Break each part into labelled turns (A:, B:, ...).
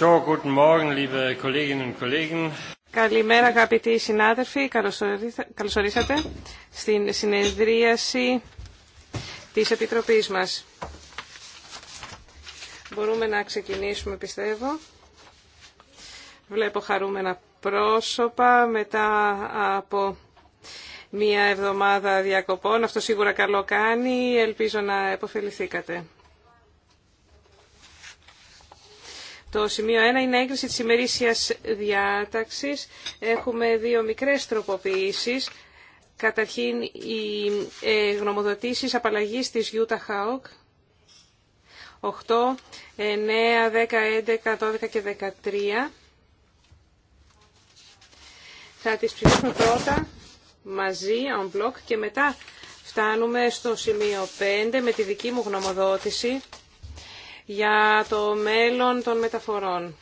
A: So, guten Morgen, liebe Kolleginnen und
B: Καλημέρα αγαπητοί συνάδελφοι, Καλωσορίσατε στην συνεδρίαση της Επιτροπής μας. Μπορούμε να ξεκινήσουμε πιστεύω. Βλέπω χαρούμενα πρόσωπα μετά από μία εβδομάδα διακοπών. Αυτό σίγουρα καλό κάνει. Ελπίζω να επωφεληθήκατε. Το σημείο 1 είναι έγκριση της ημερήσιας διάταξης. Έχουμε δύο μικρές τροποποιήσεις. Καταρχήν οι ε, γνωμοδοτήσεις απαλλαγής της Utah Hawk. 8, 9, 10, 11, 12 και 13. Θα τις ψηφίσουμε πρώτα μαζί, on block, και μετά φτάνουμε στο σημείο 5 με τη δική μου γνωμοδότηση για το μέλλον των μεταφορών.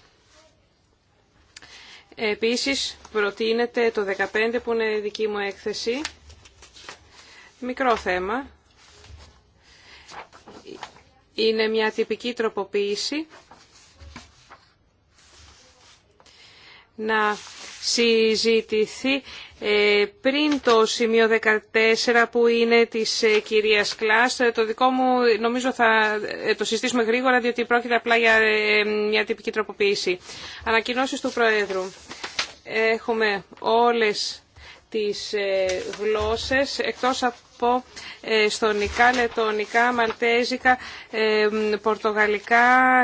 B: Επίσης προτείνεται το 15 που είναι δική μου έκθεση. Μικρό θέμα. Είναι μια τυπική τροποποίηση. Να συζητηθεί ε, πριν το σημείο 14 που είναι της ε, κυρίας Κλάς. Ε, το δικό μου νομίζω θα το συστήσουμε γρήγορα διότι πρόκειται απλά για μια τυπική τροποποίηση. Ανακοινώσεις του Προέδρου. Έχουμε όλες τις γλώσσες εκτός από στονικά, λετωνικά, μαλτέζικα, πορτογαλικά,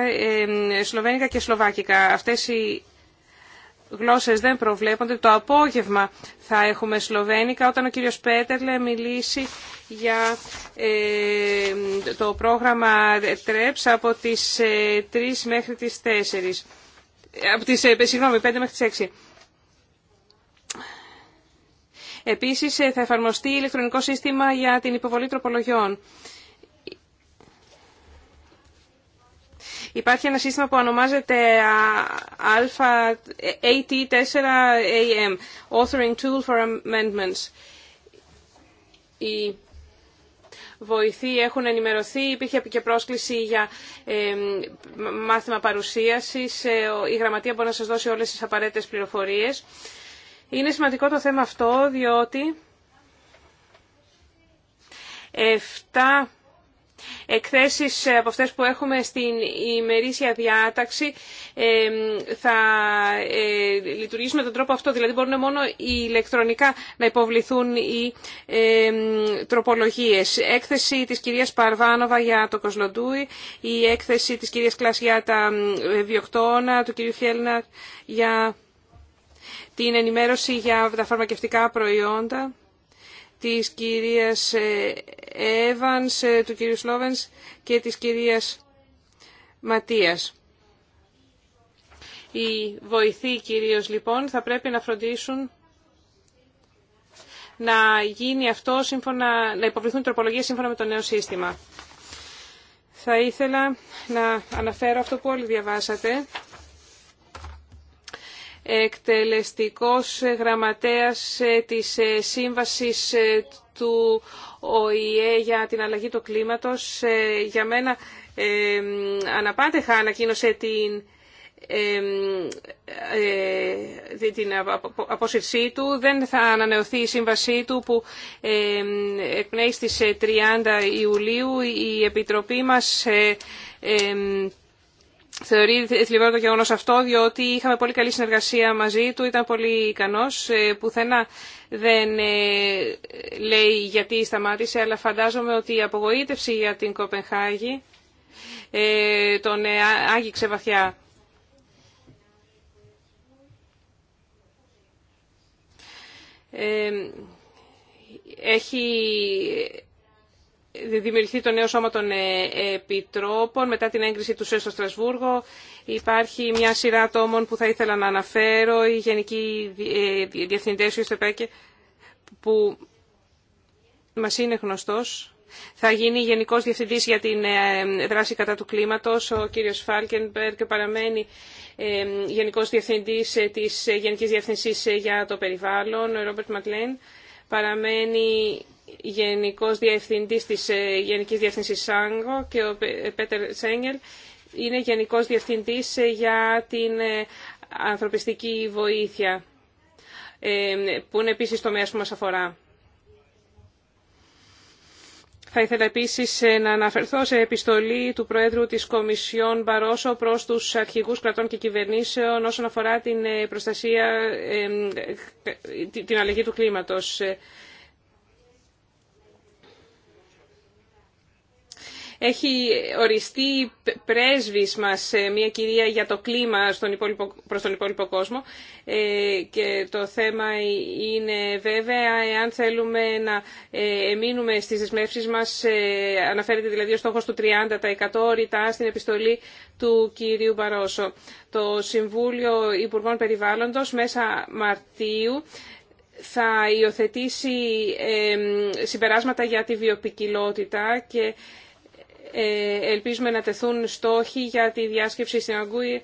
B: σλοβένικα και σλοβάκικα. Αυτές οι γλώσσες δεν προβλέπονται. Το απόγευμα θα έχουμε Σλοβένικα όταν ο κύριος Πέτερλε μιλήσει για ε, το πρόγραμμα TREPS από τις 3 ε, μέχρι τις 4. Ε, από τις, 5 μέχρι τις 6. Επίσης θα εφαρμοστεί ηλεκτρονικό σύστημα για την υποβολή τροπολογιών. Υπάρχει ένα σύστημα που ονομάζεται AT4AM, Authoring Tool for Amendments. Οι βοηθοί έχουν ενημερωθεί, υπήρχε και πρόσκληση για ε, μάθημα παρουσίασης, ε, η γραμματεία μπορεί να σας δώσει όλες τις απαραίτητες πληροφορίες. Είναι σημαντικό το θέμα αυτό, διότι 7 εκθέσεις ε, από αυτές που έχουμε στην ημερήσια διάταξη ε, θα ε, λειτουργήσουν με τον τρόπο αυτό. Δηλαδή μπορούν μόνο οι ηλεκτρονικά να υποβληθούν οι τροπολογίες. Έκθεση της κυρίας Παρβάνοβα για το Κοσλοντούι, η έκθεση της κυρίας Κλάσιατα για τα βιοκτώνα, του κυρίου Φιέλναρ για την ενημέρωση για τα φαρμακευτικά προϊόντα της κυρίας Εύανς, ε, του κυρίου Σλόβενς και της κυρίας Ματίας. Οι βοηθοί κυρίως λοιπόν θα πρέπει να φροντίσουν να γίνει αυτό σύμφωνα, να υποβληθούν τροπολογίες σύμφωνα με το νέο σύστημα. Θα ήθελα να αναφέρω αυτό που όλοι διαβάσατε εκτελεστικός γραμματέας ε, της ε, Σύμβασης ε, του ΟΗΕ για την αλλαγή του κλίματος. Για μένα αναπάντεχα ανακοίνωσε την την απόσυρσή του. Δεν θα ανανεωθεί η σύμβασή του που εκπνέει στις 30 Ιουλίου. Η Επιτροπή μας Θεωρεί θλιβερό το γεγονό αυτό, διότι είχαμε πολύ καλή συνεργασία μαζί του, ήταν πολύ ικανό. Ε, πουθενά δεν ε, λέει γιατί σταμάτησε, αλλά φαντάζομαι ότι η απογοήτευση για την Κοπενχάγη ε, τον άγγιξε βαθιά. Έχει δημιουργηθεί το νέο σώμα των ε, επιτρόπων μετά την έγκριση του ΣΕ στο Στρασβούργο. Υπάρχει μια σειρά ατόμων που θα ήθελα να αναφέρω, οι γενικοί ε, διευθυντέ του που μα είναι γνωστός. Θα γίνει Γενικός Διευθυντής για την ε, δράση κατά του κλίματος, ο κύριος και παραμένει Γενικός Διευθυντής της Γενική Διευθυνσή για το Περιβάλλον, ο Ρόμπερτ Ματλέν. παραμένει γενικός διευθυντής της ε, Γενικής Διεύθυνσης ΣΑΝΓΟ και ο ε, Πέτερ Σέγγελ είναι γενικός διευθυντής ε, για την ανθρωπιστική βοήθεια, που είναι επίσης τομέας που μας αφορά. Θα ήθελα επίσης να αναφερθώ σε επιστολή του Προέδρου της Κομισιόν Μπαρόσο προς τους αρχηγούς κρατών και κυβερνήσεων όσον αφορά την προστασία, την αλλαγή του κλίματος. Έχει οριστεί πρέσβης μας μια κυρία για το κλίμα στον υπόλοιπο, προς τον υπόλοιπο κόσμο ε, και το θέμα είναι βέβαια εάν θέλουμε να ε, εμείνουμε στις δεσμεύσεις μας ε, αναφέρεται δηλαδή ο στόχος του 30% ρητά στην επιστολή του κυρίου Μπαρόσο. Το Συμβούλιο Υπουργών Περιβάλλοντος μέσα Μαρτίου θα υιοθετήσει συμπεράσματα για τη βιοπικιλότητα και ε, ελπίζουμε να τεθούν στόχοι για τη διάσκεψη στην Αγκούη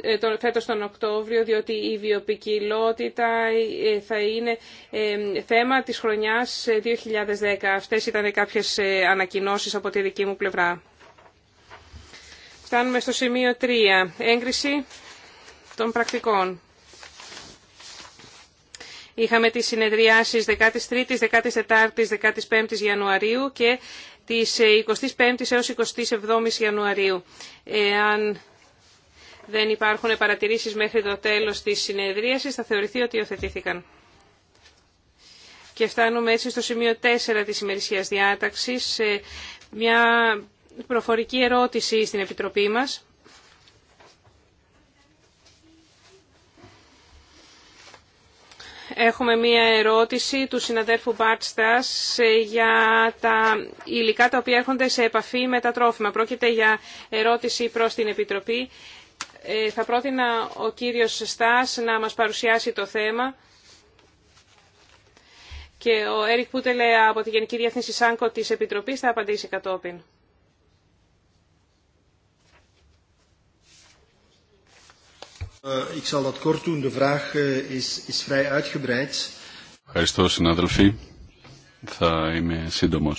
B: ε, φέτος τον Οκτώβριο, διότι η βιοπικιλότητα ε, θα είναι θέμα της χρονιάς 2010. Αυτές ήταν κάποιες ανακοινώσεις από τη δική μου πλευρά. Φτάνουμε στο σημείο 3. Έγκριση των πρακτικών. Είχαμε τις συνεδριάσεις 13ης, 14ης, 15ης Ιανουαρίου και τις 25ης ε, έως 27ης Ιανουαρίου. Εάν δεν υπάρχουν παρατηρήσεις μέχρι το τέλος της συνεδρίασης, θα θεωρηθεί ότι υιοθετήθηκαν. Και φτάνουμε έτσι στο σημείο 4 της ημερησίας διάταξης, ε, μια προφορική ερώτηση στην Επιτροπή μας. Έχουμε μία ερώτηση του συναδέλφου Μπάρτστας ε, για τα υλικά τα οποία έρχονται σε επαφή με τα τρόφιμα. Πρόκειται για ερώτηση προς την Επιτροπή. Ε, θα πρότεινα ο κύριος Στάς να μας παρουσιάσει το θέμα και ο Έρικ Πούτελε από τη Γενική Διεθνή ΣΑΝΚΟ της Επιτροπής θα απαντήσει κατόπιν.
A: Ευχαριστώ συνάδελφοι. Θα είμαι σύντομο.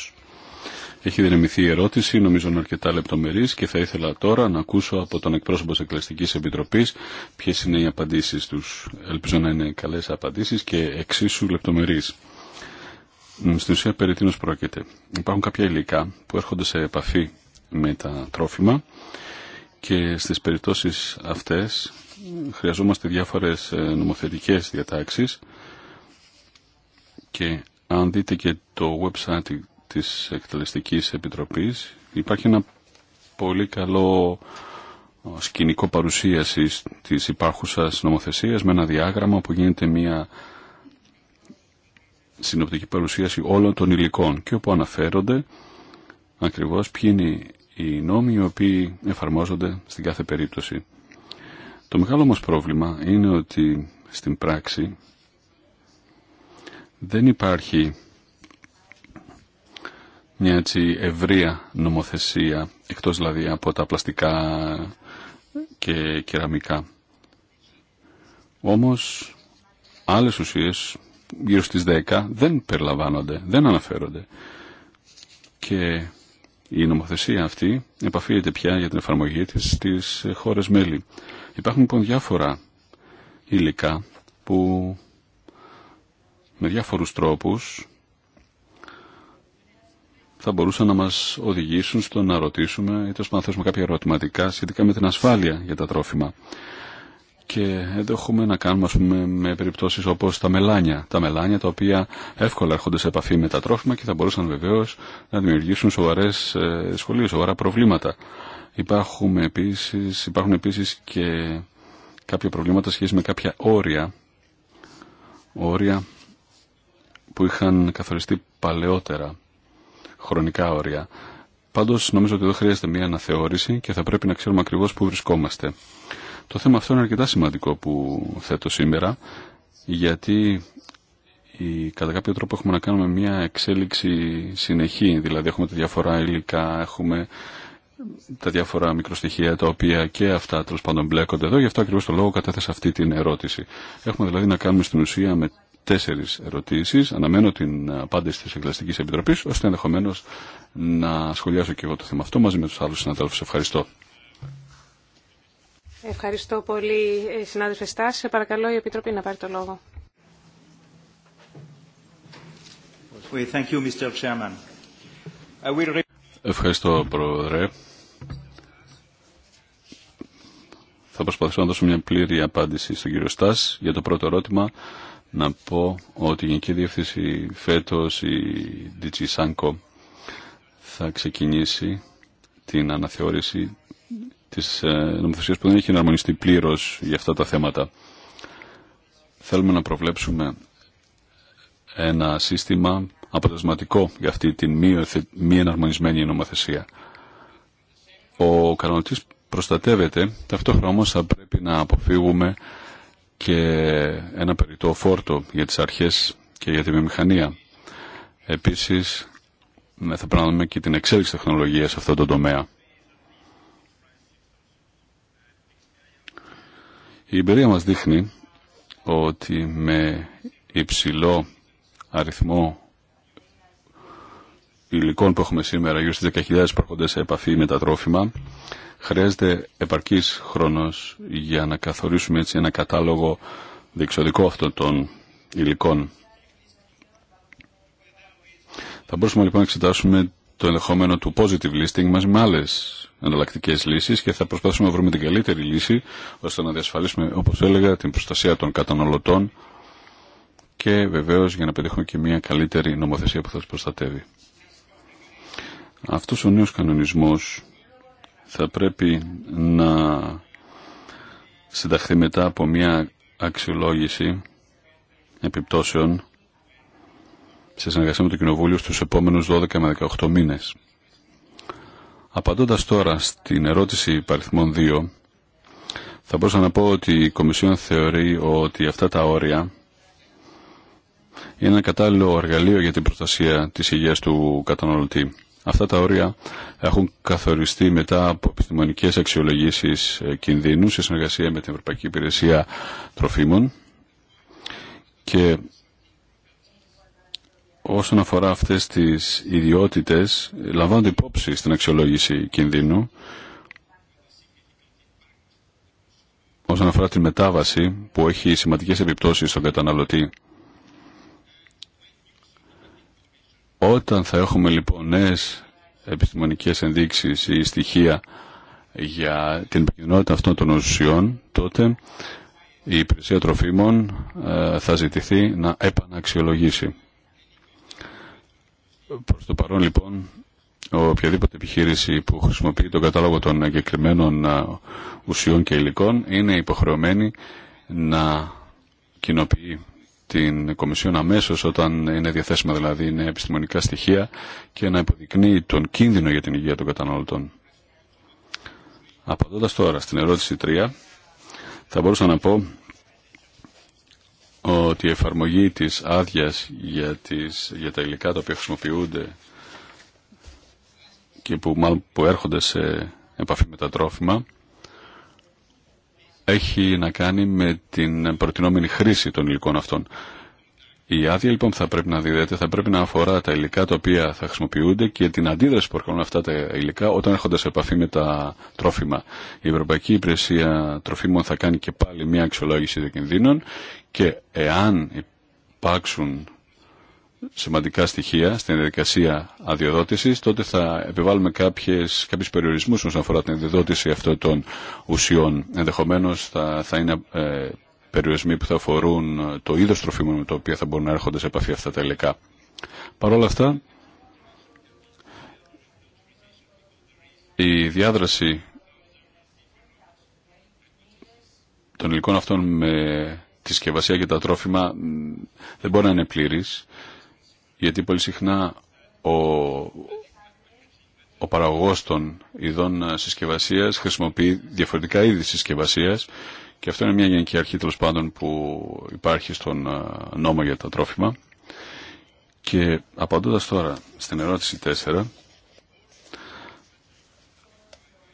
A: Έχει δυναμηθεί η ερώτηση, νομίζω είναι αρκετά λεπτομερής και θα ήθελα τώρα να ακούσω από τον εκπρόσωπο τη Εκκληστικής Επιτροπής ποιες είναι οι απαντήσει του. Ελπίζω να είναι καλέ απαντήσει και εξίσου λεπτομερείς. Στην ουσία περί τίνο πρόκειται. Υπάρχουν κάποια υλικά που έρχονται σε επαφή με τα τρόφιμα και στις περιπτώσεις αυτές χρειαζόμαστε διάφορες ε, νομοθετικές διατάξεις και αν δείτε και το website της Εκτελεστικής Επιτροπής υπάρχει ένα πολύ καλό ε, σκηνικό παρουσίασης της υπάρχουσας νομοθεσίας με ένα διάγραμμα που γίνεται μια συνοπτική παρουσίαση όλων των υλικών και όπου αναφέρονται ακριβώς ποιοι είναι οι νόμοι οι οποίοι εφαρμόζονται στην κάθε περίπτωση. Το μεγάλο όμως πρόβλημα είναι ότι στην πράξη δεν υπάρχει μια έτσι ευρεία νομοθεσία, εκτός δηλαδή από τα πλαστικά και κεραμικά. Όμως άλλες ουσίες γύρω στις 10 δεν περιλαμβάνονται, δεν αναφέρονται. Και η νομοθεσία αυτή επαφείται πια για την εφαρμογή της στις χώρες μέλη. Υπάρχουν λοιπόν διάφορα υλικά που με διάφορους τρόπους θα μπορούσαν να μας οδηγήσουν στο να ρωτήσουμε ή τόσο να θέσουμε κάποια ερωτηματικά σχετικά με την ασφάλεια για τα τρόφιμα. Και εδώ έχουμε να κάνουμε ας πούμε, με περιπτώσεις όπως τα μελάνια. Τα μελάνια τα οποία εύκολα έρχονται σε επαφή με τα τρόφιμα και θα μπορούσαν βεβαίως να δημιουργήσουν σοβαρές ε, σχολείες, σοβαρά προβλήματα. Υπάρχουν επίσης, υπάρχουν επίσης και κάποια προβλήματα σχέση με κάποια όρια, όρια που είχαν καθοριστεί παλαιότερα, χρονικά όρια. Πάντως νομίζω ότι εδώ χρειάζεται μια αναθεώρηση και θα πρέπει να ξέρουμε ακριβώς πού βρισκόμαστε. Το θέμα αυτό είναι αρκετά σημαντικό που θέτω σήμερα, γιατί η, κατά κάποιο τρόπο έχουμε να κάνουμε μια εξέλιξη συνεχή, δηλαδή έχουμε τα διαφορά υλικά, έχουμε τα διάφορα μικροστοιχεία τα οποία και αυτά τέλο πάντων μπλέκονται εδώ, γι' αυτό ακριβώ το λόγο κατέθεσα αυτή την ερώτηση. Έχουμε δηλαδή να κάνουμε στην ουσία με τέσσερι ερωτήσει. Αναμένω την απάντηση τη Εκκλαστική Επιτροπή, ώστε ενδεχομένω να σχολιάσω και εγώ το θέμα αυτό μαζί με του άλλου συναδέλφου. Ευχαριστώ.
B: Ευχαριστώ πολύ, ε, συνάδελφε Στάση. Παρακαλώ η Επιτροπή να πάρει το λόγο.
A: Ευχαριστώ, Πρόεδρε. Θα προσπαθήσω να δώσω μια πλήρη απάντηση στον κύριο Στάς. Για το πρώτο ερώτημα να πω ότι η Γενική Διεύθυνση φέτος η DG Sanko θα ξεκινήσει την αναθεώρηση Τη ε, νομοθεσία που δεν έχει εναρμονιστεί πλήρω για αυτά τα θέματα. Θέλουμε να προβλέψουμε ένα σύστημα αποτελεσματικό για αυτή τη μη, εναρμονισμένη νομοθεσία. Ο κανονιστή προστατεύεται, ταυτόχρονα όμως θα πρέπει να αποφύγουμε και ένα περιττό φόρτο για τις αρχές και για τη βιομηχανία. Επίσης, θα πρέπει να δούμε και την εξέλιξη τεχνολογίας σε αυτό το τομέα. Η εμπειρία μας δείχνει ότι με υψηλό αριθμό υλικών που έχουμε σήμερα, γύρω στις 10.000 που σε επαφή με τα τρόφιμα, χρειάζεται επαρκής χρόνος για να καθορίσουμε έτσι ένα κατάλογο διεξοδικό αυτών των υλικών. Θα μπορούσαμε λοιπόν να εξετάσουμε το ενδεχόμενο του positive listing μας με άλλε εναλλακτικέ λύσεις και θα προσπαθήσουμε να βρούμε την καλύτερη λύση ώστε να διασφαλίσουμε, όπως έλεγα, την προστασία των καταναλωτών και βεβαίως για να πετύχουμε και μια καλύτερη νομοθεσία που θα του προστατεύει. Αυτό ο νέο κανονισμό θα πρέπει να συνταχθεί μετά από μια αξιολόγηση επιπτώσεων σε συνεργασία με το Κοινοβούλιο στους επόμενους 12 με 18 μήνες. Απαντώντας τώρα στην ερώτηση παριθμών 2, θα μπορούσα να πω ότι η Κομισιόν θεωρεί ότι αυτά τα όρια είναι ένα κατάλληλο εργαλείο για την προστασία της υγείας του καταναλωτή. Αυτά τα όρια έχουν καθοριστεί μετά από επιστημονικές αξιολογήσεις κινδύνου σε συνεργασία με την Ευρωπαϊκή Υπηρεσία Τροφίμων και όσον αφορά αυτές τις ιδιότητες λαμβάνονται υπόψη στην αξιολόγηση κινδύνου όσον αφορά τη μετάβαση που έχει σημαντικές επιπτώσεις στον καταναλωτή. Όταν θα έχουμε λοιπόν νέες επιστημονικές ενδείξεις ή στοιχεία για την ποινότητα αυτών των ουσιών, τότε η υπηρεσία τροφίμων ε, θα ζητηθεί να επαναξιολογήσει. Προς το παρόν λοιπόν, οποιαδήποτε επιχείρηση που χρησιμοποιεί τον κατάλογο των εγκεκριμένων ουσιών και υλικών είναι υποχρεωμένη να κοινοποιεί την Κομισιόν αμέσως όταν είναι διαθέσιμα δηλαδή είναι επιστημονικά στοιχεία και να υποδεικνύει τον κίνδυνο για την υγεία των καταναλωτών. Απαντώντας τώρα στην ερώτηση 3 θα μπορούσα να πω ότι η εφαρμογή της άδεια για, για τα υλικά τα οποία χρησιμοποιούνται και που, μάλλον, που έρχονται σε επαφή με τα τρόφιμα έχει να κάνει με την προτινόμενη χρήση των υλικών αυτών. Η άδεια λοιπόν που θα πρέπει να δίδεται θα πρέπει να αφορά τα υλικά τα οποία θα χρησιμοποιούνται και την αντίδραση που έρχονται αυτά τα υλικά όταν έρχονται σε επαφή με τα τρόφιμα. Η Ευρωπαϊκή Υπηρεσία Τροφίμων θα κάνει και πάλι μια αξιολόγηση των κινδύνων και εάν υπάρξουν σημαντικά στοιχεία στην διαδικασία αδειοδότηση, τότε θα επιβάλλουμε κάποιου περιορισμού όσον αφορά την αδειοδότηση αυτών των ουσιών. Ενδεχομένω θα, θα είναι ε, περιορισμοί που θα αφορούν ε, το είδος τροφίμων με το οποίο θα μπορούν να έρχονται σε επαφή αυτά τα υλικά. Παρ' όλα αυτά, η διάδραση των υλικών αυτών με τη συσκευασία και τα τρόφιμα δεν μπορεί να είναι πλήρης, γιατί πολύ συχνά ο, ο παραγωγός των ειδών ε, συσκευασίας χρησιμοποιεί διαφορετικά είδη συσκευασίας και αυτό είναι μια γενική αρχή τέλο πάντων που υπάρχει στον ε, νόμο για τα τρόφιμα. Και απαντώντας τώρα στην ερώτηση 4,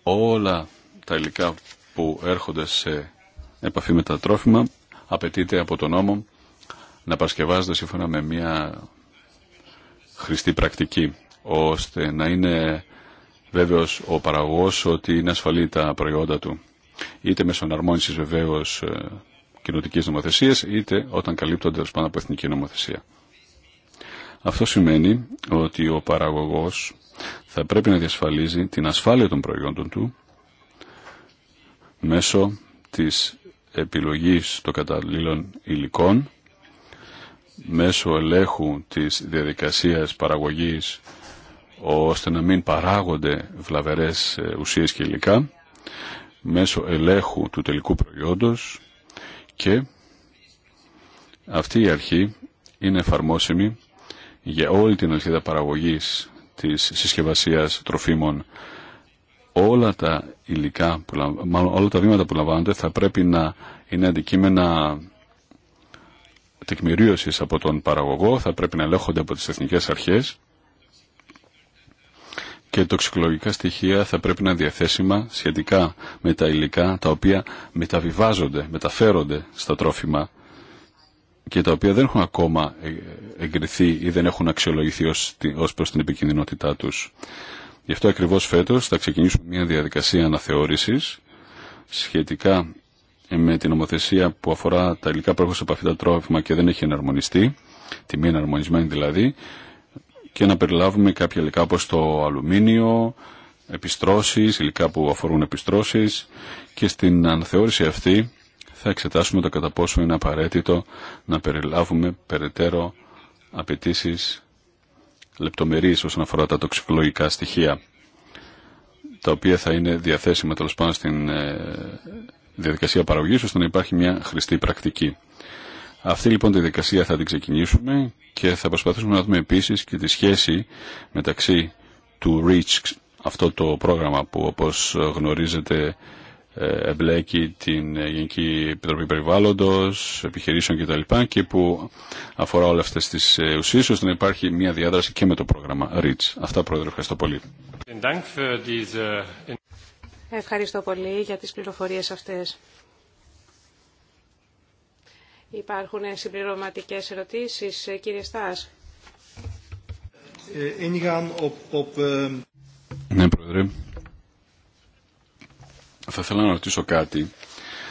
A: όλα τα υλικά που έρχονται σε επαφή με τα τρόφιμα απαιτείται από τον νόμο να παρασκευάζονται σύμφωνα με μια χρηστή πρακτική ώστε να είναι βέβαιος ο παραγωγός ότι είναι ασφαλή τα προϊόντα του είτε μέσω εναρμόνισης βεβαίω ε, κοινωτικής νομοθεσίας, είτε όταν καλύπτονται πάνω από εθνική νομοθεσία. Αυτό σημαίνει ότι ο παραγωγός θα πρέπει να διασφαλίζει την ασφάλεια των προϊόντων του μέσω της επιλογής των καταλήλων υλικών, μέσω ελέγχου της διαδικασίας παραγωγής ώστε να μην παράγονται βλαβερές ε, ουσίες και υλικά μέσω ελέγχου του τελικού προϊόντος και αυτή η αρχή είναι εφαρμόσιμη για όλη την αλθίδα παραγωγής της συσκευασίας τροφίμων όλα τα υλικά, που, μάλλον όλα τα βήματα που λαμβάνονται θα πρέπει να είναι αντικείμενα τεκμηρίωσης από τον παραγωγό, θα πρέπει να ελέγχονται από τις εθνικές αρχές και τοξικολογικά στοιχεία θα πρέπει να είναι διαθέσιμα σχετικά με τα υλικά τα οποία μεταβιβάζονται, μεταφέρονται στα τρόφιμα και τα οποία δεν έχουν ακόμα εγκριθεί ή δεν έχουν αξιολογηθεί ως προς την επικίνδυνοτητά τους. Γι' αυτό ακριβώς φέτος θα ξεκινήσουμε μια διαδικασία αναθεώρησης σχετικά με την νομοθεσία που αφορά τα υλικά που έχουν σε επαφή τα τρόφιμα και δεν έχει εναρμονιστεί, τιμή εναρμονισμένη δηλαδή, και να περιλάβουμε κάποια υλικά όπως το αλουμίνιο, επιστρώσεις, υλικά που αφορούν επιστρώσεις και στην αναθεώρηση αυτή θα εξετάσουμε το κατά πόσο είναι απαραίτητο να περιλάβουμε περαιτέρω απαιτήσει λεπτομερείς όσον αφορά τα τοξικολογικά στοιχεία τα οποία θα είναι διαθέσιμα τέλο πάντων στην ε, διαδικασία παραγωγής ώστε να υπάρχει μια χρηστή πρακτική. Αυτή λοιπόν τη δικασία θα την ξεκινήσουμε και θα προσπαθήσουμε να δούμε επίσης και τη σχέση μεταξύ του REACH, αυτό το πρόγραμμα που όπως γνωρίζετε ε, εμπλέκει την Γενική Επιτροπή Περιβάλλοντος, επιχειρήσεων κτλ. και που αφορά όλες αυτές τις ε, ουσίες ώστε να υπάρχει μια διάδραση και με το πρόγραμμα REACH. Αυτά Πρόεδρε, ευχαριστώ πολύ.
B: Ευχαριστώ πολύ για τις πληροφορίες αυτές. Υπάρχουν συμπληρωματικές ερωτήσεις, ε, κύριε Στάς.
A: Ε, ε, ναι, Πρόεδρε. Θα ήθελα να ρωτήσω κάτι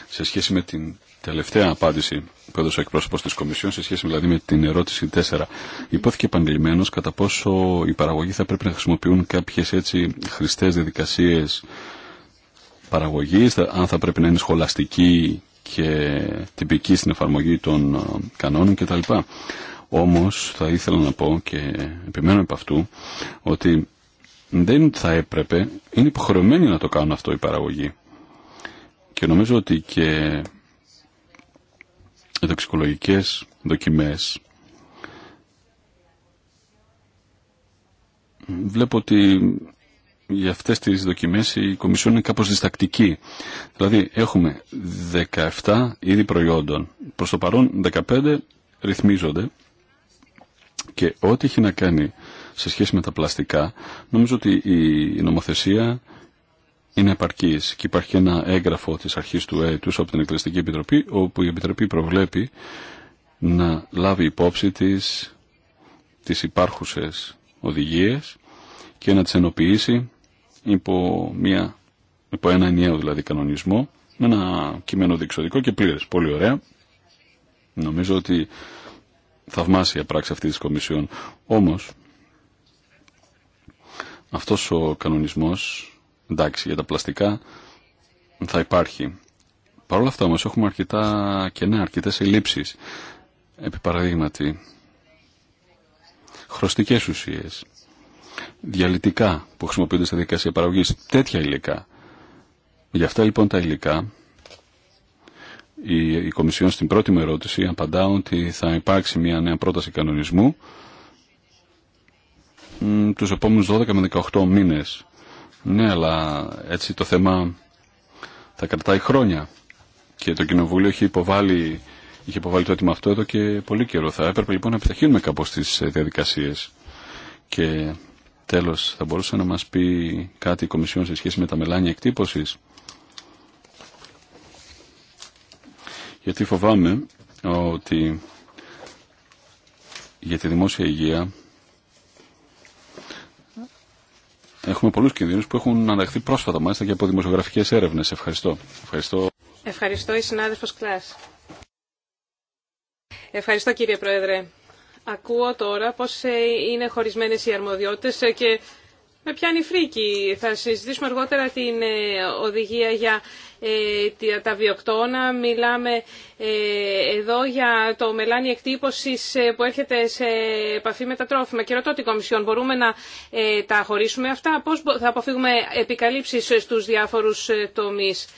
A: σε σχέση με την τελευταία απάντηση που έδωσε ο εκπρόσωπο τη Κομισιόν, σε σχέση δηλαδή με την ερώτηση 4. Υπόθηκε επανειλημμένω κατά πόσο οι παραγωγοί θα πρέπει να χρησιμοποιούν κάποιε έτσι χρηστέ διαδικασίε παραγωγή, αν θα πρέπει να είναι σχολαστική και τυπική στην εφαρμογή των ε, κανόνων κτλ. Όμως θα ήθελα να πω και επιμένω από αυτού ότι δεν θα έπρεπε, είναι υποχρεωμένοι να το κάνουν αυτό η παραγωγή. Και νομίζω ότι και οι δοξικολογικές δοκιμές βλέπω ότι για αυτές τις δοκιμές η Κομισιόν είναι κάπως διστακτική. Δηλαδή έχουμε 17 είδη προϊόντων. Προς το παρόν 15 ρυθμίζονται και ό,τι έχει να κάνει σε σχέση με τα πλαστικά νομίζω ότι η νομοθεσία είναι επαρκής και υπάρχει ένα έγγραφο της αρχής του έτους από την Εκκληστική Επιτροπή όπου η Επιτροπή προβλέπει να λάβει υπόψη της τις υπάρχουσες οδηγίες και να τις ενοποιήσει υπό, μια, υπό ένα ενιαίο δηλαδή κανονισμό με ένα κείμενο διεξοδικό και πλήρες. Πολύ ωραία. Νομίζω ότι θαυμάσια πράξη αυτή της Κομισιόν. Όμως, αυτός ο κανονισμός, εντάξει, για τα πλαστικά θα υπάρχει. Παρ' όλα αυτά όμως έχουμε αρκετά ναι αρκετές ελλείψεις. Επί παραδείγματι, χρωστικές ουσίες, διαλυτικά που χρησιμοποιούνται στη δικασία παραγωγή. τέτοια υλικά. Γι' αυτά λοιπόν τα υλικά η, η Κομισιόν στην πρώτη μου ερώτηση απαντά ότι θα υπάρξει μια νέα πρόταση κανονισμού τους επόμενους 12 με 18 μήνες. Ναι, αλλά έτσι το θέμα θα κρατάει χρόνια και το Κοινοβούλιο έχει υποβάλει, είχε υποβάλει το έτοιμο αυτό εδώ και πολύ καιρό. Θα έπρεπε λοιπόν να επιταχύνουμε κάπως τις διαδικασίες και Τέλος, θα μπορούσε να μας πει κάτι η Κομισιόν σε σχέση με τα μελάνια εκτύπωσης. Γιατί φοβάμαι ότι για τη δημόσια υγεία έχουμε πολλούς κινδύνους που έχουν αναδεχθεί πρόσφατα μάλιστα και από δημοσιογραφικές έρευνες. Ευχαριστώ. Ευχαριστώ,
B: Ευχαριστώ η συνάδελφος Κλάς. Ευχαριστώ κύριε Πρόεδρε. Ακούω τώρα πώς ε, είναι χωρισμένες οι αρμοδιότητες ε, και με πιάνει φρίκι. Θα συζητήσουμε αργότερα την ε, οδηγία για τα βιοκτώνα. Μιλάμε εδώ για το μελάνι εκτύπωσης που έρχεται σε επαφή με τα τρόφιμα. Και ρωτώ την Κομισιόν, μπορούμε να τα χωρίσουμε αυτά. Πώς θα αποφύγουμε επικαλύψεις στους διάφορους τομείς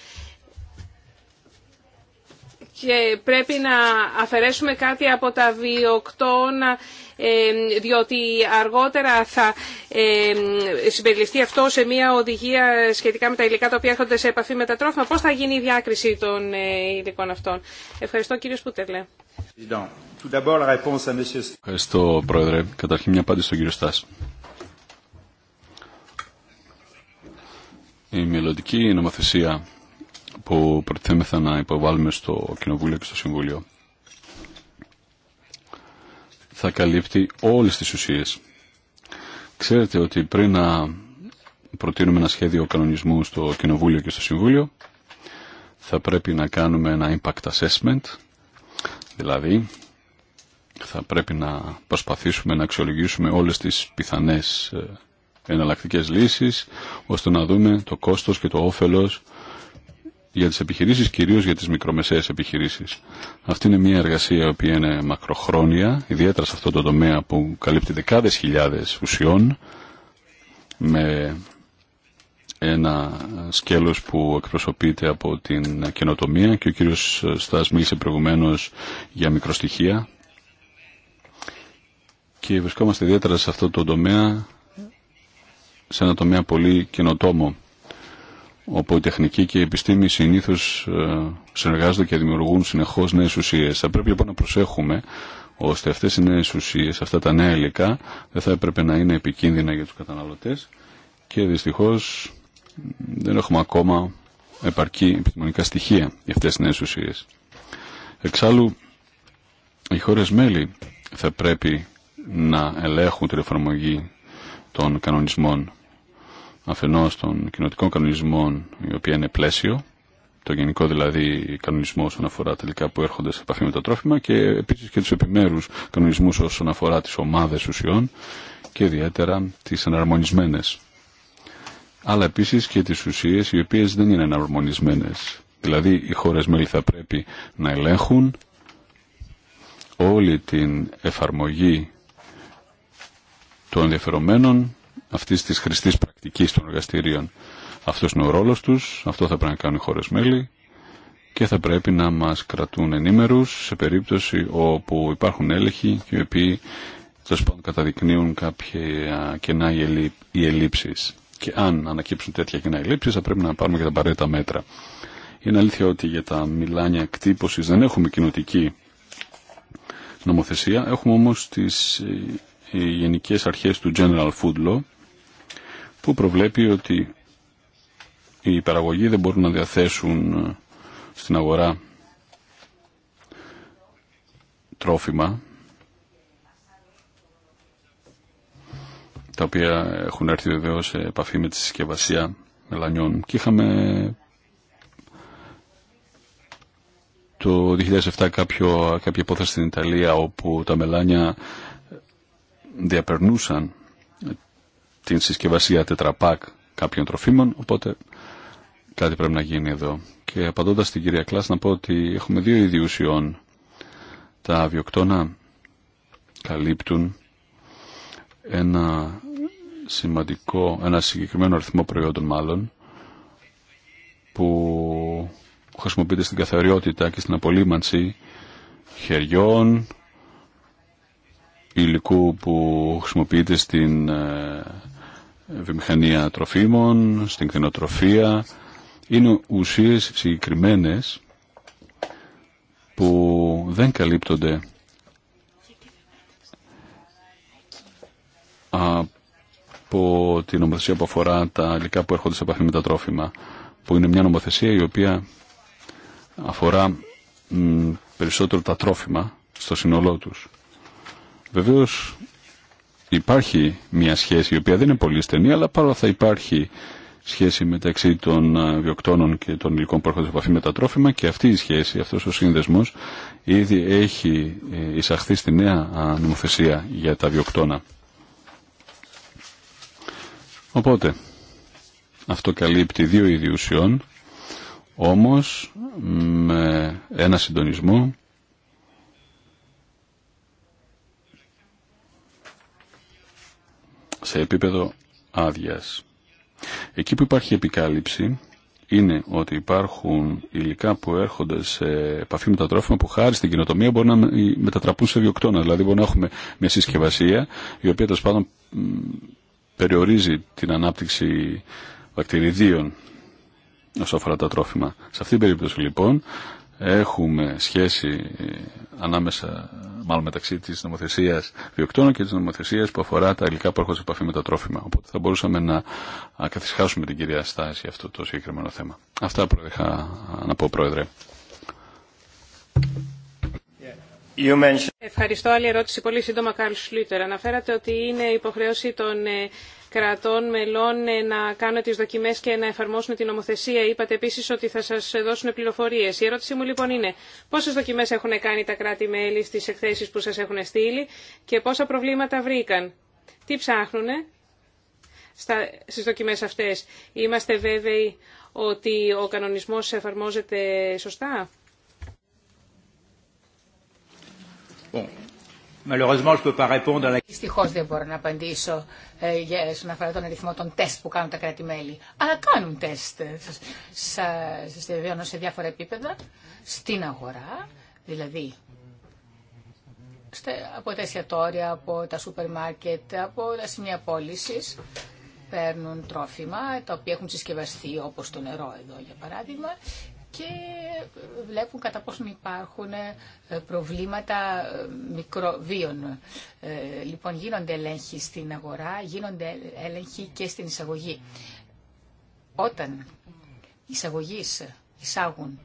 B: και πρέπει να αφαιρέσουμε κάτι από τα βιοκτώνα ε, διότι αργότερα θα ε, συμπεριληφθεί αυτό σε μια οδηγία σχετικά με τα υλικά τα οποία έρχονται σε επαφή με τα τρόφιμα. Πώς θα γίνει η διάκριση των ε, υλικών αυτών. Ευχαριστώ κύριε Σπούτελε.
A: Ευχαριστώ πρόεδρε. Καταρχήν μια απάντηση στον κύριο Στάση. Η μελλοντική νομοθεσία που προτιθέμεθα να υποβάλουμε στο Κοινοβούλιο και στο Συμβούλιο θα καλύπτει όλες τις ουσίες. Ξέρετε ότι πριν να προτείνουμε ένα σχέδιο κανονισμού στο Κοινοβούλιο και στο Συμβούλιο θα πρέπει να κάνουμε ένα impact assessment, δηλαδή θα πρέπει να προσπαθήσουμε να αξιολογήσουμε όλες τις πιθανές ε, εναλλακτικές λύσεις, ώστε να δούμε το κόστος και το όφελος για τις επιχειρήσεις, κυρίως για τις μικρομεσαίες επιχειρήσεις. Αυτή είναι μια εργασία η οποία είναι μακροχρόνια, ιδιαίτερα σε αυτό το τομέα που καλύπτει δεκάδες χιλιάδες ουσιών, με ένα σκέλος που εκπροσωπείται από την καινοτομία και ο κύριος Στάς μίλησε προηγουμένως για μικροστοιχεία και βρισκόμαστε ιδιαίτερα σε αυτό το τομέα σε ένα τομέα πολύ καινοτόμο όπου η τεχνική και η επιστήμη συνήθως ε, συνεργάζονται και δημιουργούν συνεχώς νέες ουσίες. Θα πρέπει λοιπόν να προσέχουμε ώστε αυτές οι νέε ουσίες, αυτά τα νέα υλικά δεν θα έπρεπε να είναι επικίνδυνα για τους καταναλωτές και δυστυχώ δεν έχουμε ακόμα επαρκή επιστημονικά στοιχεία για αυτές τις νέες ουσίες. Εξάλλου, οι χώρε μέλη θα πρέπει να ελέγχουν την εφαρμογή των κανονισμών αφενός των κοινοτικών κανονισμών η οποία είναι πλαίσιο το γενικό δηλαδή κανονισμό όσον αφορά τελικά που έρχονται σε επαφή με το τρόφιμα και επίση και του επιμέρου κανονισμού όσον αφορά τι ομάδε ουσιών και ιδιαίτερα τι αναρμονισμένες. Αλλά επίση και τι ουσίε, οι οποίε δεν είναι αναρμονισμένες. Δηλαδή οι χώρε μέλη θα πρέπει να ελέγχουν όλη την εφαρμογή των ενδιαφερομένων αυτή τη χρηστή πρακτική των εργαστηρίων. Αυτό είναι ο ρόλος τους, αυτό θα πρέπει να κάνουν οι χώρε μέλη και θα πρέπει να μα κρατούν ενήμερους σε περίπτωση όπου υπάρχουν έλεγχοι και οι οποίοι καταδεικνύουν κάποια κενά ή ελλείψεις. Και αν ανακύψουν τέτοια κενά ελλείψει, θα πρέπει να πάρουμε και τα απαραίτητα μέτρα. Είναι αλήθεια ότι για τα μιλάνια κτύπωσης δεν έχουμε κοινοτική νομοθεσία, έχουμε όμω τι γενικέ γενικές αρχές του General Food Law που προβλέπει ότι οι παραγωγοί δεν μπορούν να διαθέσουν ε, στην αγορά τρόφιμα τα οποία έχουν έρθει βεβαίω σε επαφή με τη συσκευασία μελανιών και είχαμε το 2007 κάποιο, κάποια υπόθεση στην Ιταλία όπου τα μελάνια διαπερνούσαν την συσκευασία τετραπάκ κάποιων τροφίμων, οπότε κάτι πρέπει να γίνει εδώ. Και απαντώντας στην κυρία Κλάς να πω ότι έχουμε δύο είδη Τα βιοκτώνα καλύπτουν ένα σημαντικό, ένα συγκεκριμένο αριθμό προϊόντων μάλλον, που χρησιμοποιείται στην καθαριότητα και στην απολύμανση χεριών, υλικού που χρησιμοποιείται στην ε, βιομηχανία τροφίμων, στην κτηνοτροφία. Είναι ουσίες συγκεκριμένε που δεν καλύπτονται από την νομοθεσία που αφορά τα υλικά που έρχονται σε επαφή με τα τρόφιμα, που είναι μια νομοθεσία η οποία αφορά περισσότερο τα τρόφιμα στο σύνολό τους. Βεβαίως υπάρχει μια σχέση η οποία δεν είναι πολύ στενή αλλά παρόλα θα υπάρχει σχέση μεταξύ των ε, βιοκτώνων και των υλικών που έρχονται σε επαφή με τα τρόφιμα και αυτή η σχέση, αυτός ο σύνδεσμος ήδη έχει ε, εισαχθεί στη νέα νομοθεσία για τα βιοκτώνα. Οπότε, αυτό καλύπτει δύο ιδιουσιών, όμως με ένα συντονισμό σε επίπεδο άδεια. Εκεί που υπάρχει επικάλυψη είναι ότι υπάρχουν υλικά που έρχονται σε επαφή με τα τρόφιμα που χάρη στην κοινοτομία μπορούν να μετατραπούν σε βιοκτώνα. Δηλαδή μπορούμε να έχουμε μια συσκευασία η οποία τέλο πάντων περιορίζει την ανάπτυξη βακτηριδίων όσο αφορά τα τρόφιμα. Σε αυτή την περίπτωση λοιπόν έχουμε σχέση ε, ανάμεσα, μάλλον μεταξύ της νομοθεσίας βιοκτώνων και της νομοθεσίας που αφορά τα υλικά που έρχονται σε επαφή με τα τρόφιμα. Οπότε θα μπορούσαμε να καθισχάσουμε την κυρία Στάση αυτό το συγκεκριμένο θέμα. Αυτά είχα να πω, Πρόεδρε.
B: Ευχαριστώ. Άλλη ερώτηση πολύ σύντομα, Καρλ Σλούτερ. Αναφέρατε ότι είναι υποχρέωση των ε, κρατών μελών ε, να κάνουν τις δοκιμές και να εφαρμόσουν την νομοθεσία. Είπατε επίσης ότι θα σας δώσουν πληροφορίες. Η ερώτησή μου λοιπόν είναι πόσες δοκιμές έχουν κάνει τα κράτη-μέλη στις εκθέσεις που σας έχουν στείλει και πόσα προβλήματα βρήκαν. Τι ψάχνουνε στις δοκιμές αυτές. Είμαστε βέβαιοι ότι ο κανονισμός
C: εφαρμόζεται σωστά. Δυστυχώ δεν μπορώ να απαντήσω ε, για, στον αφορά τον αριθμό των τεστ που κάνουν τα κράτη-μέλη. Αλλά κάνουν τεστ. Ε, σε διαβεβαιώνω σε διάφορα επίπεδα στην αγορά, δηλαδή από τα εστιατόρια, από τα σούπερ μάρκετ, από τα σημεία πώληση παίρνουν τρόφιμα τα οποία έχουν συσκευαστεί όπως το νερό εδώ για παράδειγμα και βλέπουν κατά πόσο υπάρχουν ε, προβλήματα ε, μικροβίων. Ε, λοιπόν, γίνονται έλεγχοι στην αγορά, γίνονται έλεγχοι και στην εισαγωγή. Όταν εισαγωγείς εισάγουν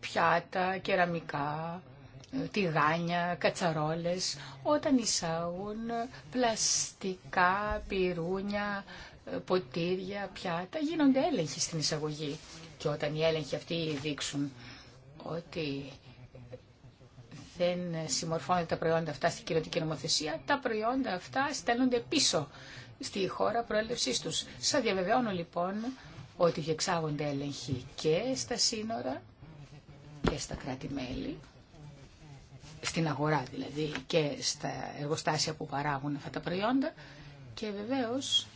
C: πιάτα, κεραμικά, τηγάνια, κατσαρόλες, όταν εισάγουν πλαστικά, πυρούνια, ποτήρια, πιάτα, γίνονται έλεγχοι στην εισαγωγή. Και όταν οι έλεγχοι αυτοί δείξουν ότι δεν συμμορφώνονται τα προϊόντα αυτά στην κοινωνική νομοθεσία, τα προϊόντα αυτά στέλνονται πίσω στη χώρα προέλευσής τους. Σα διαβεβαιώνω λοιπόν ότι διεξάγονται έλεγχοι και στα σύνορα και στα κράτη-μέλη στην αγορά δηλαδή και στα εργοστάσια που παράγουν αυτά τα προϊόντα και βεβαίως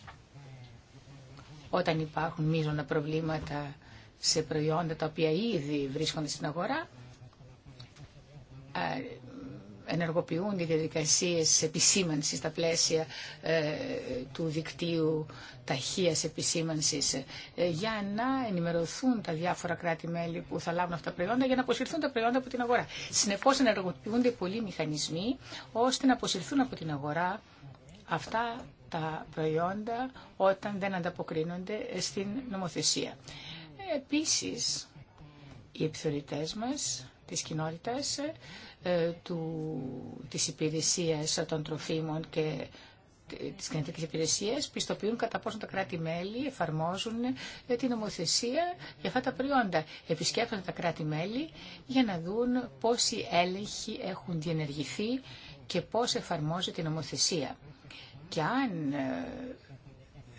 C: όταν υπάρχουν μείζωνα προβλήματα σε προϊόντα τα οποία ήδη βρίσκονται στην αγορά ε, ενεργοποιούνται οι διαδικασίες επισήμανσης στα πλαίσια ε, του δικτύου ταχείας επισήμανσης ε, για να ενημερωθούν τα διάφορα κράτη-μέλη που θα λάβουν αυτά τα προϊόντα για να αποσυρθούν τα προϊόντα από την αγορά. Συνεπώς ενεργοποιούνται πολλοί μηχανισμοί ώστε να αποσυρθούν από την αγορά αυτά τα προϊόντα όταν δεν ανταποκρίνονται στην νομοθεσία. Επίσης, οι επιθεωρητές μας της κοινότητας ε, ε, του, της υπηρεσίας των τροφίμων και της κινητικής υπηρεσίας πιστοποιούν κατά πόσο τα κράτη-μέλη εφαρμόζουν ε, την νομοθεσία για αυτά τα προϊόντα. Επισκέπτονται τα κράτη-μέλη για να δουν πόσοι έλεγχοι έχουν διενεργηθεί και πώς εφαρμόζεται η νομοθεσία. Και αν ε,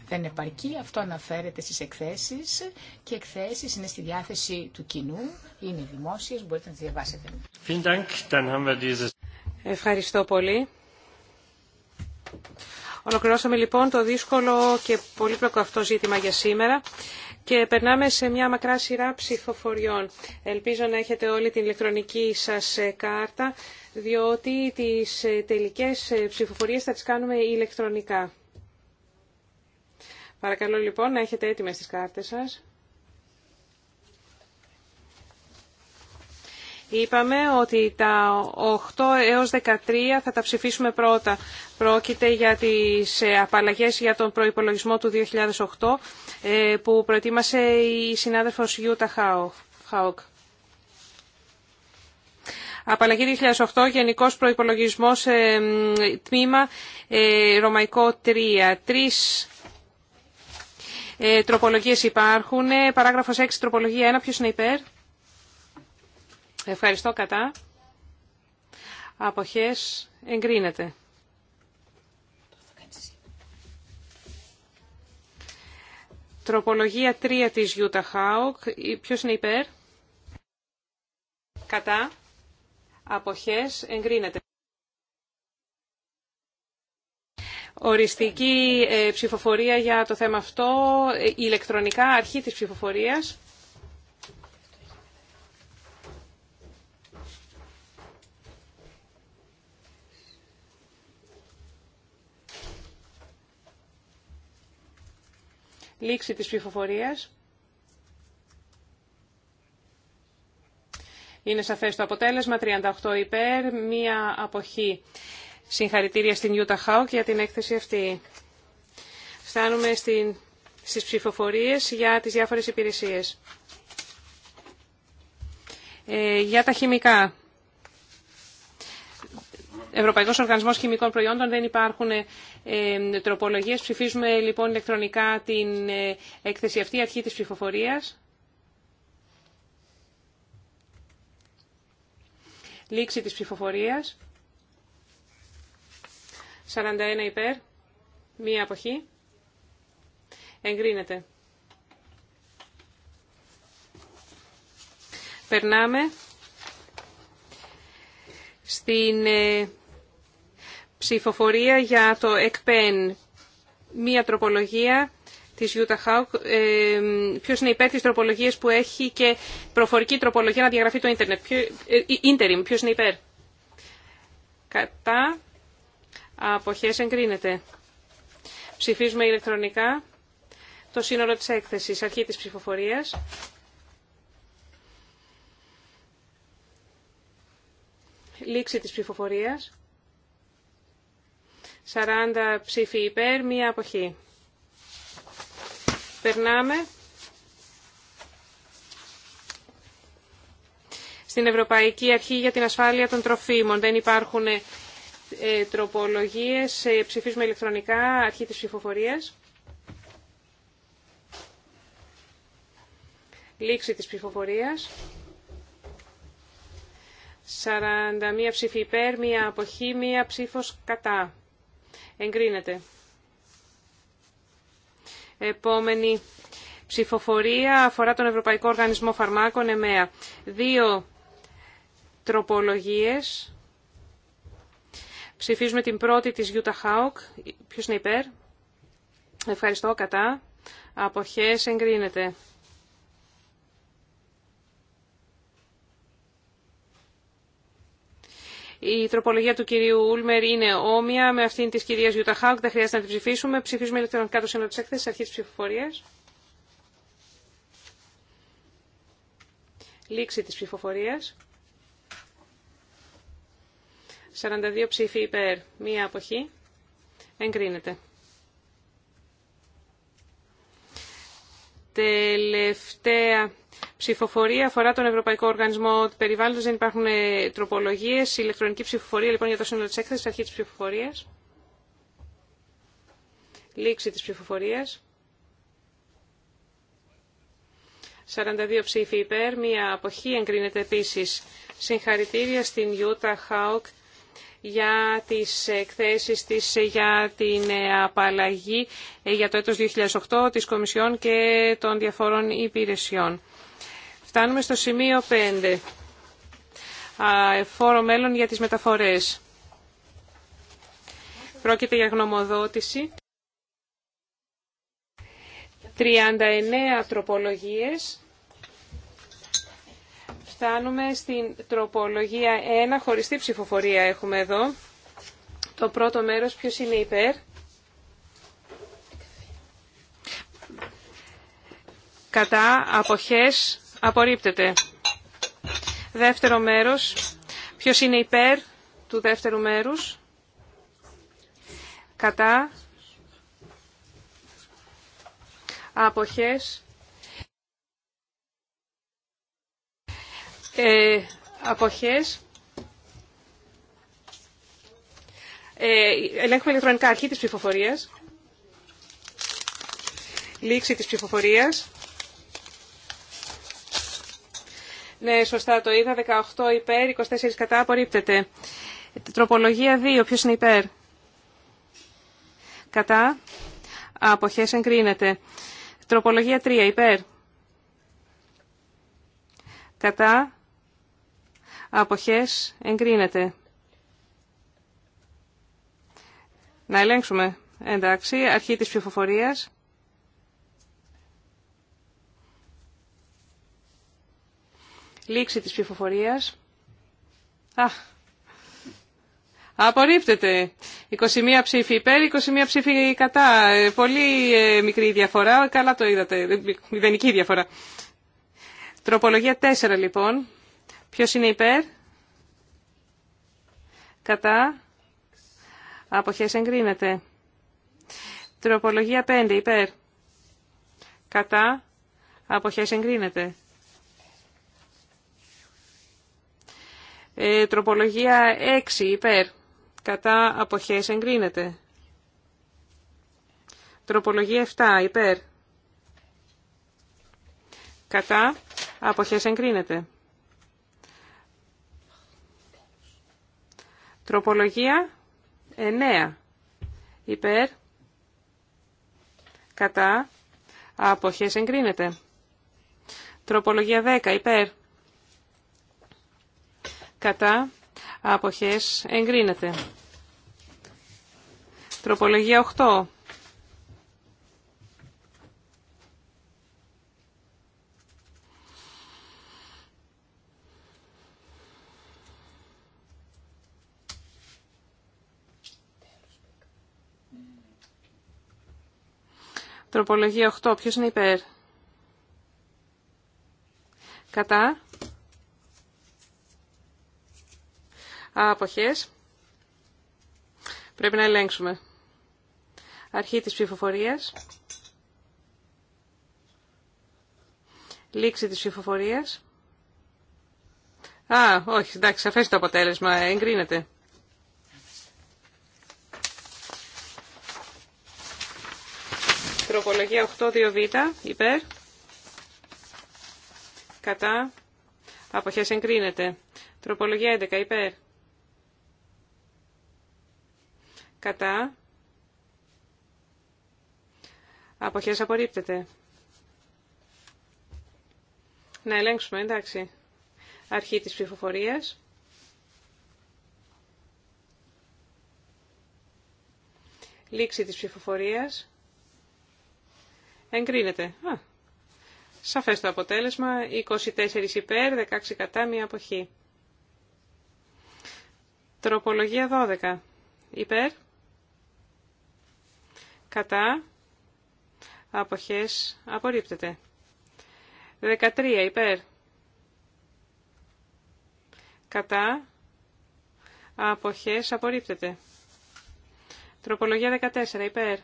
C: δεν επαρκεί. Αυτό αναφέρεται στις εκθέσεις και οι εκθέσεις είναι στη διάθεση του κοινού, είναι δημόσιες, μπορείτε να τις διαβάσετε.
B: Ευχαριστώ πολύ. Ολοκληρώσαμε λοιπόν το δύσκολο και πολύπλοκο αυτό ζήτημα για σήμερα και περνάμε σε μια μακρά σειρά ψηφοφοριών. Ελπίζω να έχετε όλη την ηλεκτρονική σας ε, κάρτα, διότι τις ε, τελικές ε, ψηφοφορίες θα τις κάνουμε ηλεκτρονικά. Παρακαλώ λοιπόν να έχετε έτοιμες τις κάρτες σας. Είπαμε ότι τα 8 έως 13 θα τα ψηφίσουμε πρώτα. Πρόκειται για τις ε, απαλλαγές για τον προϋπολογισμό του 2008 ε, που προετοίμασε η συνάδελφος Γιούτα Χάοκ. Απαλλαγή 2008, Γενικός Προϋπολογισμός, ε, τμήμα Ρωμαϊκό 3. Τρεις ε, τροπολογίες υπάρχουν. Ε, παράγραφος 6, τροπολογία 1. Ποιος είναι υπέρ. Ευχαριστώ κατά. Αποχές εγκρίνεται. Τροπολογία 3 της Γιούτα Χάουκ. Ε, ποιος είναι υπέρ. Κατά. Αποχές εγκρίνεται. Οριστική ε, ψηφοφορία για το θέμα αυτό, ε, ηλεκτρονικά αρχή της ψηφοφορίας. λήξη της ψηφοφορίας. Είναι σαφές το αποτέλεσμα, 38 υπέρ, μία αποχή. Συγχαρητήρια στην Ιούτα Χάουκ για την έκθεση αυτή. Φτάνουμε στην, στις ψηφοφορίες για τις διάφορες υπηρεσίες. Ε, για τα χημικά. Ευρωπαϊκός Οργανισμός Χημικών Προϊόντων δεν υπάρχουν ε, τροπολογίες. Ψηφίζουμε λοιπόν ηλεκτρονικά την ε, έκθεση αυτή, αρχή της ψηφοφορίας. Λήξη της ψηφοφορίας. 41 υπέρ. Μία αποχή. Εγκρίνεται. Περνάμε στην ε, ψηφοφορία για το ΕΚΠΕΝ. Μία τροπολογία της Utah Hawk. Ε, ποιος είναι υπέρ της τροπολογίας που έχει και προφορική τροπολογία να διαγραφεί το ίντερνετ. Ποιο, ε, ε Ποιος είναι υπέρ. Κατά. Αποχές εγκρίνεται. Ψηφίζουμε ηλεκτρονικά το σύνολο της έκθεσης, αρχή της ψηφοφορίας. Λήξη της ψηφοφορίας. 40 ψήφοι υπέρ, μία αποχή. Περνάμε στην Ευρωπαϊκή Αρχή για την Ασφάλεια των Τροφίμων. Δεν υπάρχουν ε, τροπολογίες ε, ψηφίζουμε ηλεκτρονικά αρχή της ψηφοφορίας. Λήξη της ψηφοφορίας. 41 ψήφοι υπέρ, μία αποχή, μία ψήφος κατά. Εγκρίνεται. Επόμενη ψηφοφορία αφορά τον Ευρωπαϊκό Οργανισμό Φαρμάκων, ΕΜΕΑ. Δύο τροπολογίες Ψηφίζουμε την πρώτη της Γιούτα Χάουκ. Ποιος είναι υπέρ. Ευχαριστώ. Κατά. Αποχές εγκρίνεται. Η τροπολογία του κυρίου Ούλμερ είναι όμοια με αυτήν της κυρίας Γιούτα Χάουκ. Δεν χρειάζεται να την ψηφίσουμε. Ψηφίζουμε ηλεκτρονικά το σύνολο της έκθεσης. αρχή τη ψηφοφορία. Λήξη τη ψηφοφορία. 42 ψήφοι υπέρ, μία αποχή. Εγκρίνεται. Τελευταία ψηφοφορία αφορά τον Ευρωπαϊκό Οργανισμό Περιβάλλοντος. Δεν υπάρχουν ε, τροπολογίες. Ηλεκτρονική ψηφοφορία λοιπόν για το σύνολο τη έκθεση, αρχή της ψηφοφορίας. Λήξη τη ψηφοφορία. 42 ψήφοι υπέρ, μία αποχή εγκρίνεται επίση Συγχαρητήρια στην Ιούτα Χάουκ για τις εκθέσεις της για την απαλλαγή ε, για το έτος 2008 της Κομισιόν και των διαφορών υπηρεσιών. Φτάνουμε στο σημείο 5. Φόρο μέλλον για τις μεταφορές. Πρόκειται για γνωμοδότηση. 39 τροπολογίες. Φτάνουμε στην τροπολογία 1, χωριστή ψηφοφορία έχουμε εδώ. Το πρώτο μέρος ποιος είναι υπέρ. Κατά αποχές απορρίπτεται. Δεύτερο μέρος. Ποιος είναι υπέρ του δεύτερου μέρους. Κατά αποχές ε, αποχές. Ε, ελέγχουμε ηλεκτρονικά αρχή της ψηφοφορίας. Λήξη της ψηφοφορίας. Ναι, σωστά το είδα. 18 υπέρ, 24 κατά, απορρίπτεται. Τροπολογία 2. Ποιος είναι υπέρ. Κατά. Αποχές εγκρίνεται. Τροπολογία 3. Υπέρ. Κατά αποχές εγκρίνεται. Να ελέγξουμε. Εντάξει, αρχή της ψηφοφορίας. Λήξη της ψηφοφορίας. Α, απορρίπτεται. 21 ψήφοι υπέρ, 21 ψήφοι κατά. Ε, πολύ ε, μικρή διαφορά, καλά το είδατε, ε, μηδενική διαφορά. Τροπολογία 4 λοιπόν. Ποιος είναι υπέρ. Κατά. Αποχές εγκρίνεται. Τροπολογία 5 ε, υπέρ. Κατά. Αποχές εγκρίνεται. τροπολογία 6 υπέρ. Κατά. Αποχές εγκρίνεται. Τροπολογία 7 υπέρ. Κατά. Αποχές εγκρίνεται. Τροπολογία 9. Υπέρ. Κατά. Αποχές εγκρίνεται. Τροπολογία 10. Υπέρ. Κατά. Αποχές εγκρίνεται. Τροπολογία 8. Τροπολογία 8. Ποιος είναι υπέρ. Κατά. Αποχές. Πρέπει να ελέγξουμε. Αρχή της ψηφοφορίας. Λήξη της ψηφοφορίας. Α, όχι, εντάξει, αφέστε το αποτέλεσμα. Εγκρίνεται. Τροπολογία 8-2β, υπέρ. Κατά. Αποχές εγκρίνεται. Τροπολογία 11, υπέρ. Κατά. Αποχές απορρίπτεται. Να ελέγξουμε, εντάξει. Αρχή της ψηφοφορίας. Λήξη της ψηφοφορίας. Εγκρίνεται. Α, σαφές το αποτέλεσμα. 24 υπέρ, 16 κατά, μία αποχή. Τροπολογία 12. Υπέρ. Κατά. Αποχές. Απορρίπτεται. 13. Υπέρ. Κατά. Αποχές. Απορρίπτεται. Τροπολογία 14. Υπέρ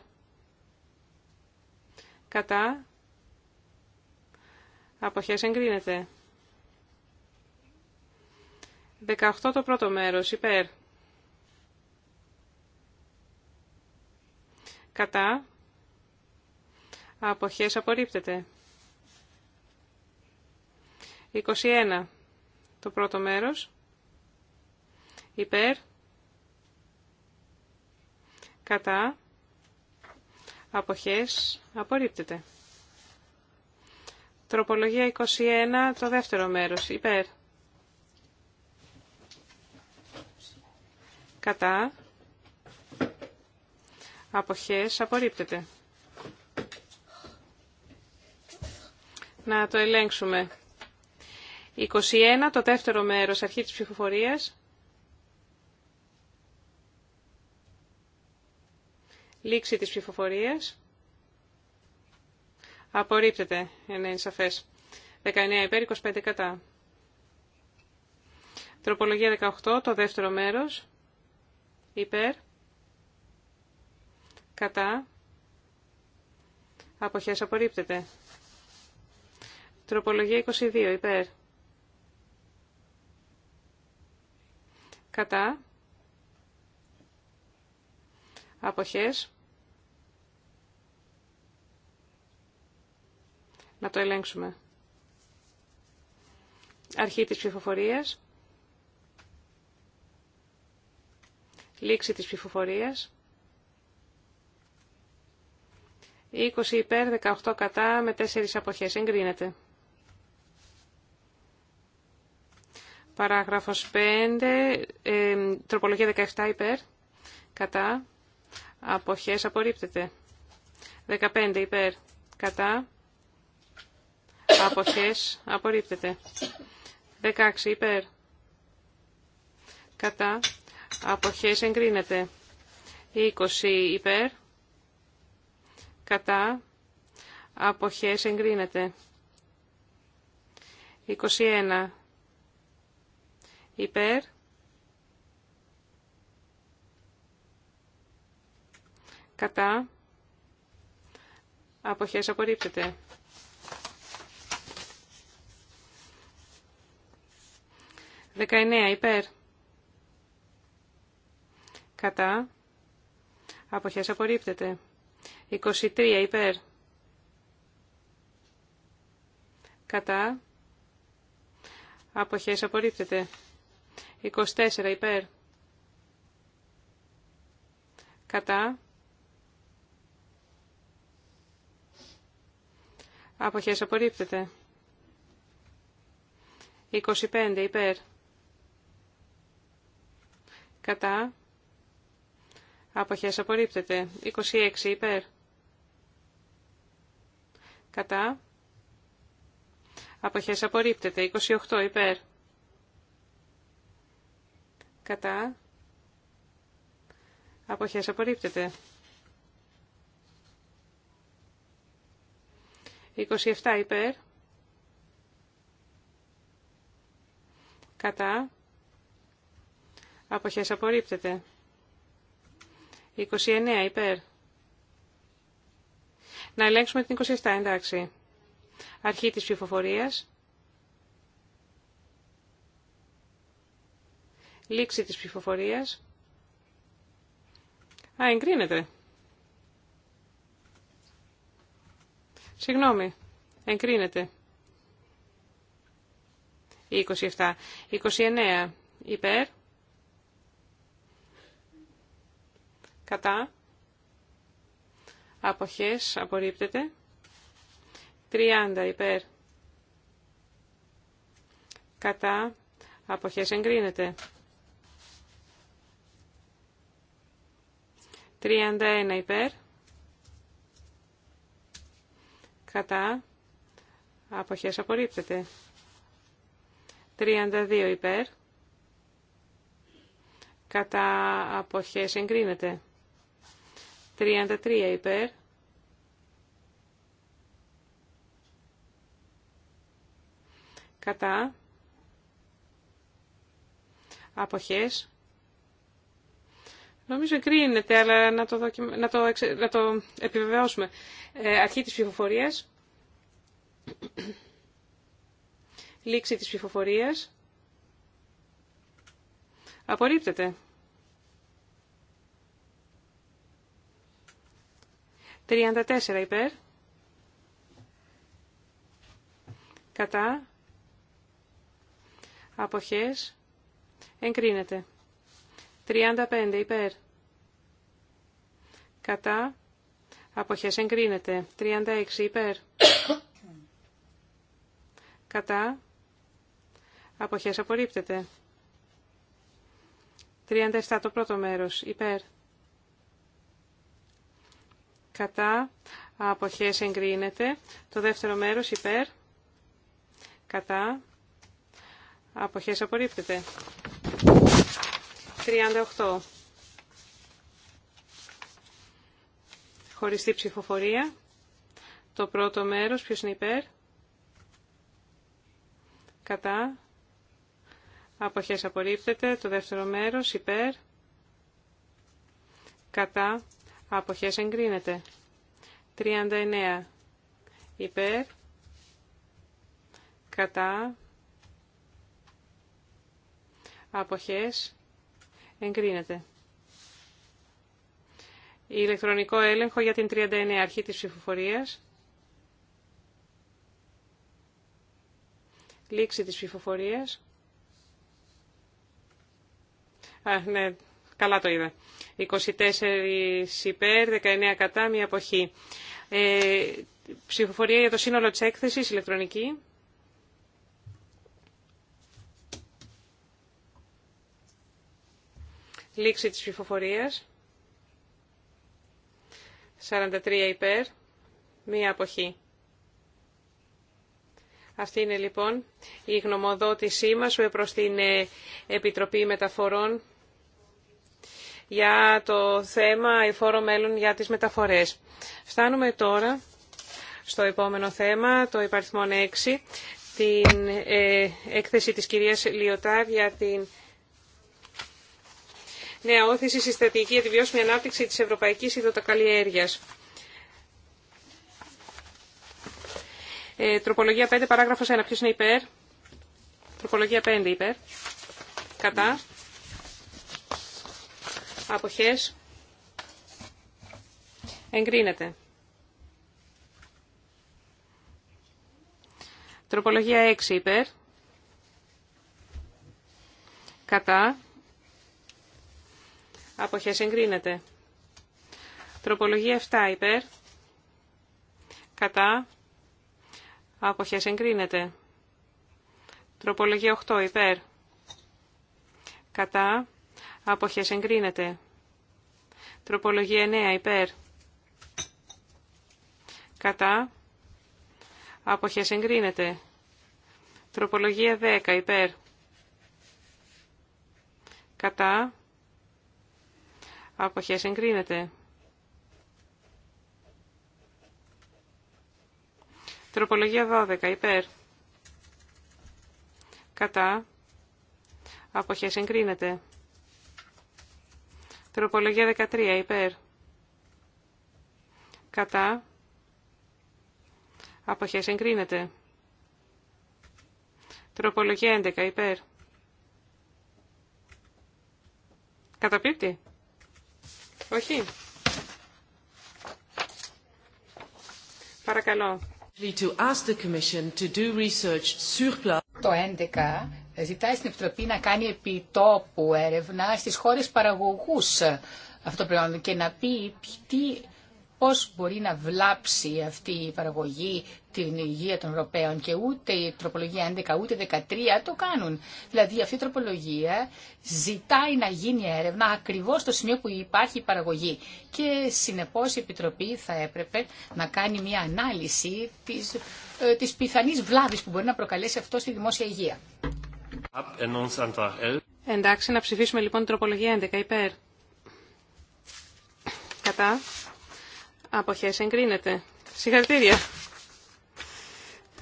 B: κατά, αποχές εγκρίνεται. 18 το πρώτο μέρος, υπέρ. Κατά, αποχές απορρίπτεται. 21 το πρώτο μέρος, υπέρ. Κατά, αποχές απορρίπτεται. Τροπολογία 21, το δεύτερο μέρος, υπέρ. Κατά. Αποχές απορρίπτεται. Να το ελέγξουμε. 21, το δεύτερο μέρος, αρχή της ψηφοφορίας. Λήξη της ψηφοφορίας. Απορρίπτεται, ναι, είναι σαφές. 19 υπέρ, 25 κατά. Τροπολογία 18, το δεύτερο μέρος. Υπέρ. Κατά. Αποχές απορρίπτεται. Τροπολογία 22, υπέρ. Κατά. Αποχές. Να το ελέγξουμε. Αρχή της ψηφοφορίας. Λήξη της ψηφοφορίας. 20 υπέρ, 18 κατά, με 4 αποχές. Εγκρίνεται. Παράγραφος 5, ε, τροπολογία 17 υπέρ, κατά, Αποχές απορρίπτεται. 15 υπέρ. Κατά. Αποχές απορρίπτεται. 16 υπέρ. Κατά. Αποχές εγκρίνεται. 20 υπέρ. Κατά. Αποχές εγκρίνεται. 21 υπέρ. κατά, αποχές απορρίπτεται. 19 υπέρ, κατά, αποχές απορρίπτεται. 23 υπέρ, κατά, αποχές απορρίπτεται. 24 υπέρ, κατά, Αποχές απορρίπτεται. 25 υπέρ. Κατά. Αποχές απορρίπτεται. 26 υπέρ. Κατά. Αποχές απορρίπτεται. 28 υπέρ. Κατά. Αποχές απορρίπτεται. 27 υπέρ. Κατά. Αποχές απορρίπτεται. 29 υπέρ. Να ελέγξουμε την 27, εντάξει. Αρχή της ψηφοφορίας. Λήξη της ψηφοφορίας. Α, εγκρίνεται. Συγγνώμη, εγκρίνεται. 27. 29. Υπέρ. Κατά. Αποχές. Απορρίπτεται. 30. Υπέρ. Κατά. Αποχές. Εγκρίνεται. 31. Υπέρ κατά, αποχές απορρίπτεται. 32 υπέρ, κατά, αποχές εγκρίνεται. 33 υπέρ, κατά, αποχές. Νομίζω εγκρίνεται, αλλά να το, να το επιβεβαιώσουμε. Ε, αρχή της ψηφοφορίας. Λήξη της ψηφοφορίας. Απορρίπτεται. 34 υπέρ. Κατά. Αποχές. Εγκρίνεται. 35 υπέρ. Κατά. Αποχές εγκρίνεται. 36 υπέρ. Κατά. Αποχές απορρίπτεται. 37 το πρώτο μέρος. Υπέρ. Κατά. Αποχές εγκρίνεται. Το δεύτερο μέρος. Υπέρ. Κατά. Αποχές απορρίπτεται. 38 χωριστή ψηφοφορία. Το πρώτο μέρος, ποιος είναι υπέρ. Κατά. Αποχές απορρίπτεται. Το δεύτερο μέρος, υπέρ. Κατά. Αποχές εγκρίνεται. 39. Υπέρ. Κατά. Αποχές εγκρίνεται ηλεκτρονικό έλεγχο για την 39 αρχή της ψηφοφορίας. Λήξη της ψηφοφορίας. Α, ναι, καλά το είδα. 24 υπέρ, 19 κατά, μία αποχή. Ε, ψηφοφορία για το σύνολο της έκθεσης ηλεκτρονική. Λήξη της ψηφοφορίας. 43 υπέρ, μία αποχή. Αυτή είναι λοιπόν η γνωμοδότησή μας προς την ε, Επιτροπή Μεταφορών για το θέμα εφόρο μέλλον για τις μεταφορές. Φτάνουμε τώρα στο επόμενο θέμα, το υπαριθμό 6, την ε, έκθεση της κυρίας Λιωτάρ για την νέα όθηση στη στρατηγική για τη βιώσιμη ανάπτυξη της ευρωπαϊκής ιδωτοκαλλιέργειας. Ε, τροπολογία 5, παράγραφος 1. Ποιος είναι υπέρ? Τροπολογία 5 υπέρ. Κατά. Αποχές. Εγκρίνεται. Τροπολογία 6 υπέρ. Κατά. Αποχές εγκρίνεται. Τροπολογία 7 υπέρ. Κατά. Αποχές εγκρίνεται. Τροπολογία 8 υπέρ. Κατά. Αποχές εγκρίνεται. Τροπολογία 9 υπέρ. Κατά. Αποχές εγκρίνεται. Τροπολογία 10 υπέρ. Κατά. Αποχέ εγκρίνεται. Τροπολογία 12. Υπέρ. Κατά. Αποχέ εγκρίνεται. Τροπολογία 13. Υπέρ. Κατά. Αποχέ εγκρίνεται. Τροπολογία 11. Υπέρ. Καταπίπτει.
C: Όχι. Παρακαλώ. To ask the Commission to do research sur Το 11 ζητάει στην Επιτροπή να κάνει επιτόπου έρευνα στις χώρες παραγωγούς αυτοπληρώνων και να πει τι πώς μπορεί να βλάψει αυτή η παραγωγή την υγεία των Ευρωπαίων και ούτε η τροπολογία 11 ούτε 13 το κάνουν. Δηλαδή αυτή η τροπολογία ζητάει να γίνει έρευνα ακριβώς στο σημείο που υπάρχει η παραγωγή και συνεπώς η Επιτροπή θα έπρεπε να κάνει μια ανάλυση της, ε, της πιθανής βλάβης που μπορεί να προκαλέσει αυτό στη δημόσια υγεία. Εντάξει, να ψηφίσουμε λοιπόν την τροπολογία 11 υπέρ.
B: Κατά. Αποχές εγκρίνεται. Συγχαρητήρια.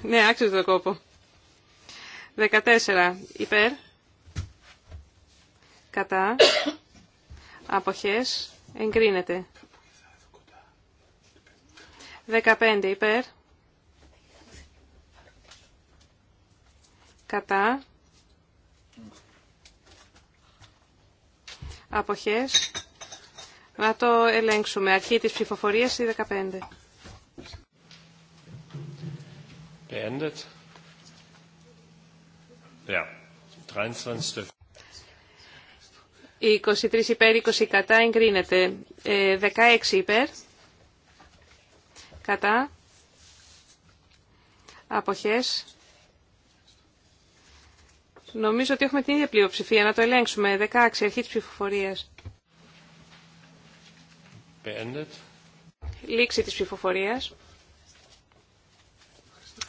B: Ναι, άξιζε τον κόπο. 14. Υπέρ. Κατά. Αποχές εγκρίνεται. 15. Υπέρ. Κατά. Αποχές να το ελέγξουμε. Αρχή της ψηφοφορίας η 15.
A: Beendet. Ja, 23.
B: 23 υπέρ, 20 κατά, εγκρίνεται. 16 ε, υπέρ, κατά, αποχές. Νομίζω ότι έχουμε την ίδια πλειοψηφία. Να το ελέγξουμε. 16, αρχή της ψηφοφορίας. Λήξη της ψηφοφορίας.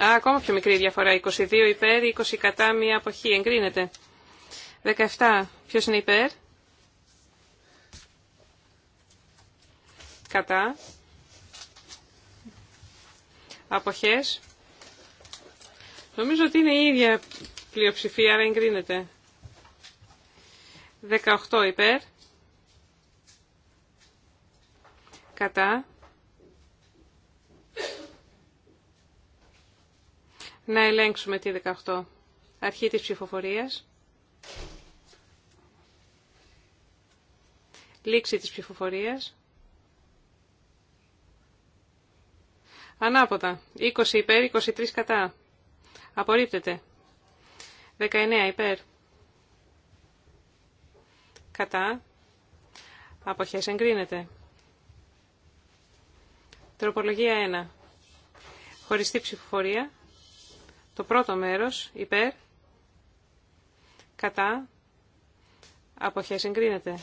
B: Α, ακόμα πιο μικρή διαφορά. 22 υπέρ, 20 κατά, μία αποχή. Εγκρίνεται. 17. Ποιος είναι υπέρ? Κατά. Αποχές. Νομίζω ότι είναι η ίδια πλειοψηφία, άρα εγκρίνεται. 18 υπέρ. κατά να ελέγξουμε τη 18 αρχή της ψηφοφορίας λήξη της ψηφοφορίας Ανάποδα. 20 υπέρ, 23 κατά. Απορρίπτεται. 19 υπέρ. Κατά. Αποχές εγκρίνεται. Τροπολογία 1. Χωριστή ψηφοφορία. Το πρώτο μέρος υπέρ. Κατά. Αποχές εγκρίνεται.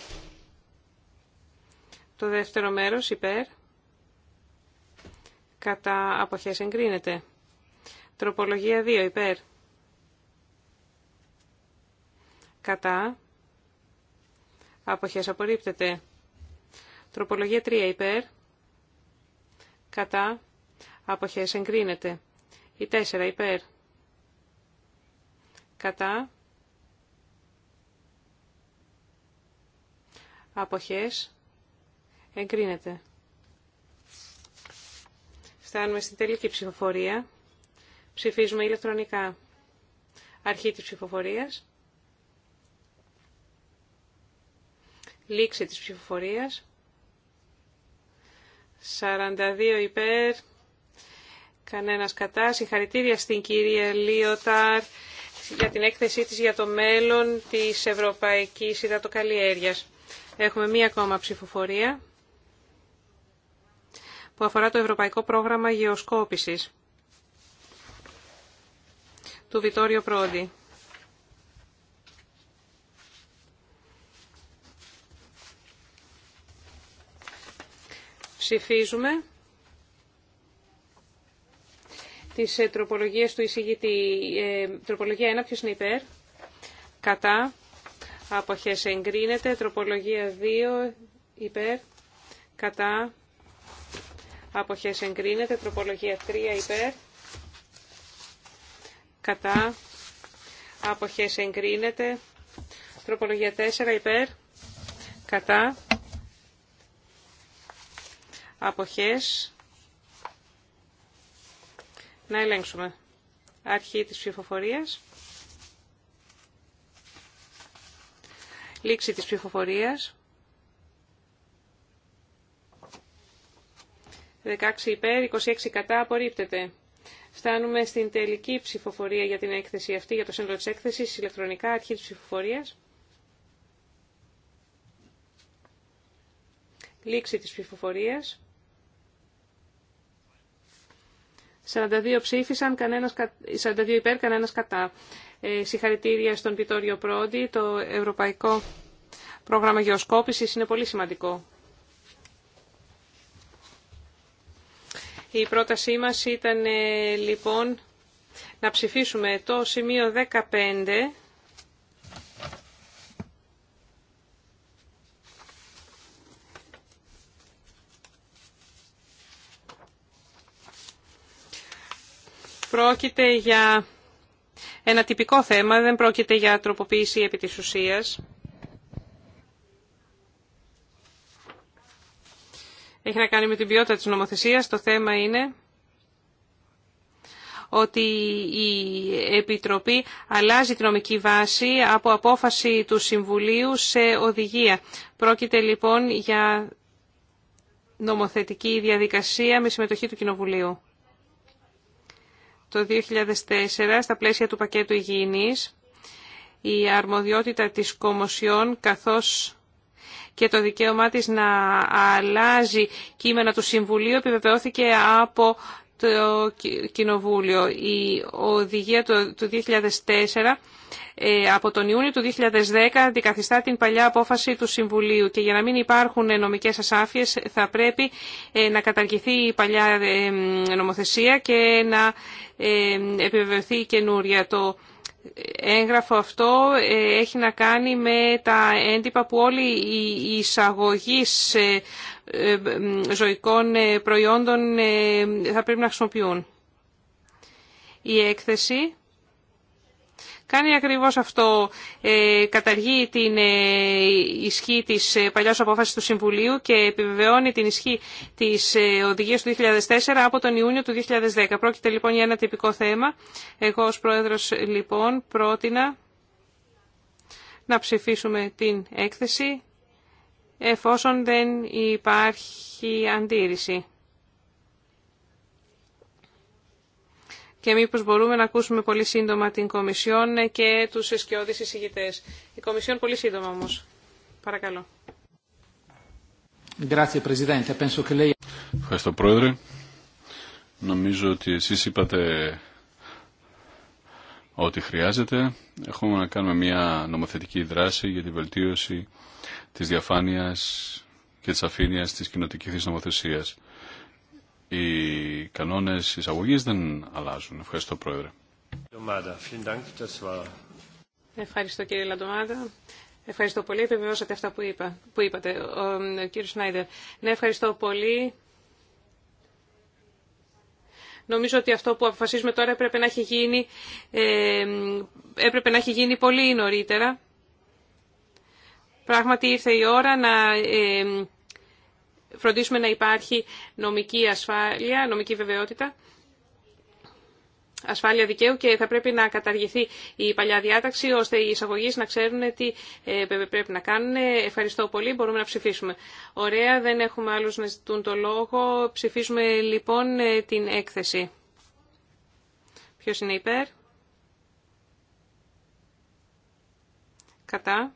B: Το δεύτερο μέρος υπέρ. Κατά. Αποχές εγκρίνεται. Τροπολογία 2 υπέρ. Κατά. Αποχές απορρίπτεται. Τροπολογία 3 υπέρ κατά, αποχές εγκρίνεται. Η 4 υπέρ, κατά, αποχές εγκρίνεται. Φτάνουμε στην τελική ψηφοφορία. Ψηφίζουμε ηλεκτρονικά. Αρχή της ψηφοφορίας. Λήξη της ψηφοφορίας. 42 υπέρ, κανένας κατά. Συγχαρητήρια στην κυρία Λίοταρ για την έκθεσή της για το μέλλον της Ευρωπαϊκής Ιδατοκαλλιέργειας. Έχουμε μία ακόμα ψηφοφορία που αφορά το Ευρωπαϊκό Πρόγραμμα Γεωσκόπησης του Βιτόριο Πρόντι. Ψηφίζουμε τις ε, τροπολογίες του εισηγητή. Ε, τροπολογία 1, ποιος είναι υπέρ. Κατά. Αποχές εγκρίνεται. Τροπολογία 2, υπέρ. Κατά. Αποχές εγκρίνεται. Τροπολογία 3, υπέρ. Κατά. Αποχές εγκρίνεται. Τροπολογία 4, υπέρ. Κατά αποχές να ελέγξουμε. Αρχή της ψηφοφορίας. Λήξη της ψηφοφορίας. 16 υπέρ, 26 κατά, απορρίπτεται. Φτάνουμε στην τελική ψηφοφορία για την έκθεση αυτή, για το σύνολο της έκθεσης, ηλεκτρονικά, αρχή της ψηφοφορίας. Λήξη της ψηφοφορίας. 42 ψήφισαν, κανένας, 42 υπέρ, κανένας κατά. Ε, συγχαρητήρια στον Πιτόριο Πρόντι. Το Ευρωπαϊκό Πρόγραμμα Γεωσκόπησης είναι πολύ σημαντικό. Η πρότασή μας ήταν ε, λοιπόν να ψηφίσουμε το σημείο 15 Πρόκειται για ένα τυπικό θέμα, δεν πρόκειται για τροποποίηση επί της ουσίας. Έχει να κάνει με την ποιότητα της νομοθεσίας. Το θέμα είναι ότι η Επιτροπή αλλάζει τη νομική βάση από απόφαση του Συμβουλίου σε οδηγία. Πρόκειται λοιπόν για νομοθετική διαδικασία με συμμετοχή του Κοινοβουλίου το 2004 στα πλαίσια του πακέτου υγιεινής η αρμοδιότητα της Κομμοσιών καθώς και το δικαίωμά της να αλλάζει κείμενα του Συμβουλίου επιβεβαιώθηκε από το Κοινοβούλιο. Η οδηγία του 2004 ε, από τον Ιούνιο του 2010 αντικαθιστά την παλιά απόφαση του Συμβουλίου και για να μην υπάρχουν νομικές ασάφειες θα πρέπει ε, να καταργηθεί η παλιά ε, νομοθεσία και να επιβεβαιωθεί η καινούρια. Το έγγραφο αυτό έχει να κάνει με τα έντυπα που όλοι οι εισαγωγείς ε, ζωικών ε, προϊόντων ε, θα πρέπει να χρησιμοποιούν. Η έκθεση κάνει ακριβώς αυτό. Καταργεί την ισχύ της παλιάς απόφασης του Συμβουλίου και επιβεβαιώνει την ισχύ της οδηγίας του 2004 από τον Ιούνιο του 2010. Πρόκειται λοιπόν για ένα τυπικό θέμα. Εγώ ως Πρόεδρος λοιπόν πρότεινα να ψηφίσουμε την έκθεση εφόσον δεν υπάρχει αντίρρηση. Και μήπως μπορούμε να ακούσουμε πολύ σύντομα την Κομισιόν και τους εσκιώδεις εισηγητές. Η Κομισιόν πολύ σύντομα όμως. Παρακαλώ.
A: Ευχαριστώ Πρόεδρε. Νομίζω ότι εσείς είπατε ό,τι χρειάζεται. Έχουμε να κάνουμε μια νομοθετική δράση για τη βελτίωση Τη διαφάνειας και της αφήνειας της κοινοτική νομοθεσία. Οι κανόνες εισαγωγή δεν αλλάζουν. Ευχαριστώ, Πρόεδρε.
B: Ευχαριστώ, κύριε Λαντομάδα. Ευχαριστώ πολύ. Επιβεβαιώσατε αυτά που, είπα, που είπατε, ο, Σνάιντερ. Ναι, ευχαριστώ πολύ. Νομίζω ότι αυτό που αποφασίζουμε τώρα γίνει, ε, έπρεπε να έχει γίνει πολύ νωρίτερα. Πράγματι ήρθε η ώρα να ε, φροντίσουμε να υπάρχει νομική ασφάλεια, νομική βεβαιότητα, ασφάλεια δικαίου και θα πρέπει να καταργηθεί η παλιά διάταξη ώστε οι εισαγωγείς να ξέρουν τι ε, πρέπει να κάνουν. Ευχαριστώ πολύ, μπορούμε να ψηφίσουμε. Ωραία, δεν έχουμε άλλους να ζητούν το λόγο. Ψηφίσουμε λοιπόν ε, την έκθεση. Ποιος είναι υπέρ? Κατά.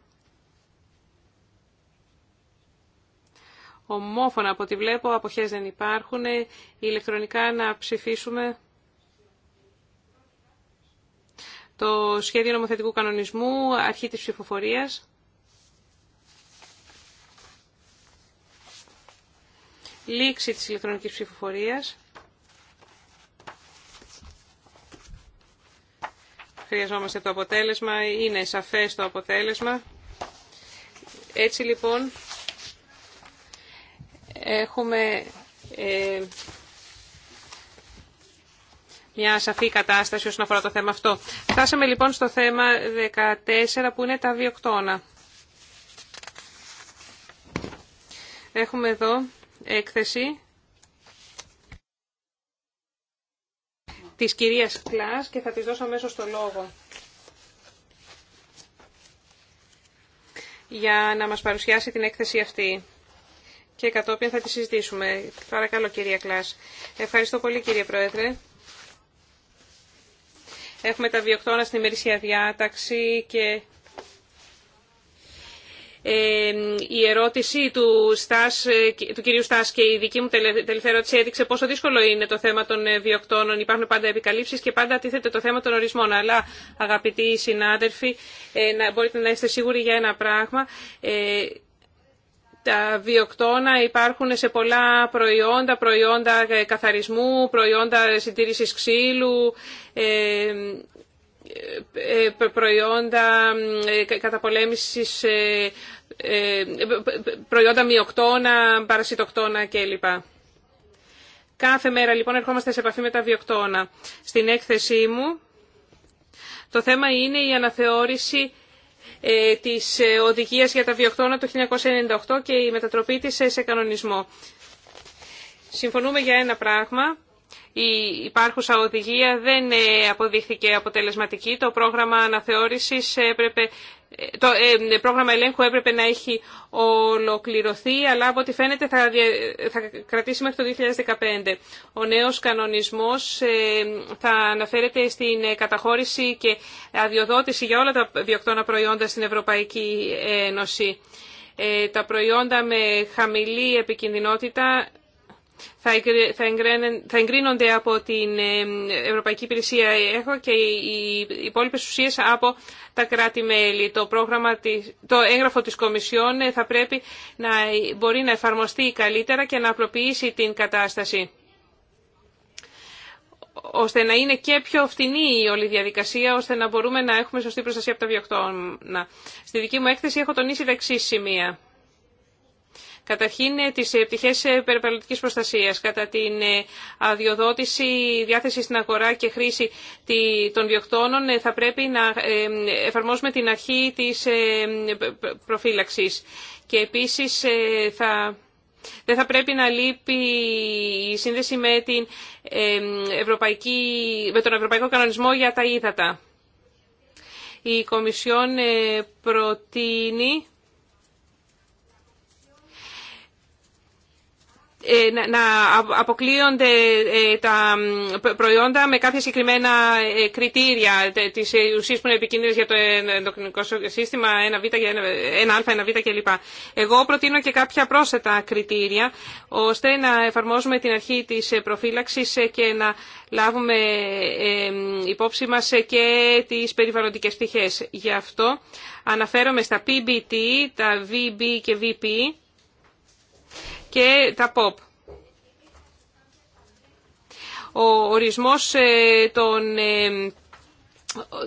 B: ομόφωνα από ό,τι βλέπω, αποχές δεν υπάρχουν. Ε, ηλεκτρονικά να ψηφίσουμε το σχέδιο νομοθετικού κανονισμού, αρχή της ψηφοφορίας. Λήξη της ηλεκτρονικής ψηφοφορίας. Χρειαζόμαστε το αποτέλεσμα, είναι σαφές το αποτέλεσμα. Έτσι λοιπόν έχουμε ε, μια σαφή κατάσταση όσον αφορά το θέμα αυτό. Φτάσαμε λοιπόν στο θέμα 14 που είναι τα βιοκτώνα. Έχουμε εδώ έκθεση της κυρίας Κλάς και θα τη δώσω αμέσως στο λόγο. για να μας παρουσιάσει την έκθεση αυτή και κατόπιν θα τη συζητήσουμε. Παρακαλώ κυρία Κλάς. Ευχαριστώ πολύ κύριε Πρόεδρε. Έχουμε τα βιοκτώνα στην ημερήσια διάταξη και η ερώτηση του, Στάς, του κυρίου Στάς και η δική μου τελευταία ερώτηση έδειξε πόσο δύσκολο είναι το θέμα των ε, βιοκτώνων. Υπάρχουν πάντα επικαλύψεις και πάντα τίθεται το θέμα των ορισμών. Αλλά αγαπητοί συνάδελφοι, ε, μπορείτε να είστε σίγουροι για ένα πράγμα. Ε, τα βιοκτώνα υπάρχουν σε πολλά προϊόντα, προϊόντα ε, καθαρισμού, προϊόντα συντήρησης ξύλου, ε, ε, προϊόντα καταπολέμησης, προϊόντα μειοκτώνα, παρασιτοκτώνα κλπ. Κάθε μέρα λοιπόν ερχόμαστε σε επαφή με τα βιοκτώνα. Στην έκθεσή μου το θέμα είναι η αναθεώρηση ε, της ε, οδηγίας για τα βιοκτώνα του 1998 και η μετατροπή της ε, σε κανονισμό. Συμφωνούμε για ένα πράγμα. Η υπάρχουσα οδηγία δεν αποδείχθηκε αποτελεσματική. Το πρόγραμμα αναθεώρησης έπρεπε το ε, πρόγραμμα ελέγχου έπρεπε να έχει ολοκληρωθεί, αλλά από ό,τι φαίνεται θα, θα κρατήσει μέχρι το 2015. Ο νέος κανονισμός ε, θα αναφέρεται στην ε, καταχώρηση και αδειοδότηση για όλα τα βιοκτώνα προϊόντα στην Ευρωπαϊκή Ένωση. Τα προϊόντα με χαμηλή επικινδυνότητα θα εγκρίνονται από την ε, Ευρωπαϊκή Υπηρεσία ΕΧΟ και οι υπόλοιπε ουσίε από τα κράτη-μέλη. Το, πρόγραμμα, το έγγραφο της Κομισιόν ε, θα πρέπει να ε, μπορεί να εφαρμοστεί καλύτερα και να απλοποιήσει την κατάσταση ώστε να είναι και πιο φτηνή η όλη διαδικασία, ώστε να μπορούμε να έχουμε σωστή προστασία από τα βιοκτώνα. Στη δική μου έκθεση έχω τονίσει τα σημεία. Καταρχήν, ε, τις ε, πτυχές ε, περιπαλλοντική προστασίας, κατά την αδειοδότηση, διάθεση στην αγορά και χρήση των διοκτώνων θα πρέπει να εφαρμόσουμε την αρχή της προφύλαξης. Και επίσης θα... Δεν θα πρέπει να λείπει η σύνδεση με, την Ευρωπαϊκή, με τον Ευρωπαϊκό Κανονισμό για τα Ήδατα. Η Κομισιόν προτείνει Ε, να αποκλείονται ε, τα προϊόντα με κάποια συγκεκριμένα ε, κριτήρια τις ουσίες που είναι επικίνδυνες για το ενδοκρινικό σύστημα 1α, 1β κλπ. Εγώ προτείνω και κάποια πρόσθετα κριτήρια ώστε να εφαρμόζουμε την αρχή της προφύλαξης και να λάβουμε υπόψη μας και τις περιβαλλοντικές πτυχές. Γι' αυτό αναφέρομαι στα PBT, τα VB και VP και τα ΠΟΠ. Ο ορισμός ε, των ε,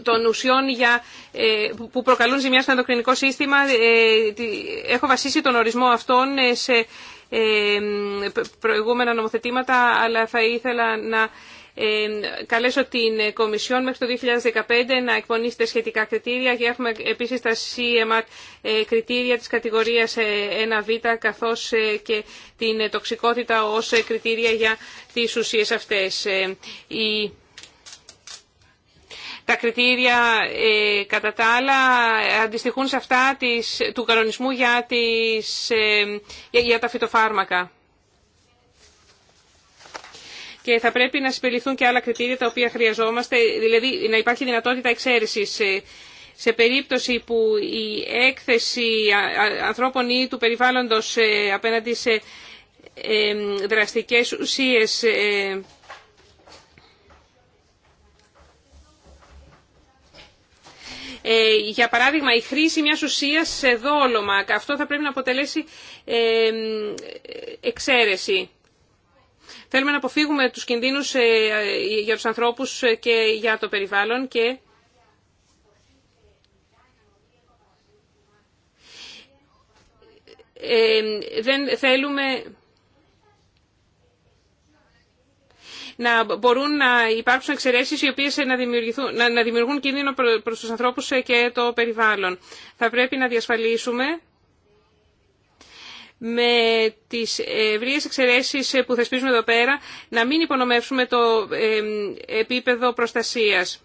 B: των ουσιών για, ε, που προκαλούν ζημιά στο ενδοκρινικό σύστημα. έχω βασίσει τον ορισμό αυτών σε προηγούμενα νομοθετήματα, αλλά θα ήθελα να καλέσω την Κομισιόν μέχρι το 2015 να εκπονήσετε σχετικά κριτήρια και έχουμε επίσης τα CMR ε, κριτήρια της κατηγορίας 1β ε, καθώς ε, και την τοξικότητα ως κριτήρια για τις ουσίες αυτές. Η... Τα κριτήρια κατά τα άλλα αντιστοιχούν σε αυτά της, του κανονισμού για, τις, για τα φυτοφάρμακα και θα πρέπει να συμπεριληφθούν και άλλα κριτήρια τα οποία χρειαζόμαστε, δηλαδή να υπάρχει δυνατότητα εξαίρεσης σε περίπτωση που η έκθεση ανθρώπων ή του περιβάλλοντος ε, απέναντι σε ε, δραστικές ουσίες ε, για παράδειγμα, η χρήση μιας ουσίας σε δόλωμα, αυτό θα πρέπει να αποτελέσει εξαίρεση. Θέλουμε να αποφύγουμε τους κινδύνους ε, για τους ανθρώπους ε, και για το περιβάλλον και ε, δεν θέλουμε να μπορούν να υπάρξουν εξαιρέσεις οι οποίες να, δημιουργηθούν, να, να δημιουργούν κίνδυνο προς τους ανθρώπους και το περιβάλλον. Θα πρέπει να διασφαλίσουμε με τις ευρείες εξαιρέσεις που θεσπίζουμε εδώ πέρα να μην υπονομεύσουμε το επίπεδο προστασίας.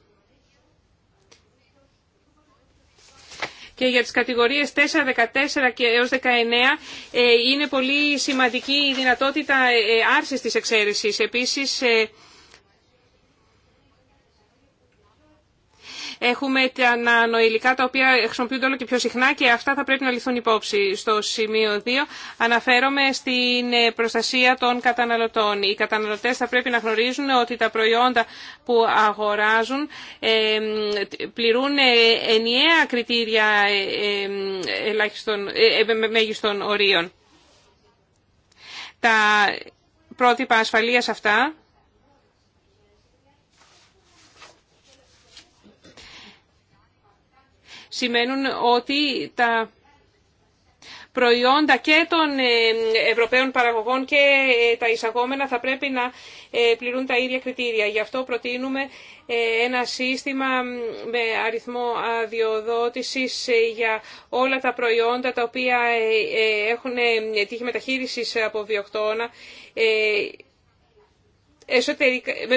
B: και για τις κατηγορίες 4, 14 και έως 19 ε, είναι πολύ σημαντική η δυνατότητα ε, άρσης της εξαίρεσης. Επίσης, ε, Έχουμε τα ανανοηλικά τα οποία χρησιμοποιούνται όλο και πιο συχνά και αυτά θα πρέπει να ληφθούν υπόψη. Στο σημείο 2 αναφέρομαι στην ε, προστασία των καταναλωτών. Οι καταναλωτές θα πρέπει να γνωρίζουν ότι τα προϊόντα που αγοράζουν ε, πληρούν ε, ενιαία κριτήρια ελάχιστον, μέγιστον ορίων. Τα πρότυπα ασφαλείας αυτά σημαίνουν ότι τα προϊόντα και των ε, Ευρωπαίων παραγωγών και ε, τα εισαγόμενα θα πρέπει να ε, πληρούν τα ίδια κριτήρια. Γι' αυτό προτείνουμε ένα σύστημα με αριθμό αδειοδότησης για όλα τα προϊόντα τα οποία έχουν τύχη μεταχείρισης από βιοκτώνα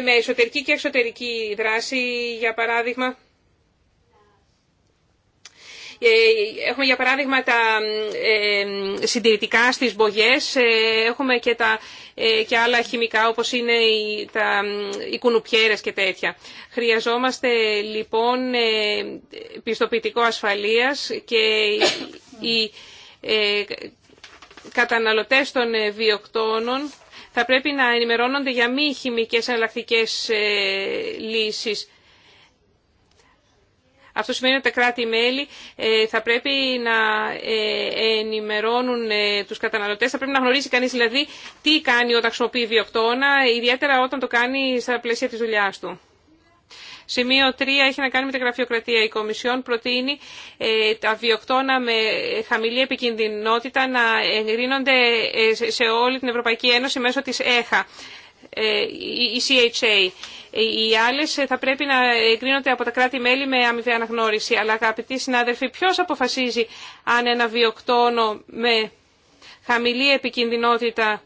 B: με εσωτερική και εξωτερική δράση, για παράδειγμα ε, έχουμε για παράδειγμα τα ε, συντηρητικά στις μπογιές, ε, έχουμε και, τα, και άλλα χημικά όπως είναι οι, τα, οι κουνουπιέρες και τέτοια. Χρειαζόμαστε λοιπόν πιστοποιητικό ασφαλείας και οι καταναλωτές των βιοκτώνων θα πρέπει να ενημερώνονται για μη χημικές εναλλακτικές λύσεις. Αυτό σημαίνει ότι τα κράτη-μέλη ε, θα πρέπει να ε, ενημερώνουν ε, τους καταναλωτές, θα πρέπει να γνωρίζει κανείς δηλαδή τι κάνει όταν χρησιμοποιεί βιοκτώνα, ιδιαίτερα όταν το κάνει στα πλαίσια της δουλειάς του. Σημείο 3 έχει να κάνει με την γραφειοκρατία. Η Κομισιόν προτείνει τα βιοκτώνα με χαμηλή επικινδυνότητα να εγκρίνονται σε όλη την Ευρωπαϊκή Ένωση μέσω της ΕΧΑ. Ε, η CHA. Οι άλλε ε, θα πρέπει να εγκρίνονται από τα κράτη-μέλη με αμοιβή αναγνώριση. Αλλά αγαπητοί συνάδελφοι, ποιο αποφασίζει αν ένα βιοκτόνο με χαμηλή επικινδυνότητα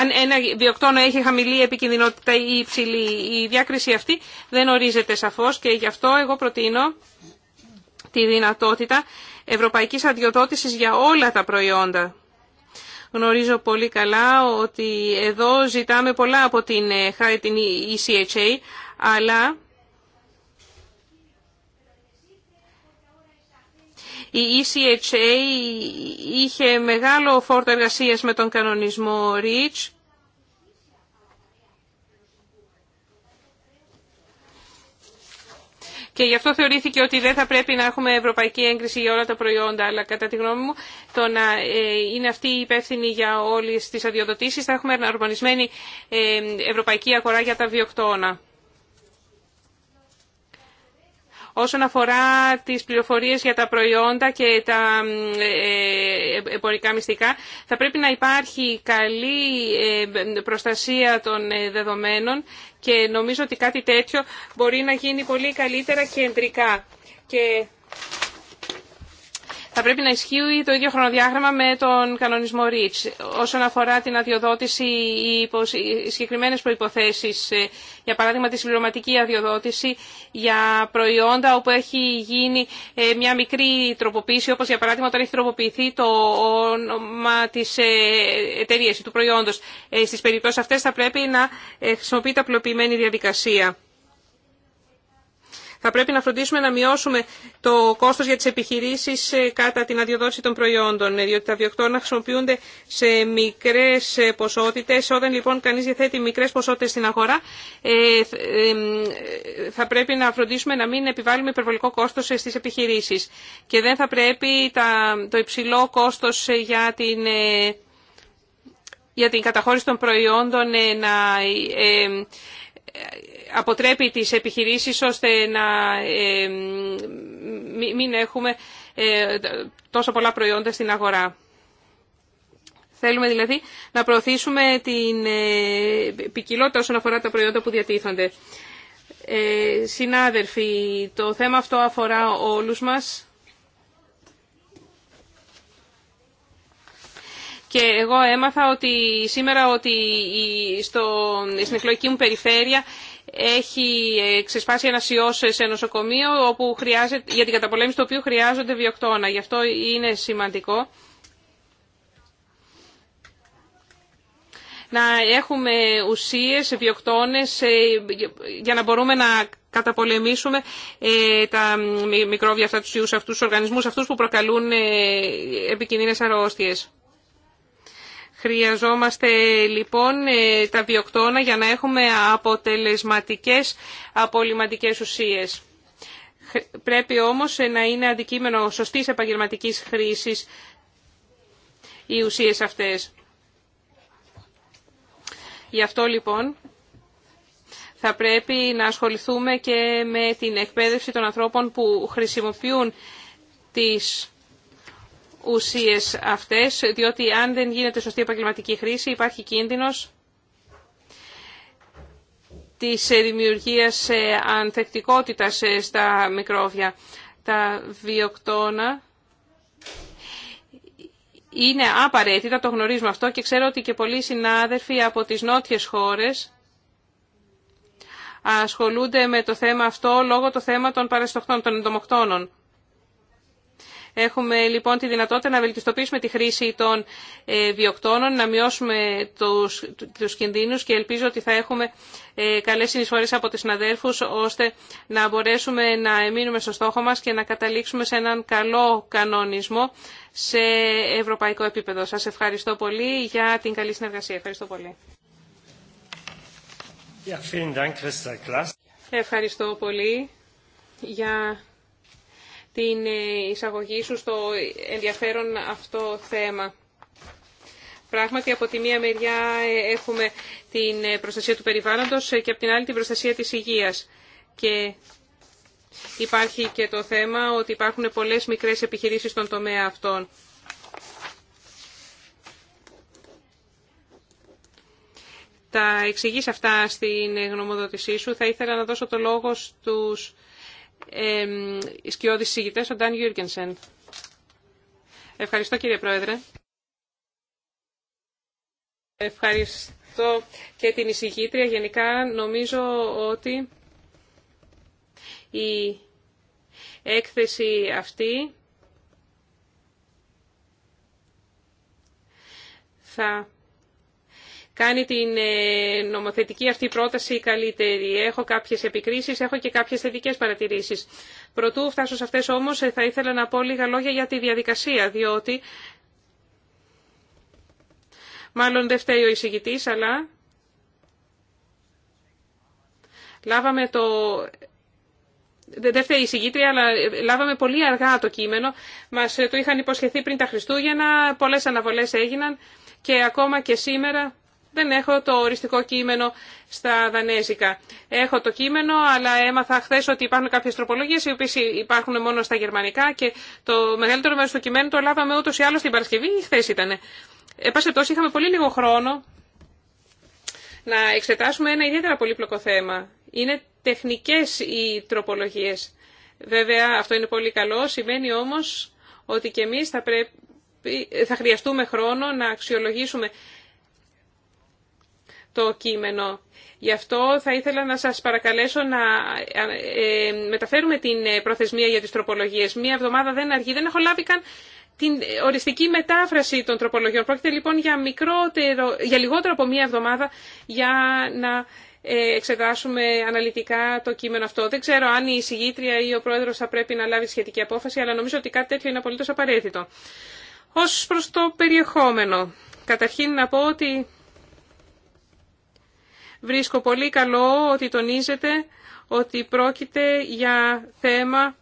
B: αν ένα βιοκτόνο έχει χαμηλή επικινδυνότητα ή υψηλή, η διάκριση αυτή δεν ορίζεται σαφώς και γι' αυτό εγώ προτείνω τη δυνατότητα ευρωπαϊκής αδειοδότησης για όλα τα προϊόντα. Γνωρίζω πολύ καλά ότι εδώ ζητάμε πολλά από την, ε, την ECHA, αλλά Η ECHA είχε μεγάλο φόρτο εργασίας με τον κανονισμό REACH Και γι' αυτό θεωρήθηκε ότι δεν θα πρέπει να έχουμε ευρωπαϊκή έγκριση για όλα τα προϊόντα. Αλλά κατά τη γνώμη μου το να ε, είναι αυτή η υπεύθυνη για όλε τι αδειοδοτήσει θα έχουμε ε, ευρωπαϊκή αγορά για τα βιοκτώνα. Όσον αφορά τις πληροφορίες για τα προϊόντα και τα ε, εμπορικά μυστικά, θα πρέπει να υπάρχει καλή ε, προστασία των δεδομένων και νομίζω ότι κάτι τέτοιο μπορεί να γίνει πολύ καλύτερα κεντρικά. Και θα πρέπει να ισχύει το ίδιο χρονοδιάγραμμα με τον κανονισμό REACH. Όσον αφορά την αδειοδότηση, οι συγκεκριμένες προϋποθέσεις, ε, για παράδειγμα τη συμπληρωματική αδειοδότηση για προϊόντα όπου έχει γίνει ε, μια μικρή τροποποίηση, όπως για παράδειγμα όταν έχει τροποποιηθεί το όνομα της ε, εταιρείας ή του προϊόντος. Στις περιπτώσεις αυτές θα πρέπει να χρησιμοποιείται απλοποιημένη διαδικασία. Θα πρέπει να φροντίσουμε να μειώσουμε το κόστος για τις επιχειρήσεις ε, κατά την αδειοδότηση των προϊόντων, ε, διότι τα βιοκτώνα χρησιμοποιούνται σε μικρές ε, ποσότητες. Όταν λοιπόν κανείς διαθέτει μικρές ποσότητες στην αγορά, θα πρέπει να φροντίσουμε να μην επιβάλλουμε υπερβολικό κόστος στις επιχειρήσεις. Και δεν θα πρέπει το υψηλό κόστος για την για την καταχώρηση των προϊόντων να αποτρέπει τις επιχειρήσεις ώστε να ε, μην έχουμε ε, τόσο πολλά προϊόντα στην αγορά. Θέλουμε δηλαδή να προωθήσουμε την ε, ποικιλότητα όσον αφορά τα προϊόντα που διατίθονται. Ε, συνάδελφοι, το θέμα αυτό αφορά όλους μας. και εγώ έμαθα ότι σήμερα ότι στο, στην εκλογική μου περιφέρεια έχει ξεσπάσει ένα ιός σε νοσοκομείο όπου χρειάζεται, για την καταπολέμηση του οποίου χρειάζονται βιοκτώνα. Γι' αυτό είναι σημαντικό. να έχουμε ουσίες, βιοκτώνες, ε, για να μπορούμε να καταπολεμήσουμε ε, τα μικρόβια αυτά, τους ιούς αυτούς, τους οργανισμούς αυτούς που προκαλούν ε, επικίνδυνες αρρώστιες. Χρειαζόμαστε λοιπόν ε, τα βιοκτώνα για να έχουμε αποτελεσματικές απολυματικές ουσίες. Πρέπει όμως ε, να είναι αντικείμενο σωστής επαγγελματικής χρήσης οι ουσίες αυτές. Γι' αυτό λοιπόν θα πρέπει να ασχοληθούμε και με την εκπαίδευση των ανθρώπων που χρησιμοποιούν τις ουσίες αυτές, διότι αν δεν γίνεται σωστή επαγγελματική χρήση υπάρχει κίνδυνος της δημιουργίας ε, ανθεκτικότητας ε, στα μικρόβια. Τα βιοκτώνα είναι απαραίτητα, το γνωρίζουμε αυτό και ξέρω ότι και πολλοί συνάδελφοι από τις νότιες χώρες ασχολούνται με το θέμα αυτό λόγω το θέμα των παραστοχτών, των εντομοκτώνων. Έχουμε λοιπόν τη δυνατότητα να βελτιστοποιήσουμε τη χρήση των ε, βιοκτώνων, να μειώσουμε τους, τους κινδύνους και ελπίζω ότι θα έχουμε ε, καλές συνεισφορές από τις συναδέρφους ώστε να μπορέσουμε να εμείνουμε στο στόχο μας και να καταλήξουμε σε έναν καλό κανονισμό σε ευρωπαϊκό επίπεδο. Σας ευχαριστώ πολύ για την καλή συνεργασία. Ευχαριστώ πολύ. Ευχαριστώ πολύ για την ε, εισαγωγή σου στο ενδιαφέρον αυτό θέμα. Πράγματι, από τη μία μεριά ε, έχουμε την ε, προστασία του περιβάλλοντος και από την άλλη την προστασία της υγείας. Και υπάρχει και το θέμα ότι υπάρχουν πολλές μικρές επιχειρήσεις στον τομέα αυτών. Τα εξηγείς αυτά στην γνωμοδότησή σου. Θα ήθελα να δώσω το λόγο στους ε, ο Ντάν Ευχαριστώ κύριε Πρόεδρε. Ευχαριστώ και την εισηγήτρια. Γενικά νομίζω ότι η έκθεση αυτή θα κάνει την ε, νομοθετική αυτή πρόταση καλύτερη. Έχω κάποιες επικρίσεις, έχω και κάποιες θετικές παρατηρήσεις. Προτού φτάσω σε αυτές όμως ε, θα ήθελα να πω λίγα λόγια για τη διαδικασία, διότι μάλλον δεν φταίει ο εισηγητής, αλλά λάβαμε το δεν φταίει αλλά ε, λάβαμε πολύ αργά το κείμενο. Μας το είχαν υποσχεθεί πριν τα Χριστούγεννα, πολλέ αναβολέ έγιναν και ακόμα και σήμερα δεν έχω το οριστικό κείμενο στα δανέζικα. Έχω το κείμενο, αλλά έμαθα χθε ότι υπάρχουν κάποιε τροπολογίε οι οποίε υπάρχουν μόνο στα γερμανικά και το μεγαλύτερο μέρο του κειμένου το λάβαμε ούτω ή άλλω την Παρασκευή ή χθε ήταν. Εν πάση είχαμε πολύ λίγο χρόνο να εξετάσουμε ένα ιδιαίτερα πολύπλοκο θέμα. Είναι τεχνικέ οι τροπολογίε. Βέβαια, αυτό είναι πολύ καλό. Σημαίνει όμω ότι και εμεί θα πρέπει θα χρειαστούμε χρόνο να αξιολογήσουμε το κείμενο. Γι' αυτό θα ήθελα να σας παρακαλέσω να ε, ε, μεταφέρουμε την ε, προθεσμία για τις τροπολογίες. Μία εβδομάδα δεν αργεί, δεν έχω λάβει καν την οριστική μετάφραση των τροπολογιών. Πρόκειται λοιπόν για, μικρότερο, για λιγότερο από μία εβδομάδα για να εξετάσουμε αναλυτικά το κείμενο αυτό. Δεν ξέρω αν η εισηγήτρια ή ο πρόεδρος θα πρέπει να λάβει σχετική απόφαση, αλλά νομίζω ότι κάτι τέτοιο είναι απολύτως απαραίτητο. Ως προς το περιεχόμενο, καταρχήν να πω ότι Βρίσκω πολύ καλό ότι τονίζεται ότι πρόκειται για θέμα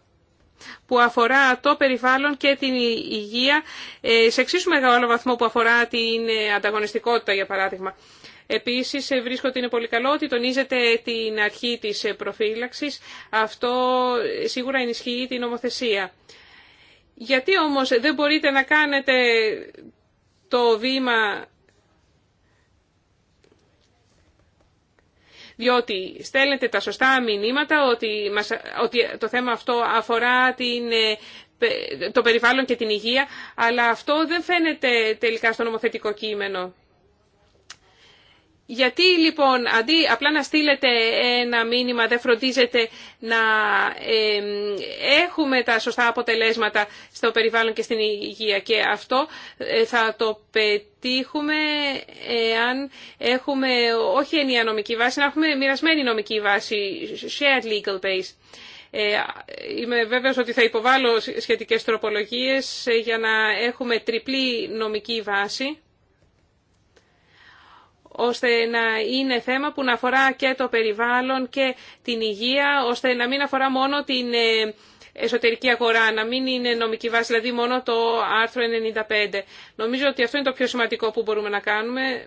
B: που αφορά το περιβάλλον και την υγεία ε, σε εξίσου μεγάλο βαθμό που αφορά την ε, ανταγωνιστικότητα, για παράδειγμα. Επίσης, ε, βρίσκω ότι είναι πολύ καλό ότι τονίζεται την αρχή της προφύλαξης. Αυτό σίγουρα ενισχύει την νομοθεσία. Γιατί όμως δεν μπορείτε να κάνετε το βήμα διότι στέλνετε τα σωστά μηνύματα ότι, ότι το θέμα αυτό αφορά την, ε, το περιβάλλον και την υγεία, αλλά αυτό δεν φαίνεται τελικά στο νομοθετικό κείμενο. Γιατί λοιπόν αντί απλά να στείλετε ένα μήνυμα δεν φροντίζετε να έχουμε τα σωστά αποτελέσματα στο περιβάλλον και στην υγεία και αυτό ε, θα το πετύχουμε εάν έχουμε όχι ενιαία νομική βάση, να έχουμε μοιρασμένη νομική βάση, shared legal base. Ε, είμαι βέβαιος ότι θα υποβάλω σχετικές τροπολογίες ε, για να έχουμε τριπλή νομική βάση ώστε να είναι θέμα που να αφορά και το περιβάλλον και την υγεία, ώστε να μην αφορά μόνο την ε, εσωτερική αγορά, να μην είναι νομική βάση, δηλαδή μόνο το άρθρο 95. Νομίζω ότι αυτό είναι το πιο σημαντικό που μπορούμε να κάνουμε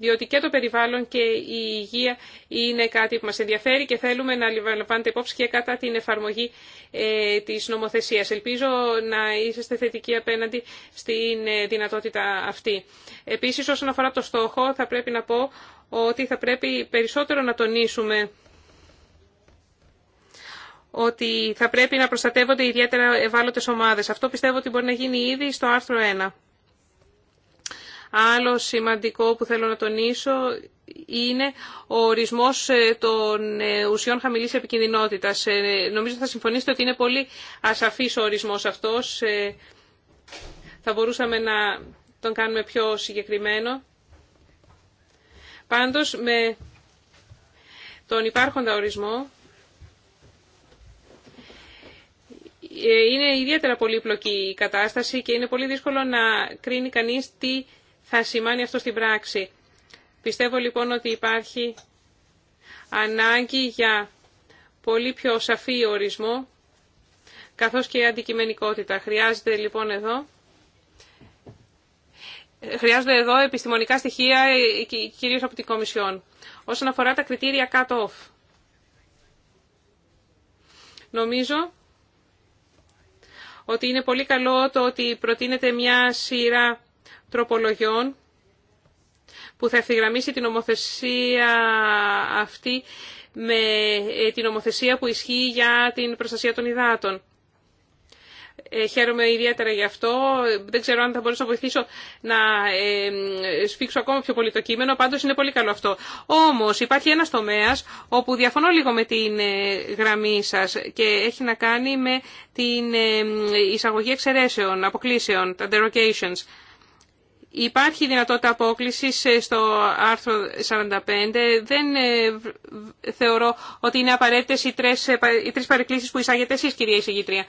B: διότι και το περιβάλλον και η υγεία είναι κάτι που μας ενδιαφέρει και θέλουμε να λαμβάνετε υπόψη και κατά την εφαρμογή ε, της νομοθεσίας. Ελπίζω να είσαστε θετικοί απέναντι στην ε, δυνατότητα αυτή. Επίσης, όσον αφορά το στόχο, θα πρέπει να πω ότι θα πρέπει περισσότερο να τονίσουμε ότι θα πρέπει να προστατεύονται ιδιαίτερα ευάλωτες ομάδες. Αυτό πιστεύω ότι μπορεί να γίνει ήδη στο άρθρο 1. Άλλο σημαντικό που θέλω να τονίσω είναι ο ορισμός ε, των ε, ουσιών χαμηλής επικινδυνότητας. Ε, νομίζω θα συμφωνήσετε ότι είναι πολύ ασαφής ο ορισμός αυτός. Θα μπορούσαμε να τον κάνουμε πιο συγκεκριμένο. Πάντως με τον υπάρχοντα ορισμό είναι ιδιαίτερα πολύπλοκη η κατάσταση και είναι πολύ δύσκολο να κρίνει κανείς τι θα σημάνει αυτό στην πράξη. Πιστεύω λοιπόν ότι υπάρχει ανάγκη για πολύ πιο σαφή ορισμό, καθώς και η αντικειμενικότητα. Χρειάζεται λοιπόν εδώ... Χρειάζονται εδώ επιστημονικά στοιχεία, κυρίως από την Κομισιόν. Όσον αφορά τα κριτήρια cut-off, νομίζω ότι είναι πολύ καλό το ότι προτείνεται μια σειρά τροπολογιών που θα ευθυγραμμίσει την ομοθεσία αυτή με ε, την ομοθεσία που ισχύει για την προστασία των υδάτων. Ε, χαίρομαι ιδιαίτερα γι' αυτό. Δεν ξέρω αν θα μπορούσα να βοηθήσω να ε, σφίξω ακόμα πιο πολύ το κείμενο, πάντως είναι πολύ καλό αυτό. Όμως υπάρχει ένας τομέας όπου διαφωνώ λίγο με την γραμμή σας και έχει να κάνει με την εισαγωγή εξαιρέσεων, αποκλήσεων, τα derogations. Υπάρχει δυνατότητα απόκλησης ε, στο άρθρο 45. Δεν ε, θεωρώ ότι είναι απαραίτητες οι τρεις, ε, οι παρεκκλήσεις που εισάγετε εσείς, κυρία εισηγήτρια.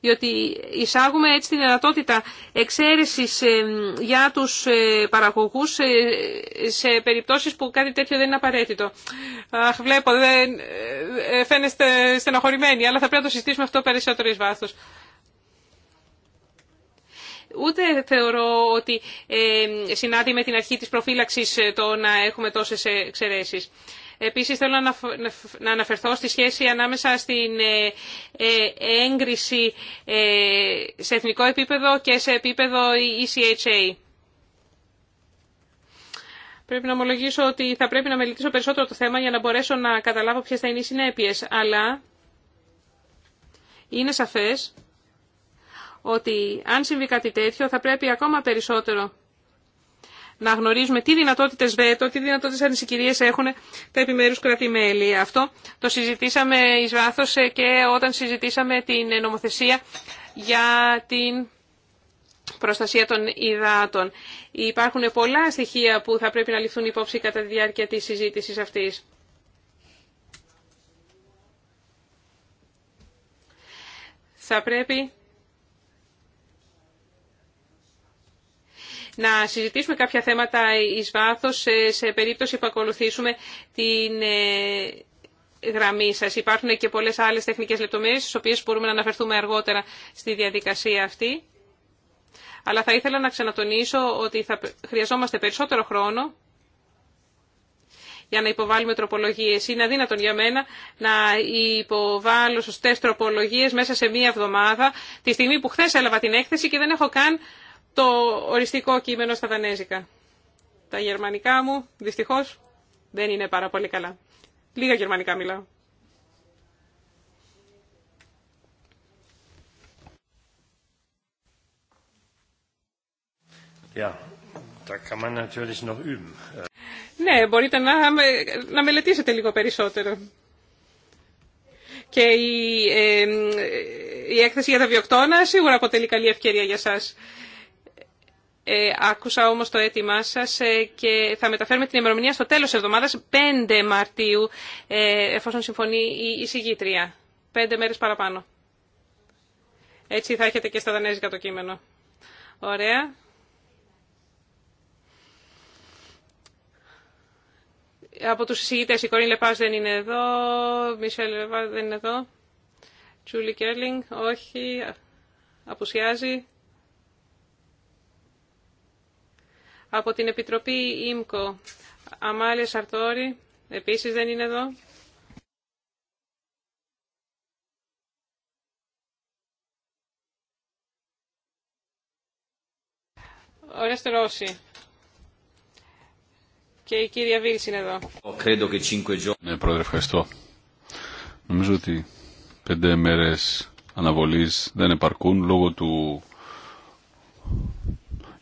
B: διότι εισάγουμε έτσι τη δυνατότητα εξαίρεσης για τους παραγωγούς σε περιπτώσεις που κάτι τέτοιο δεν είναι απαραίτητο. βλέπω, δεν, φαίνεστε στενοχωρημένοι, αλλά θα πρέπει να το συστήσουμε αυτό περισσότερο εις βάθος. Ούτε θεωρώ ότι ε, συνάδει με την αρχή της προφύλαξης ε, το να έχουμε τόσες ε, εξαιρέσεις. Επίσης θέλω να αναφερθώ στη σχέση ανάμεσα στην έγκριση σε εθνικό επίπεδο και σε επίπεδο ECHA. Πρέπει να ομολογήσω ότι θα πρέπει να μελετήσω περισσότερο το θέμα για να μπορέσω να καταλάβω ποιες θα είναι οι συνέπειες, αλλά είναι σαφές ότι αν συμβεί κάτι τέτοιο θα πρέπει ακόμα περισσότερο να γνωρίζουμε τι δυνατότητες βέτο, τι δυνατότητες ανησυχίες έχουν τα επιμέρους κρατημέλη. Αυτό το συζητήσαμε εις βάθος ε, και όταν συζητήσαμε την ε, νομοθεσία για την προστασία των υδάτων. Υπάρχουν πολλά στοιχεία που θα πρέπει να ληφθούν υπόψη κατά τη διάρκεια της συζήτησης αυτής. Θα πρέπει να συζητήσουμε κάποια θέματα εις βάθος σε περίπτωση που ακολουθήσουμε την ε, γραμμή σας. Υπάρχουν και πολλές άλλες τεχνικές λεπτομέρειες, στις οποίες μπορούμε να αναφερθούμε αργότερα στη διαδικασία αυτή. Αλλά θα ήθελα να ξανατονίσω ότι θα χρειαζόμαστε περισσότερο χρόνο για να υποβάλουμε τροπολογίε. Είναι αδύνατον για μένα να υποβάλω σωστέ τροπολογίε μέσα σε μία εβδομάδα, τη στιγμή που χθε έλαβα την έκθεση και δεν έχω καν το οριστικό κείμενο στα δανέζικα. Τα γερμανικά μου, δυστυχώς, δεν είναι πάρα πολύ καλά. Λίγα γερμανικά μιλάω. Ναι, μπορείτε να, μελετήσετε λίγο περισσότερο. Και ε, ε, η, έκθεση για τα βιοκτώνα σίγουρα αποτελεί καλή ευκαιρία για σας. Ε, άκουσα όμως το αίτημά σας ε, και θα μεταφέρουμε την ημερομηνία στο τέλος της εβδομάδας, 5 Μαρτίου, ε, εφόσον συμφωνεί η εισηγήτρια. Πέντε μέρες παραπάνω. Έτσι θα έχετε και στα δανέζικα το κείμενο. Ωραία. Από τους εισηγητές η Κορίν Λεπάς δεν είναι εδώ, Μισελ Λεπάς δεν είναι εδώ, Τζούλι Κέρλινγκ, όχι, απουσιάζει. Από την Επιτροπή ΙΜΚΟ, Αμάλια Σαρτόρη, επίσης δεν είναι εδώ. Ωραία Ρώση. Και η κυρία Βίλς είναι εδώ.
A: Ναι, πρόεδρε, ευχαριστώ. Νομίζω ότι πέντε μέρες αναβολής δεν επαρκούν λόγω του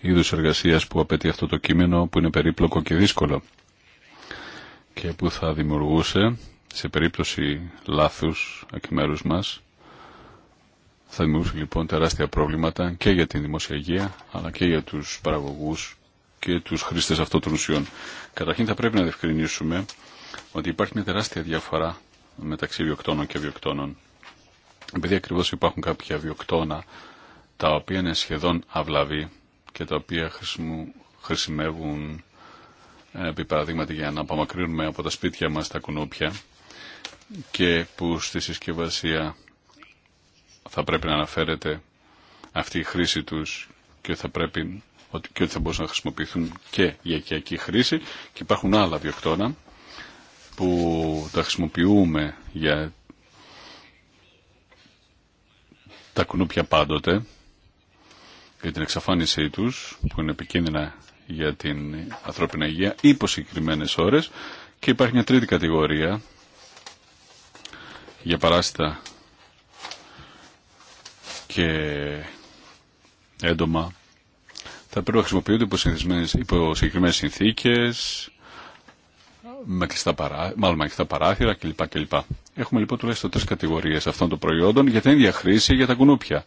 A: είδου εργασία που απαιτεί αυτό το κείμενο που είναι περίπλοκο και δύσκολο και που θα δημιουργούσε σε περίπτωση λάθους εκ μέρου μας θα δημιουργούσε λοιπόν τεράστια προβλήματα και για την δημόσια υγεία αλλά και για τους παραγωγού και τους χρήστε αυτών των ουσιών. Καταρχήν θα πρέπει να διευκρινίσουμε ότι υπάρχει μια τεράστια διαφορά μεταξύ βιοκτώνων και βιοκτώνων. Επειδή ακριβώς υπάρχουν κάποια βιοκτώνα τα οποία είναι σχεδόν αυλαβή και τα οποία χρησιμεύουν ε, επί παραδείγματι για να απομακρύνουμε από τα σπίτια μας τα κουνούπια και που στη συσκευασία θα πρέπει να αναφέρεται αυτή η χρήση τους και θα πρέπει και ότι θα μπορούν να χρησιμοποιηθούν και για οικιακή χρήση και υπάρχουν άλλα βιοκτώνα που τα χρησιμοποιούμε για τα κουνούπια πάντοτε για την εξαφάνισή τους που είναι επικίνδυνα για την ανθρώπινη υγεία υπό συγκεκριμένε ώρες και υπάρχει μια τρίτη κατηγορία για παράστα και έντομα θα πρέπει να χρησιμοποιούνται υπό, συγκεκριμένε συνθήκες με κλειστά παρά, μάλλον με κλειστά παράθυρα κλπ. κλπ. Έχουμε λοιπόν τουλάχιστον τρει κατηγορίε αυτών των προϊόντων για την ίδια χρήση για τα κουνούπια.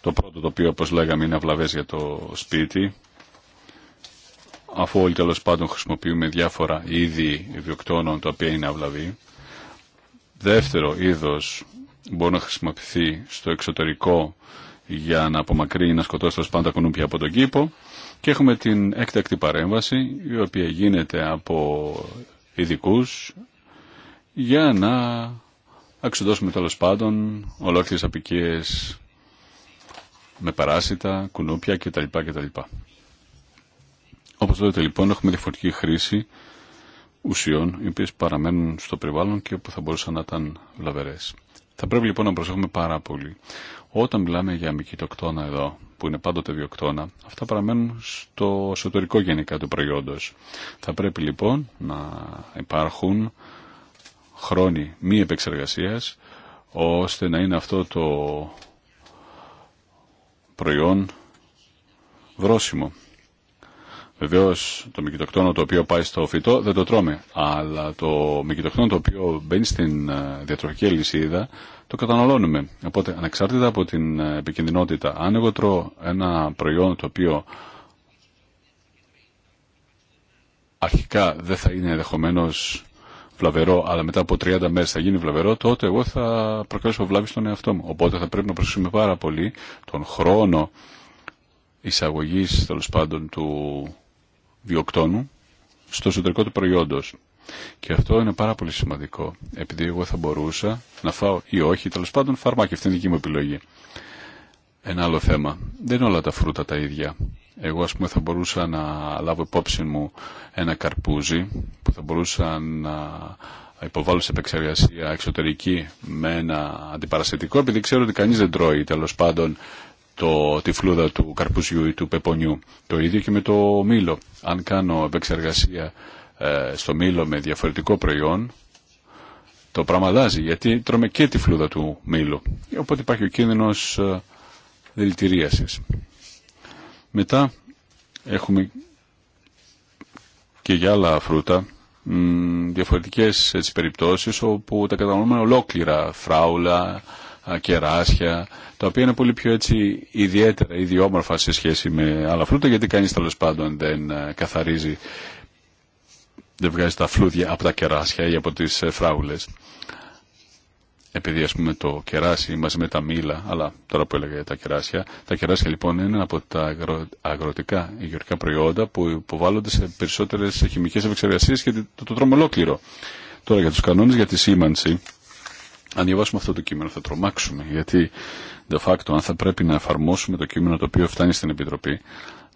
A: Το πρώτο το οποίο όπως λέγαμε είναι αυλαβές για το σπίτι αφού όλοι τέλο πάντων χρησιμοποιούμε διάφορα είδη βιοκτώνων τα οποία είναι αυλαβή. Δεύτερο είδος μπορεί να χρησιμοποιηθεί στο εξωτερικό για να απομακρύνει να σκοτώσει τέλο πάντων τα κουνούπια από τον κήπο. Και έχουμε την έκτακτη παρέμβαση η οποία γίνεται από ειδικού για να αξιδώσουμε τέλο πάντων ολόκληρες απικίες με παράσιτα, κουνούπια κτλ. κτλ. Όπως βλέπετε λοιπόν έχουμε διαφορετική χρήση ουσιών οι οποίες παραμένουν στο περιβάλλον και που θα μπορούσαν να ήταν βλαβερές. Θα πρέπει λοιπόν να προσέχουμε πάρα πολύ. Όταν μιλάμε για αμυκητοκτώνα εδώ, που είναι πάντοτε βιοκτόνα, αυτά παραμένουν στο εσωτερικό γενικά του προϊόντος. Θα πρέπει λοιπόν να υπάρχουν χρόνοι μη επεξεργασίας, ώστε να είναι αυτό το προϊόν βρόσιμο. Βεβαίω το μυκητοκτόνο το οποίο πάει στο φυτό δεν το τρώμε, αλλά το μυκητοκτόνο το οποίο μπαίνει στην ε, διατροφική αλυσίδα το καταναλώνουμε. Οπότε ανεξάρτητα από την ε, επικινδυνότητα, αν εγώ τρώω ένα προϊόν το οποίο αρχικά δεν θα είναι ενδεχομένω βλαβερό, αλλά μετά από 30 μέρε θα γίνει βλαβερό, τότε εγώ θα προκαλέσω βλάβη στον εαυτό μου. Οπότε θα πρέπει να προσέξουμε πάρα πολύ τον χρόνο εισαγωγή τέλο πάντων του βιοκτώνου στο εσωτερικό του προϊόντο. Και αυτό είναι πάρα πολύ σημαντικό, επειδή εγώ θα μπορούσα να φάω ή όχι, τέλο πάντων φαρμάκι, αυτή είναι η δική μου επιλογή ένα άλλο θέμα. Δεν είναι όλα τα φρούτα τα ίδια. Εγώ ας πούμε θα μπορούσα να λάβω υπόψη μου ένα καρπούζι που θα μπορούσα να υποβάλω σε επεξεργασία εξωτερική με ένα αντιπαραστατικό, επειδή ξέρω ότι κανείς δεν τρώει τέλος πάντων το, τη φλούδα του καρπουζιού ή του πεπονιού. Το ίδιο και με το μήλο. Αν κάνω επεξεργασία ε, στο μήλο με διαφορετικό προϊόν το πράγμα γιατί τρώμε και τη φλούδα του μήλου. Οπότε υπάρχει ο κίνδυνος ε, δηλητηρίασης. Μετά έχουμε και για άλλα φρούτα διαφορετικές έτσι, περιπτώσεις όπου τα κατανοούμε ολόκληρα φράουλα, κεράσια, τα οποία είναι πολύ πιο έτσι ιδιαίτερα, ιδιόμορφα σε σχέση με άλλα φρούτα, γιατί κανείς τέλο πάντων δεν καθαρίζει, δεν βγάζει τα φλούδια από τα κεράσια ή από τις ε, φράουλες επειδή ας πούμε το κεράσι μαζί με τα μήλα, αλλά τώρα που έλεγα για τα κεράσια, τα κεράσια λοιπόν είναι από τα αγροτικά υγειορικά προϊόντα που υποβάλλονται σε περισσότερες χημικές επεξεργασίες και το, το τρώμε ολόκληρο. Τώρα για τους κανόνες για τη σήμανση, αν διαβάσουμε αυτό το κείμενο θα τρομάξουμε, γιατί de facto αν θα πρέπει να εφαρμόσουμε το κείμενο το οποίο φτάνει στην Επιτροπή,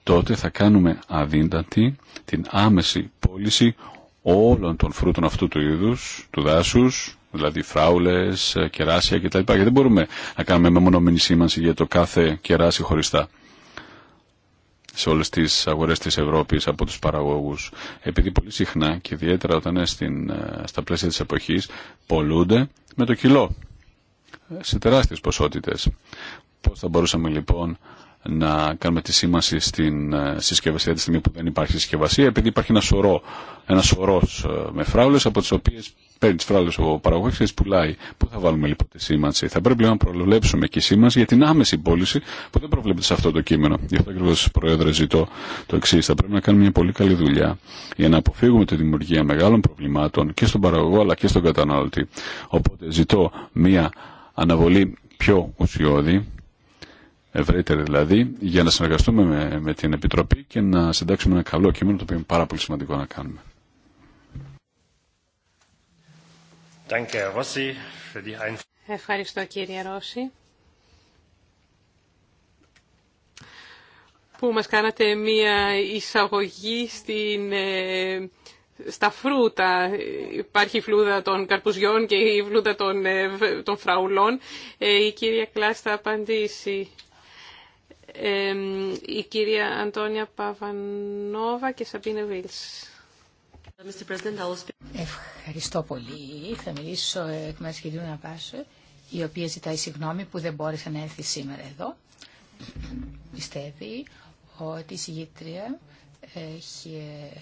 A: τότε θα κάνουμε αδύνατη την άμεση πώληση όλων των φρούτων αυτού του είδους, του δάσους, δηλαδή φράουλες, ε, κεράσια κτλ. Γιατί δεν μπορούμε να κάνουμε μεμονωμένη σήμανση για το κάθε κεράσι χωριστά σε όλες τις αγορές της Ευρώπης από τους παραγωγούς. Επειδή πολύ συχνά και ιδιαίτερα όταν είναι ε, στα πλαίσια της εποχής πολλούνται με το κιλό ε, σε τεράστιες ποσότητες. Πώς θα μπορούσαμε λοιπόν να κάνουμε τη σήμανση στην ε, συσκευασία τη στιγμή που δεν υπάρχει συσκευασία, επειδή υπάρχει ένα σωρό, ε, με φράουλε, από τι οποίε παίρνει τι φράουλε ο παραγωγό και τι πουλάει. Πού θα βάλουμε λοιπόν τη σήμανση. Θα πρέπει λοιπόν να προβλέψουμε και σήμανση για την άμεση πώληση που δεν προβλέπεται σε αυτό το κείμενο. Γι' αυτό ακριβώ, Πρόεδρε, ζητώ το εξή. Θα πρέπει να κάνουμε μια πολύ καλή δουλειά για να αποφύγουμε τη δημιουργία μεγάλων προβλημάτων και στον παραγωγό αλλά και στον καταναλωτή. Οπότε ζητώ μια αναβολή πιο ουσιώδη ευρύτερη δηλαδή, για να συνεργαστούμε με, την Επιτροπή και να συντάξουμε ένα καλό κείμενο, το οποίο είναι πάρα πολύ σημαντικό να κάνουμε.
B: Ευχαριστώ κύριε Ρώση. που μας κάνατε μία εισαγωγή στην, ε, στα φρούτα. Υπάρχει η φλούδα των καρπουζιών και η φλούδα των, ε, των φραουλών. Ε, η κυρία Κλάστα απαντήσει η κυρία Αντώνια Παβανόβα και Σαμπίνε Βίλς.
C: Ευχαριστώ πολύ. Θα μιλήσω εκ μέρους κυρίου Ναβάσου, η οποία ζητάει συγγνώμη που δεν μπόρεσε να έρθει σήμερα εδώ. Πιστεύει ότι η συγγήτρια έχει ε,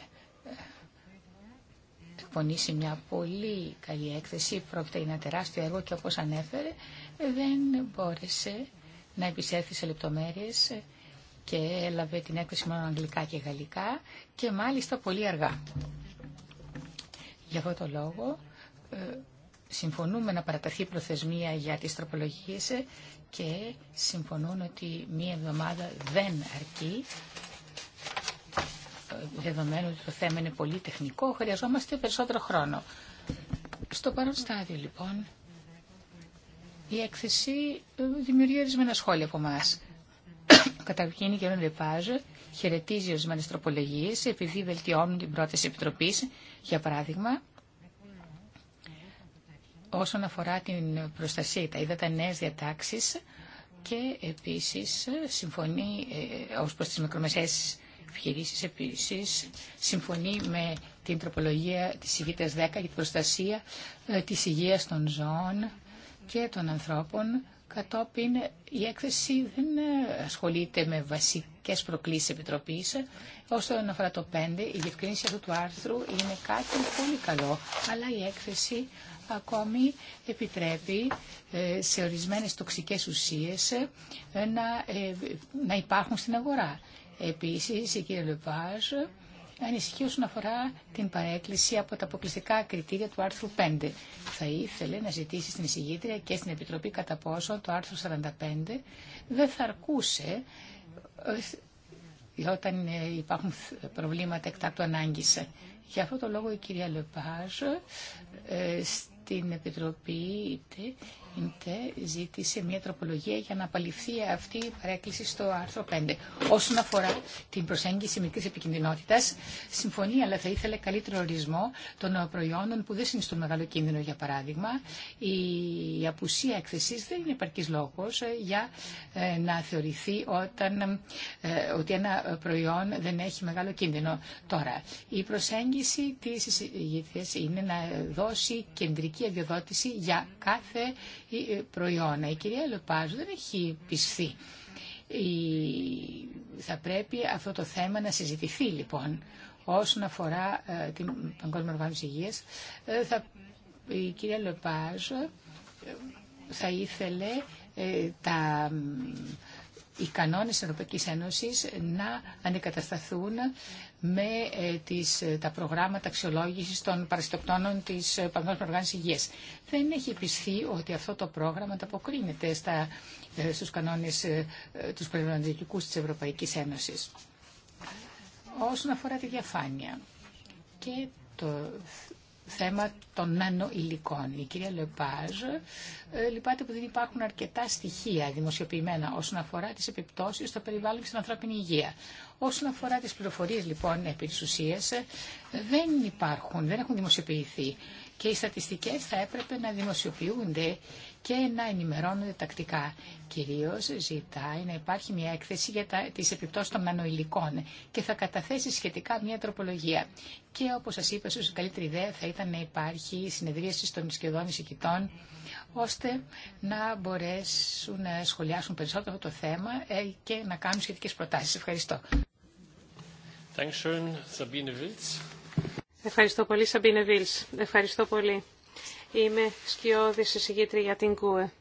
C: εκπονήσει μια πολύ καλή έκθεση. Πρόκειται για ένα τεράστιο έργο και όπως ανέφερε δεν μπόρεσε να επισέλθει σε λεπτομέρειες και έλαβε την έκθεση μόνο αγγλικά και γαλλικά και μάλιστα πολύ αργά. Γι' αυτό το λόγο ε, συμφωνούμε να παραταθεί προθεσμία για τις τροπολογίες και συμφωνούν ότι μία εβδομάδα δεν αρκεί ε, δεδομένου ότι το θέμα είναι πολύ τεχνικό, χρειαζόμαστε περισσότερο χρόνο. Στο παρόν στάδιο λοιπόν η έκθεση ε, δημιουργεί ορισμένα σχόλια από εμά. Καταρχήν, η κ. Λεπάζ χαιρετίζει ορισμένε τροπολογίε επειδή βελτιώνουν την πρόταση επιτροπή, για παράδειγμα, όσον αφορά την προστασία, τα είδα τα νέε διατάξει και επίση συμφωνεί ε, ω προ τι μικρομεσαίε επιχειρήσει, επίση συμφωνεί με την τροπολογία τη ηγήτρια 10 για την προστασία ε, τη υγεία των ζώων και των ανθρώπων κατόπιν η έκθεση δεν ε, ασχολείται με βασικές προκλήσεις επιτροπής. Όσον αφορά το 5, η διευκρίνηση αυτού του άρθρου είναι κάτι πολύ καλό, αλλά η έκθεση ακόμη επιτρέπει ε, σε ορισμένες τοξικές ουσίες ε, να, υπάρχουν στην αγορά. Επίσης, η κυρία Λεπάζ ανησυχεί όσον αφορά την παρέκκληση από τα αποκλειστικά κριτήρια του άρθρου 5. Θα ήθελε να ζητήσει στην εισηγήτρια και στην Επιτροπή κατά πόσο το άρθρο 45 δεν θα αρκούσε ε, όταν ε, υπάρχουν προβλήματα εκτάκτου ανάγκης. Γι' αυτό τον λόγο η κυρία Λεπάζ ε, στην Επιτροπή ζήτησε μια τροπολογία για να απαλληφθεί αυτή η παρέκκληση στο άρθρο 5. Όσον αφορά την προσέγγιση μικρή επικινδυνότητα, συμφωνεί, αλλά θα ήθελε καλύτερο ορισμό των προϊόντων που δεν συνιστούν μεγάλο κίνδυνο, για παράδειγμα. Η απουσία έκθεση δεν είναι επαρκή λόγο ε, για ε, να θεωρηθεί όταν, ε, ότι ένα προϊόν δεν έχει μεγάλο κίνδυνο. Τώρα, η προσέγγιση τη εισηγήτρια είναι να δώσει κεντρική αδειοδότηση για κάθε ε, η κυρία λοπάζου δεν έχει Η... Θα πρέπει αυτό το θέμα να συζητηθεί λοιπόν όσον αφορά ε, την Παγκόσμια Οργάνωση Υγείας. Ε, θα, η κυρία Λεπάζ θα ήθελε τα οι κανόνες της Ευρωπαϊκής Ένωσης να ανεκατασταθούν με ε, τις, ε, τα προγράμματα αξιολόγηση των παρασιτοκτόνων της ε, Παγκόσμιας Οργάνωσης Υγείας. Δεν έχει πιστεί ότι αυτό το πρόγραμμα ταποκρίνεται στα, στους κανόνες τους περιβαλλοντικούς της Ευρωπαϊκής Ένωσης. Όσον αφορά τη διαφάνεια και το θέμα των υλικών, Η κυρία Λεπάζ ε, λυπάται που δεν υπάρχουν αρκετά στοιχεία δημοσιοποιημένα όσον αφορά τις επιπτώσεις στο περιβάλλον και στην ανθρώπινη υγεία. Όσον αφορά τις πληροφορίες λοιπόν επί της ουσίας, ε, δεν υπάρχουν, δεν έχουν δημοσιοποιηθεί και οι στατιστικές θα έπρεπε να δημοσιοποιούνται και να ενημερώνονται τακτικά. Κυρίως ζητάει να υπάρχει μια έκθεση για τι τις επιπτώσεις των νανοηλικών και θα καταθέσει σχετικά μια τροπολογία. Και όπως σας είπα, ίσως η καλύτερη ιδέα θα ήταν να υπάρχει συνεδρίαση των σχεδόν εισηγητών, ώστε να μπορέσουν να σχολιάσουν περισσότερο το θέμα ε, και να κάνουν σχετικές προτάσεις. Ευχαριστώ.
B: Ευχαριστώ πολύ, Σαμπίνε Βίλς. Ευχαριστώ πολύ. Είμαι σκιώδη εισηγήτρια για την ΚΟΕ.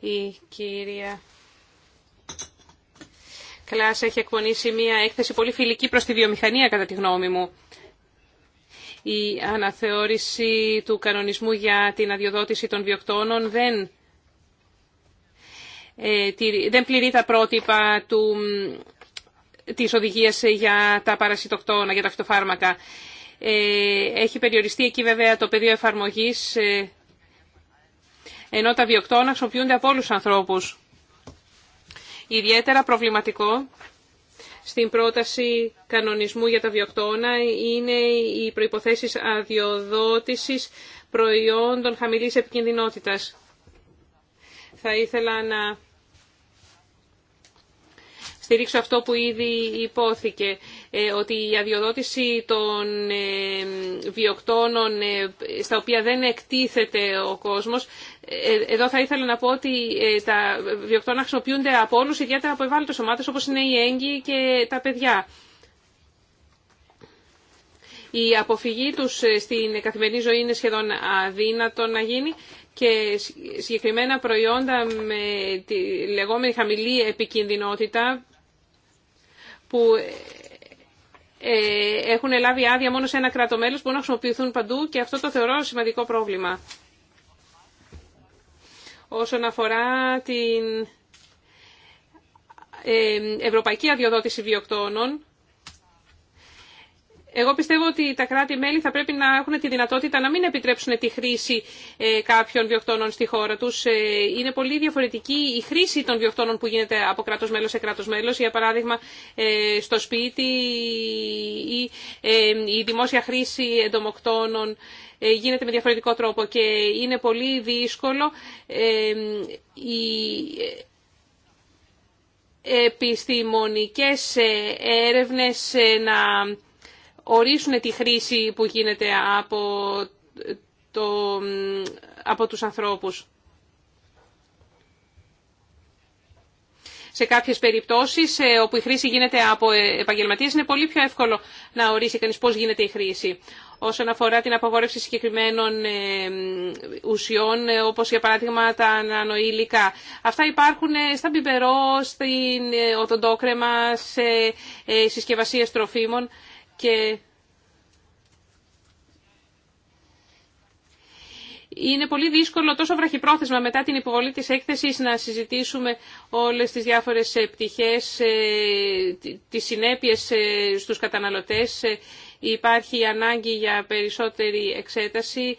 B: Η κυρία Κλάς έχει εκπονήσει μια έκθεση πολύ φιλική προς τη βιομηχανία κατά τη γνώμη μου. Η αναθεώρηση του κανονισμού για την αδειοδότηση των βιοκτώνων δεν, ε, δεν πληρεί τα πρότυπα του, της οδηγίας για τα παρασιτοκτώνα, για τα φυτοφάρμακα. Ε, έχει περιοριστεί εκεί βέβαια το πεδίο εφαρμογής, ε, ενώ τα βιοκτώνα χρησιμοποιούνται από όλους τους ανθρώπους. Ιδιαίτερα προβληματικό στην πρόταση κανονισμού για τα βιοκτώνα είναι οι προϋποθέσεις αδειοδότησης προϊόντων χαμηλής επικινδυνότητας. Θα ήθελα να στηρίξω αυτό που ήδη υπόθηκε. Ε, ότι η αδειοδότηση των ε, βιοκτώνων ε, στα οποία δεν εκτίθεται ο κόσμος εδώ θα ήθελα να πω ότι τα βιοκτώνα χρησιμοποιούνται από όλους, ιδιαίτερα από ευάλωτες ομάδες όπως είναι οι έγκυοι και τα παιδιά. Η αποφυγή τους στην καθημερινή ζωή είναι σχεδόν αδύνατο να γίνει και συγκεκριμένα προϊόντα με τη λεγόμενη χαμηλή επικίνδυνοτητα που ε, έχουν λάβει άδεια μόνο σε ένα κράτο που μπορούν να χρησιμοποιηθούν παντού και αυτό το θεωρώ σημαντικό πρόβλημα. Όσον αφορά την ε, ευρωπαϊκή αδειοδότηση βιοκτώνων, εγώ πιστεύω ότι τα κράτη-μέλη θα πρέπει να έχουν τη δυνατότητα να μην επιτρέψουν τη χρήση ε, κάποιων βιοκτώνων στη χώρα τους. Ε, είναι πολύ διαφορετική η χρήση των βιοκτώνων που γίνεται από κράτος μέλος σε κράτος μέλος. Για παράδειγμα, ε, στο σπίτι ή η δημόσια χρήση εντομοκτώνων γίνεται με διαφορετικό τρόπο και είναι πολύ δύσκολο η επιστημονικές έρευνες να ορίσουν τη χρήση που γίνεται από, το, από τους ανθρώπους. Σε κάποιες περιπτώσεις ε, όπου η χρήση γίνεται από ε, επαγγελματίες είναι πολύ πιο εύκολο να ορίσει κανείς πώς γίνεται η χρήση. Όσον αφορά την απαγόρευση συγκεκριμένων ε, ουσιών, όπως για παράδειγμα τα ανανοήλικα, αυτά υπάρχουν στα μπιπερό, στην οδοντόκρεμα, σε συσκευασίες τροφίμων και είναι πολύ δύσκολο τόσο βραχυπρόθεσμα μετά την υποβολή της έκθεσης να συζητήσουμε όλες τις διάφορες ε, πτυχές, ε, τις συνέπειες ε, στους καταναλωτές. Υπάρχει ανάγκη για περισσότερη εξέταση.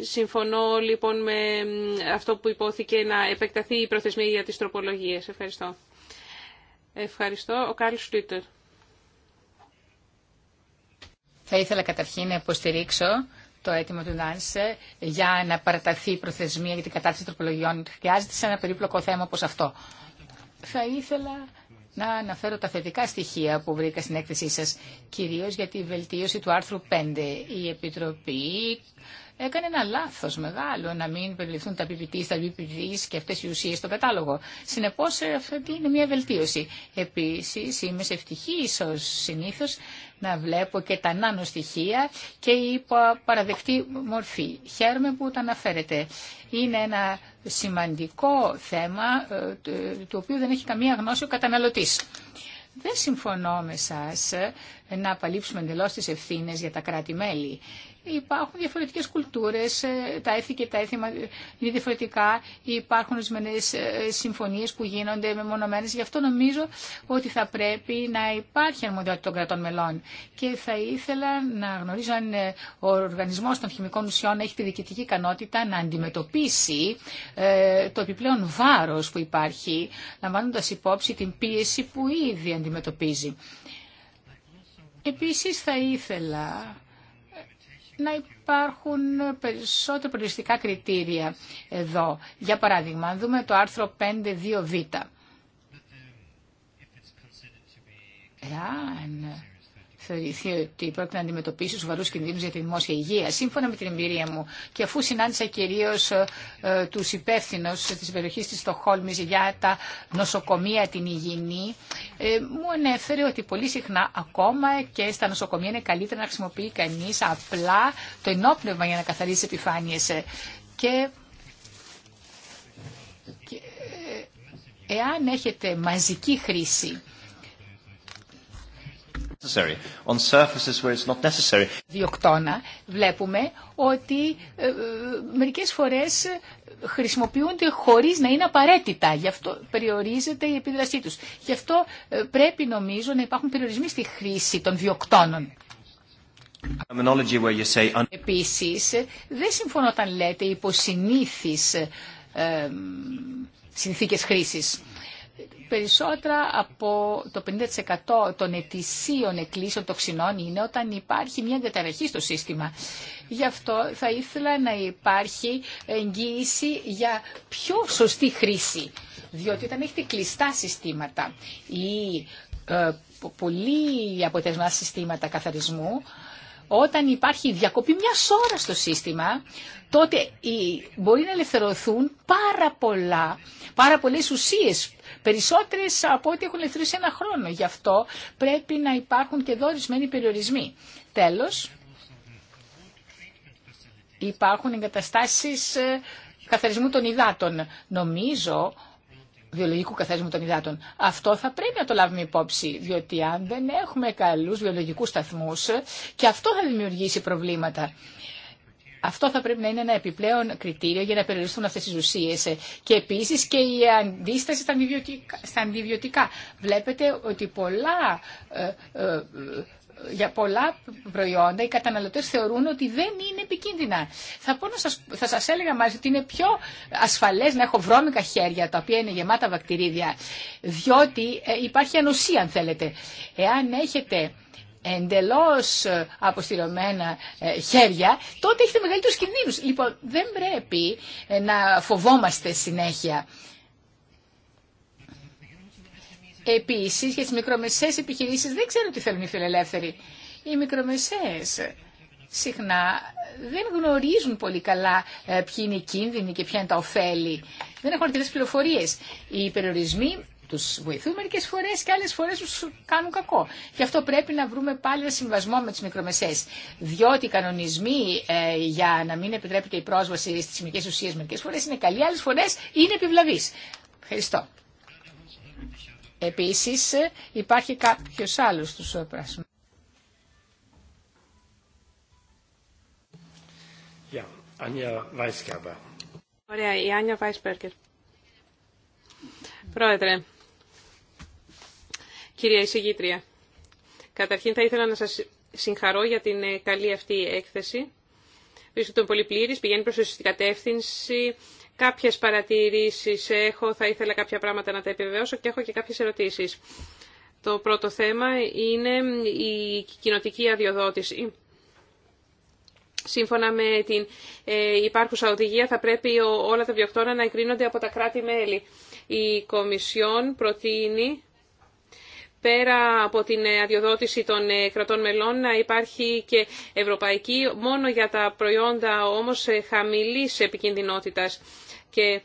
B: Συμφωνώ λοιπόν με αυτό που υπόθηκε να επεκταθεί η προθεσμία για τις τροπολογίες. Ευχαριστώ. Ευχαριστώ. Ο Κάρλ
C: θα ήθελα καταρχήν να υποστηρίξω το αίτημα του Νάνσε για να παραταθεί η προθεσμία για την κατάρτιση τροπολογιών. Χρειάζεται σε ένα περίπλοκο θέμα όπως αυτό. Θα ήθελα να αναφέρω τα θετικά στοιχεία που βρήκα στην έκθεσή σας, κυρίως για τη βελτίωση του άρθρου 5. Η Επιτροπή έκανε ένα λάθος μεγάλο να μην περιληφθούν τα PPT, τα PPT και αυτές οι ουσίες στο κατάλογο. Συνεπώς αυτή είναι μια βελτίωση. Επίσης είμαι σε ευτυχή ω συνήθω να βλέπω και τα νάνο στοιχεία και η παραδεκτή μορφή. Χαίρομαι που τα αναφέρετε. Είναι ένα σημαντικό θέμα ε, το οποίο δεν έχει καμία γνώση ο καταναλωτής. Δεν συμφωνώ με σας να απαλείψουμε εντελώ τις ευθύνε για τα κράτη-μέλη υπάρχουν διαφορετικές κουλτούρες, ε, τα έθη και τα έθιμα είναι διαφορετικά, υπάρχουν ορισμένε ε, συμφωνίες που γίνονται μεμονωμένες, γι' αυτό νομίζω ότι θα πρέπει να υπάρχει αρμοδιότητα των κρατών μελών. Και θα ήθελα να γνωρίζω αν ε, ο οργανισμός των χημικών ουσιών έχει τη διοικητική ικανότητα να αντιμετωπίσει το επιπλέον βάρος που υπάρχει, λαμβάνοντας υπόψη την πίεση που ήδη αντιμετωπίζει. Επίσης θα ήθελα να υπάρχουν περισσότερο περιοριστικά κριτήρια εδώ. Για παράδειγμα, αν δούμε το άρθρο 5.2β. Εάν θεωρηθεί ότι πρέπει να αντιμετωπίσει σοβαρού κινδύνου για τη δημόσια υγεία. Σύμφωνα με την εμπειρία μου και αφού συνάντησα κυρίω ε, του υπεύθυνου τη περιοχή τη Στοχόλμη για τα νοσοκομεία, την υγιεινή, ε, μου ανέφερε ότι πολύ συχνά ακόμα και στα νοσοκομεία είναι καλύτερα να χρησιμοποιεί κανεί απλά το ενόπνευμα για να καθαρίσει επιφάνειε. Ε, και ε, εάν έχετε μαζική χρήση On Διοκτώνα βλέπουμε ότι ε, ε μερικές φορές ε, χρησιμοποιούνται χωρίς να είναι απαραίτητα. Γι' αυτό περιορίζεται η επίδρασή τους. Γι' αυτό ε, πρέπει νομίζω να υπάρχουν περιορισμοί στη χρήση των διοκτώνων. Επίσης, δεν συμφωνώ όταν λέτε υποσυνήθεις ε, συνθήκες χρήσης. Περισσότερα από το 50% των ετησίων εκκλήσεων τοξινών είναι όταν υπάρχει μια διαταραχή στο σύστημα. Γι' αυτό θα ήθελα να υπάρχει εγγύηση για πιο σωστή χρήση. Διότι όταν έχετε κλειστά συστήματα ή ε, πολλοί πολύ αποτελεσματικά συστήματα καθαρισμού, όταν υπάρχει διακοπή μια ώρα στο σύστημα, τότε μπορεί να ελευθερωθούν πάρα, πολλά, πάρα πολλές ουσίες περισσότερες από ό,τι έχουν σε ένα χρόνο. Γι' αυτό πρέπει να υπάρχουν και εδώ περιορισμοί. Τέλος, υπάρχουν εγκαταστάσεις ε, καθαρισμού των υδάτων. Νομίζω βιολογικού καθαρισμού των υδάτων. Αυτό θα πρέπει να το λάβουμε υπόψη, διότι αν δεν έχουμε καλούς βιολογικούς σταθμούς και αυτό θα δημιουργήσει προβλήματα. Αυτό θα πρέπει να είναι ένα επιπλέον κριτήριο για να περιοριστούν αυτέ τι ουσίε. Και επίσης και η αντίσταση στα αντιβιωτικά. Βλέπετε ότι πολλά ε, ε, για πολλά προϊόντα οι καταναλωτές θεωρούν ότι δεν είναι επικίνδυνα. Θα, πω να σας, θα σας έλεγα μάλιστα ότι είναι πιο ασφαλές να έχω βρώμικα χέρια τα οποία είναι γεμάτα βακτηρίδια διότι ε, υπάρχει ανοσία αν θέλετε. Εάν έχετε εντελώς ε, αποστηρωμένα ε, χέρια, τότε έχετε μεγαλύτερους κινδύνους. Λοιπόν, δεν πρέπει να φοβόμαστε συνέχεια. Επίση, για τι μικρομεσαίε επιχειρήσει. δεν ξέρω τι θέλουν οι φιλελεύθεροι. Οι μικρομεσαίε συχνά δεν γνωρίζουν πολύ καλά ε, ποιοι είναι οι κίνδυνοι και ποια είναι τα ωφέλη. Δεν έχουν αρκετές πληροφορίε. Οι περιορισμοί του βοηθούν μερικέ φορέ και άλλε φορέ του κάνουν κακό. Γι' αυτό πρέπει να βρούμε πάλι ένα συμβασμό με τι μικρομεσαίε. Διότι οι κανονισμοί ε, για να μην επιτρέπεται η πρόσβαση στι μικρέ ουσίε μερικέ φορέ είναι καλοί, άλλε φορέ είναι επιβλαβεί. Ευχαριστώ. Επίσης υπάρχει κάποιος άλλος στους Γεια, Άνια Βάισκαβα. Ωραία, η Άνια
B: Βάισπερκερ. Πρόεδρε, κυρία εισηγήτρια, καταρχήν θα ήθελα να σας συγχαρώ για την ε, καλή αυτή έκθεση. Βρίσκεται πολύ πλήρης, πηγαίνει προς την κατεύθυνση Κάποιες παρατηρήσεις έχω, θα ήθελα κάποια πράγματα να τα επιβεβαιώσω και έχω και κάποιες ερωτήσεις. Το πρώτο θέμα είναι η κοινοτική αδειοδότηση. Σύμφωνα με την ε, υπάρχουσα οδηγία θα πρέπει όλα τα βιοκτώνα να εγκρίνονται από τα κράτη-μέλη. Η Κομισιόν προτείνει πέρα από την ε, αδειοδότηση των ε, κρατών μελών να υπάρχει και ευρωπαϊκή μόνο για τα προϊόντα όμως χαμηλής επικινδυνότητας και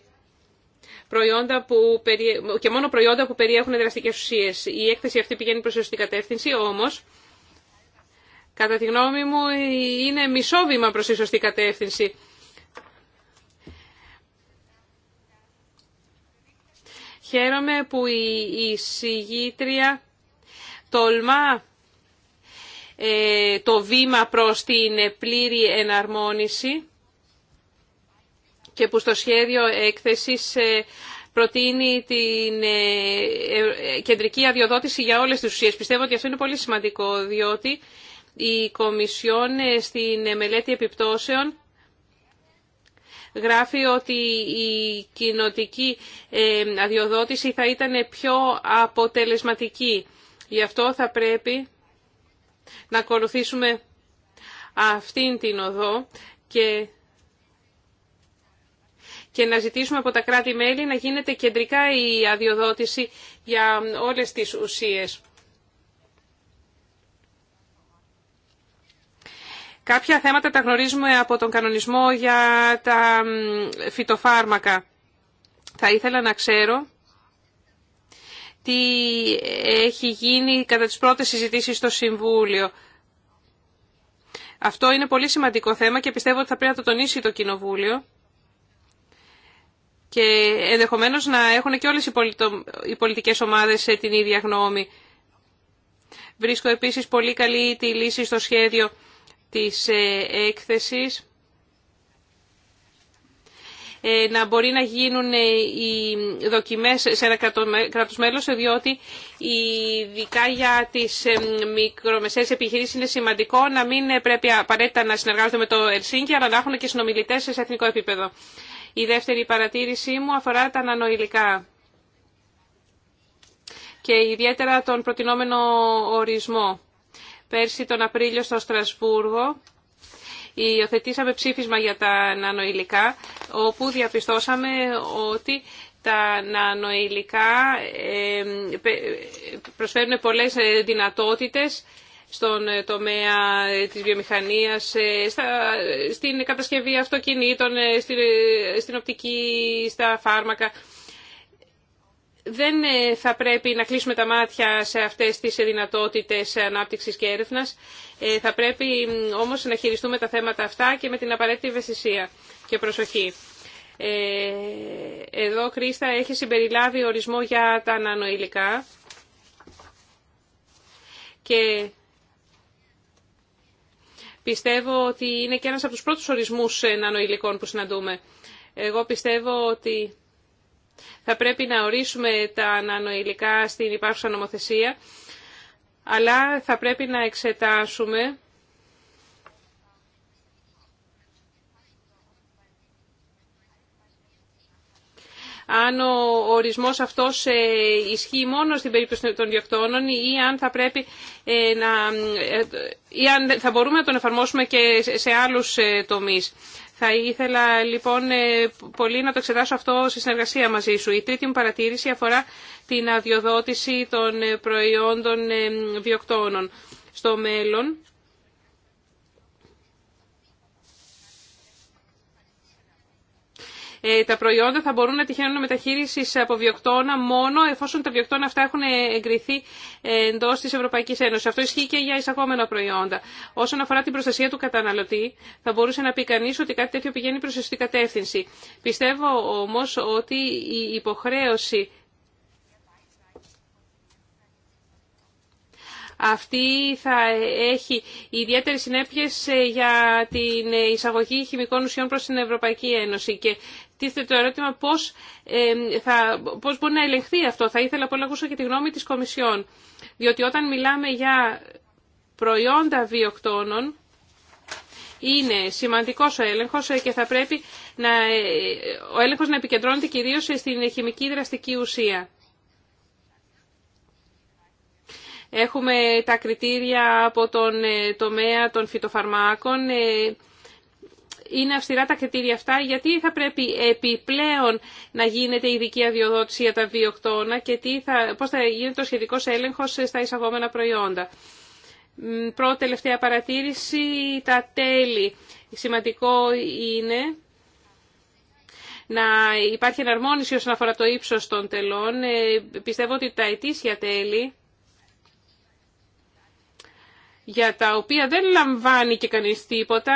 B: προϊόντα που περι... και μόνο προϊόντα που περιέχουν δραστικές ουσίες. Η έκθεση αυτή πηγαίνει προς σωστή κατεύθυνση, όμως, κατά τη γνώμη μου, είναι μισό βήμα προς τη σωστή κατεύθυνση. Χαίρομαι που η συγγήτρια τολμά ε, το βήμα προς την πλήρη εναρμόνιση και που στο σχέδιο έκθεσης ε, προτείνει την ε, ε, κεντρική αδειοδότηση για όλες τις ουσίες. Πιστεύω ότι αυτό είναι πολύ σημαντικό, διότι η Κομισιόν στην μελέτη επιπτώσεων γράφει ότι η κοινοτική αδειοδότηση θα ήταν πιο αποτελεσματική. Γι' αυτό θα πρέπει να ακολουθήσουμε αυτήν την οδό και και να ζητήσουμε από τα κράτη-μέλη να γίνεται κεντρικά η αδειοδότηση για όλες τις ουσίες. Κάποια θέματα τα γνωρίζουμε από τον κανονισμό για τα φυτοφάρμακα. Θα ήθελα να ξέρω τι έχει γίνει κατά τις πρώτες συζητήσεις στο Συμβούλιο. Αυτό είναι πολύ σημαντικό θέμα και πιστεύω ότι θα πρέπει να το τονίσει το Κοινοβούλιο και ενδεχομένω να έχουν και όλες οι πολιτικές ομάδες σε την ίδια γνώμη. Βρίσκω επίσης πολύ καλή τη λύση στο σχέδιο της ε, έκθεσης ε, να μπορεί να γίνουν ε, οι δοκιμές σε ένα κράτος μέλος, διότι ειδικά για τις μικρομεσαίες επιχειρήσεις είναι σημαντικό να μην πρέπει απαραίτητα να συνεργάζονται με το Ελσίνκι, αλλά να έχουν και συνομιλητές σε εθνικό επίπεδο. Η δεύτερη παρατήρησή μου αφορά τα νανοηλικά και ιδιαίτερα τον προτινόμενο ορισμό. Πέρσι τον Απρίλιο στο Στρασβούργο υιοθετήσαμε ψήφισμα για τα νανοηλικά, όπου διαπιστώσαμε ότι τα νανοηλικά ε, ε, προσφέρουν πολλές ε, δυνατότητες στον ε, τομέα ε, της βιομηχανίας, ε, στην κατασκευή αυτοκινήτων, στην οπτική, στα φάρμακα. Δεν θα πρέπει να κλείσουμε τα μάτια σε αυτές τις δυνατότητες ανάπτυξης και έρευνας. Θα πρέπει όμως να χειριστούμε τα θέματα αυτά και με την απαραίτητη ευαισθησία και προσοχή. Εδώ, Κρίστα, έχει συμπεριλάβει ορισμό για τα νανοηλικά πιστεύω ότι είναι και ένας από τους πρώτους ορισμούς νανοηλικών που συναντούμε. Εγώ πιστεύω ότι θα πρέπει να ορίσουμε τα νανοηλικά στην υπάρχουσα νομοθεσία, αλλά θα πρέπει να εξετάσουμε αν ο ορισμός αυτός ε, ισχύει μόνο στην περίπτωση των διοκτώνων ή αν θα πρέπει ε, να... Ε, ή αν θα μπορούμε να τον εφαρμόσουμε και σε άλλους τομείς. Θα ήθελα λοιπόν πολύ να το εξετάσω αυτό σε συνεργασία μαζί σου. Η τρίτη μου παρατήρηση αφορά την αδειοδότηση των προϊόντων διοκτώνων Στο μέλλον Ε, τα προϊόντα θα μπορούν να τυχαίνουν μεταχείριση από βιοκτώνα μόνο εφόσον τα βιοκτώνα αυτά έχουν εγκριθεί εντό τη Ευρωπαϊκή Ένωση. Αυτό ισχύει και για εισαγόμενα προϊόντα. Όσον αφορά την προστασία του καταναλωτή, θα μπορούσε να πει κανεί ότι κάτι τέτοιο πηγαίνει προ σωστή κατεύθυνση. Πιστεύω όμω ότι η υποχρέωση Αυτή θα έχει ιδιαίτερες συνέπειες ε, για την εισαγωγή χημικών ουσιών προς την Ευρωπαϊκή Ένωση. Και τίθεται το ερώτημα πώς, ε, θα, πώς μπορεί να ελεγχθεί αυτό. Θα ήθελα πολύ να ακούσω και τη γνώμη της Κομισιόν. Διότι όταν μιλάμε για προϊόντα βιοκτώνων, είναι σημαντικός ο έλεγχος ε, και θα πρέπει να, ο έλεγχος να επικεντρώνεται κυρίως στην χημική δραστική ουσία. Έχουμε τα κριτήρια από τον ε, τομέα των φυτοφαρμάκων. Ε, είναι αυστηρά τα κριτήρια αυτά γιατί θα πρέπει επιπλέον να γίνεται ειδική αδειοδότηση για τα βιοκτώνα και τι θα, πώς θα γίνεται ο σχετικός έλεγχος στα εισαγόμενα προϊόντα. Πρώτη τελευταία παρατήρηση, τα τέλη. Σημαντικό είναι να υπάρχει εναρμόνιση όσον αφορά το ύψος των τελών. Ε, πιστεύω ότι τα ετήσια τέλη για τα οποία δεν λαμβάνει και κανείς τίποτα,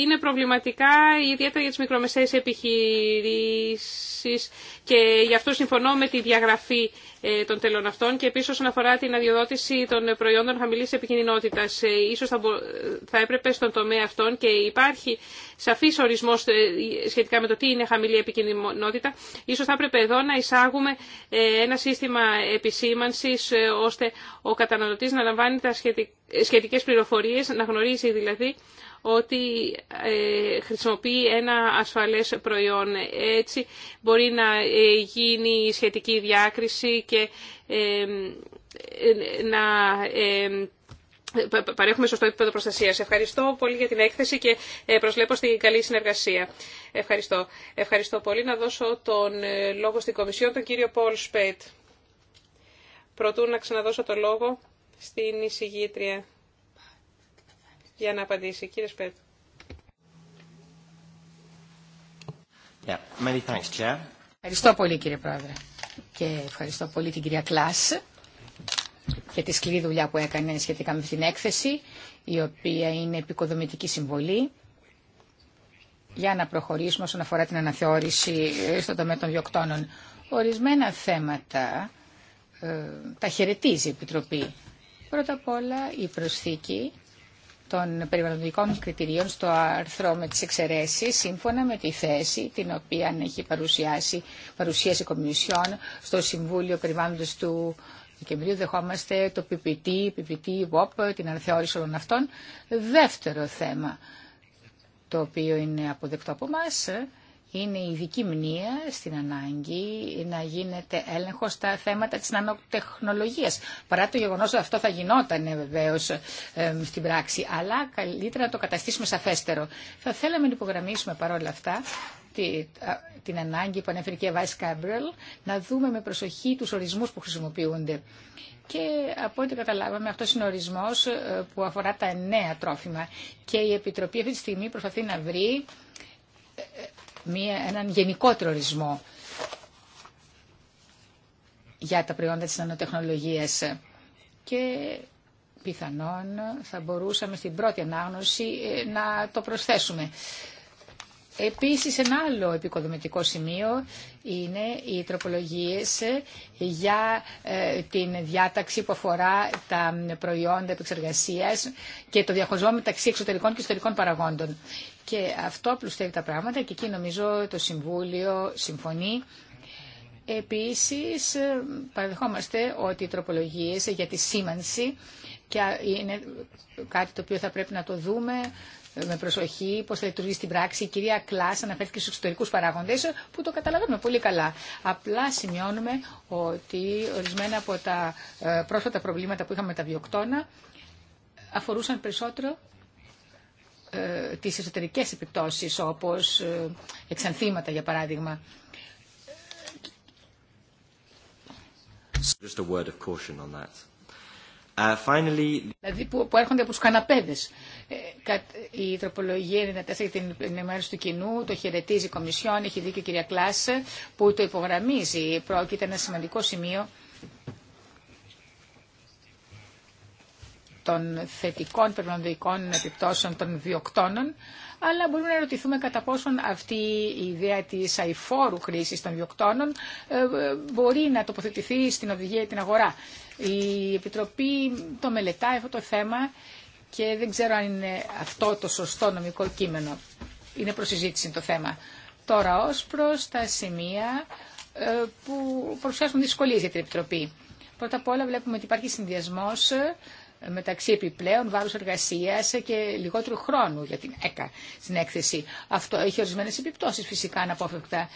B: είναι προβληματικά ιδιαίτερα για τις μικρομεσαίες επιχειρήσεις και γι' αυτό συμφωνώ με τη διαγραφή ε, των τελών αυτών και επίσης όσον αφορά την αδειοδότηση των προϊόντων χαμηλής ε, Ίσως θα, μπο... θα έπρεπε στον τομέα αυτών και υπάρχει σαφής ορισμός ε, σχετικά με το τι είναι χαμηλή επικοινωνότητα, Ίσως θα έπρεπε εδώ να εισάγουμε ε, ένα σύστημα επισήμανσης ώστε ο καταναλωτής να λαμβάνει τα σχετικά σχετικές πληροφορίες, να γνωρίζει δηλαδή ότι ε, χρησιμοποιεί ένα ασφαλές προϊόν. Έτσι μπορεί να ε, γίνει σχετική διάκριση και ε, να παρέχουμε σωστό επίπεδο προστασίας. Ευχαριστώ πολύ για την έκθεση και προσλέπω στην καλή συνεργασία. Ευχαριστώ. Ευχαριστώ πολύ. Να δώσω τον λόγο στην Κομισιόν, τον κύριο Πολ Σπέτ. Προτού να ξαναδώσω το λόγο στην εισηγήτρια για να απαντήσει. Κύριε Σπέτ.
C: Yeah. thanks, Ευχαριστώ πολύ κύριε Πρόεδρε και ευχαριστώ πολύ την κυρία Κλάς για τη σκληρή δουλειά που έκανε σχετικά με την έκθεση η οποία είναι επικοδομητική συμβολή για να προχωρήσουμε όσον αφορά την αναθεώρηση ε, στο τομέα των διοκτώνων. Ορισμένα θέματα ε, τα χαιρετίζει η Επιτροπή Πρώτα απ' όλα η προσθήκη των περιβαλλοντικών κριτηρίων στο άρθρο με τις εξαιρέσεις σύμφωνα με τη θέση την οποία έχει παρουσιάσει παρουσίαση Κομισιόν στο Συμβούλιο Περιβάλλοντος του Δεκεμβρίου δεχόμαστε το PPT, PPT, WOP, την αναθεώρηση όλων αυτών. Δεύτερο θέμα το οποίο είναι αποδεκτό από μας είναι η ειδική μνήμα στην ανάγκη να γίνεται έλεγχο στα θέματα της νανοτεχνολογίας. Παρά το γεγονός ότι αυτό θα γινόταν βεβαίω στην πράξη, αλλά καλύτερα να το καταστήσουμε σαφέστερο. Θα θέλαμε να υπογραμμίσουμε παρόλα αυτά την ανάγκη που ανέφερε και η vice Κάμπρελ, να δούμε με προσοχή τους ορισμούς που χρησιμοποιούνται. Και από ό,τι καταλάβαμε, αυτό είναι ο ορισμός ε, που αφορά τα νέα τρόφιμα. Και η Επιτροπή αυτή τη στιγμή προσπαθεί να βρει ε, ε, μία, έναν γενικό τρορισμό για τα προϊόντα της νανοτεχνολογίας. Και πιθανόν θα μπορούσαμε στην πρώτη ανάγνωση ε, να το προσθέσουμε. Επίσης ένα άλλο επικοδομητικό σημείο είναι οι τροπολογίες για ε, την διάταξη που αφορά τα προϊόντα επεξεργασίας και το διαχωρισμό μεταξύ εξωτερικών και εσωτερικών παραγόντων. Και αυτό πλουστεύει τα πράγματα και εκεί νομίζω το Συμβούλιο συμφωνεί. Επίσης ε, παραδεχόμαστε ότι οι τροπολογίες για τη σήμανση και είναι κάτι το οποίο θα πρέπει να το δούμε με προσοχή πώ θα λειτουργήσει στην πράξη. Η κυρία Κλά αναφέρθηκε στου εξωτερικού παράγοντε που το καταλαβαίνουμε πολύ καλά. Απλά σημειώνουμε ότι ορισμένα από τα ε, πρόσφατα προβλήματα που είχαμε με τα βιοκτώνα αφορούσαν περισσότερο ε, τις εσωτερικές επιπτώσεις όπως ε, εξανθήματα για παράδειγμα. Just a word of caution on that. Ε, δηλαδή που, που έρχονται από του καναπέδε. Ε, η τροπολογία να για την ενημέρωση του κοινού το χαιρετίζει η Κομισιόν, έχει δίκιο η κυρία Κλάσε που το υπογραμμίζει. Πρόκειται ένα σημαντικό σημείο των θετικών περιβαλλοντικών επιπτώσεων των βιοκτώνων, αλλά μπορούμε να ερωτηθούμε κατά πόσον αυτή η ιδέα της αηφόρου χρήσης των βιοκτώνων ε, μπορεί να τοποθετηθεί στην οδηγία ή την αγορά. Η Επιτροπή το μελετάει αυτό το θέμα και δεν ξέρω αν είναι αυτό το σωστό νομικό κείμενο. Είναι προσυζήτηση το θέμα. Τώρα ως προς τα σημεία ε, που παρουσιάζουν δυσκολίες για την Επιτροπή. Πρώτα απ' όλα βλέπουμε ότι υπάρχει συνδυασμός ε, μεταξύ επιπλέον βάρου εργασία και λιγότερου χρόνου για την ΕΚΑ στην έκθεση. Αυτό έχει ορισμένε επιπτώσει, φυσικά αναπόφευκτα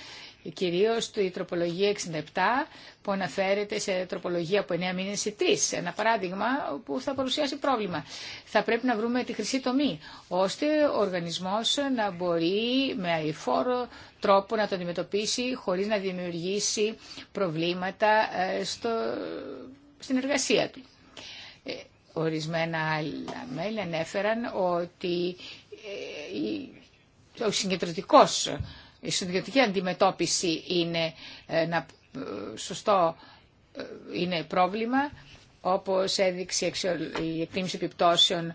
C: Κυρίω η τροπολογία 67 που αναφέρεται σε τροπολογία από 9 μήνε ή 3. Ένα παράδειγμα που θα παρουσιάσει πρόβλημα. Θα πρέπει να βρούμε τη χρυσή τομή, ώστε ο οργανισμό να μπορεί με αηφόρο τρόπο να το αντιμετωπίσει χωρί να δημιουργήσει προβλήματα ε, στο, στην εργασία του. Ε, Ορισμένα άλλα μέλη ανέφεραν ότι ε, ο συγκεντρωτικός, η συγκεντρωτική αντιμετώπιση είναι ένα ε, ε, σωστό είναι πρόβλημα όπως έδειξε η εκτίμηση επιπτώσεων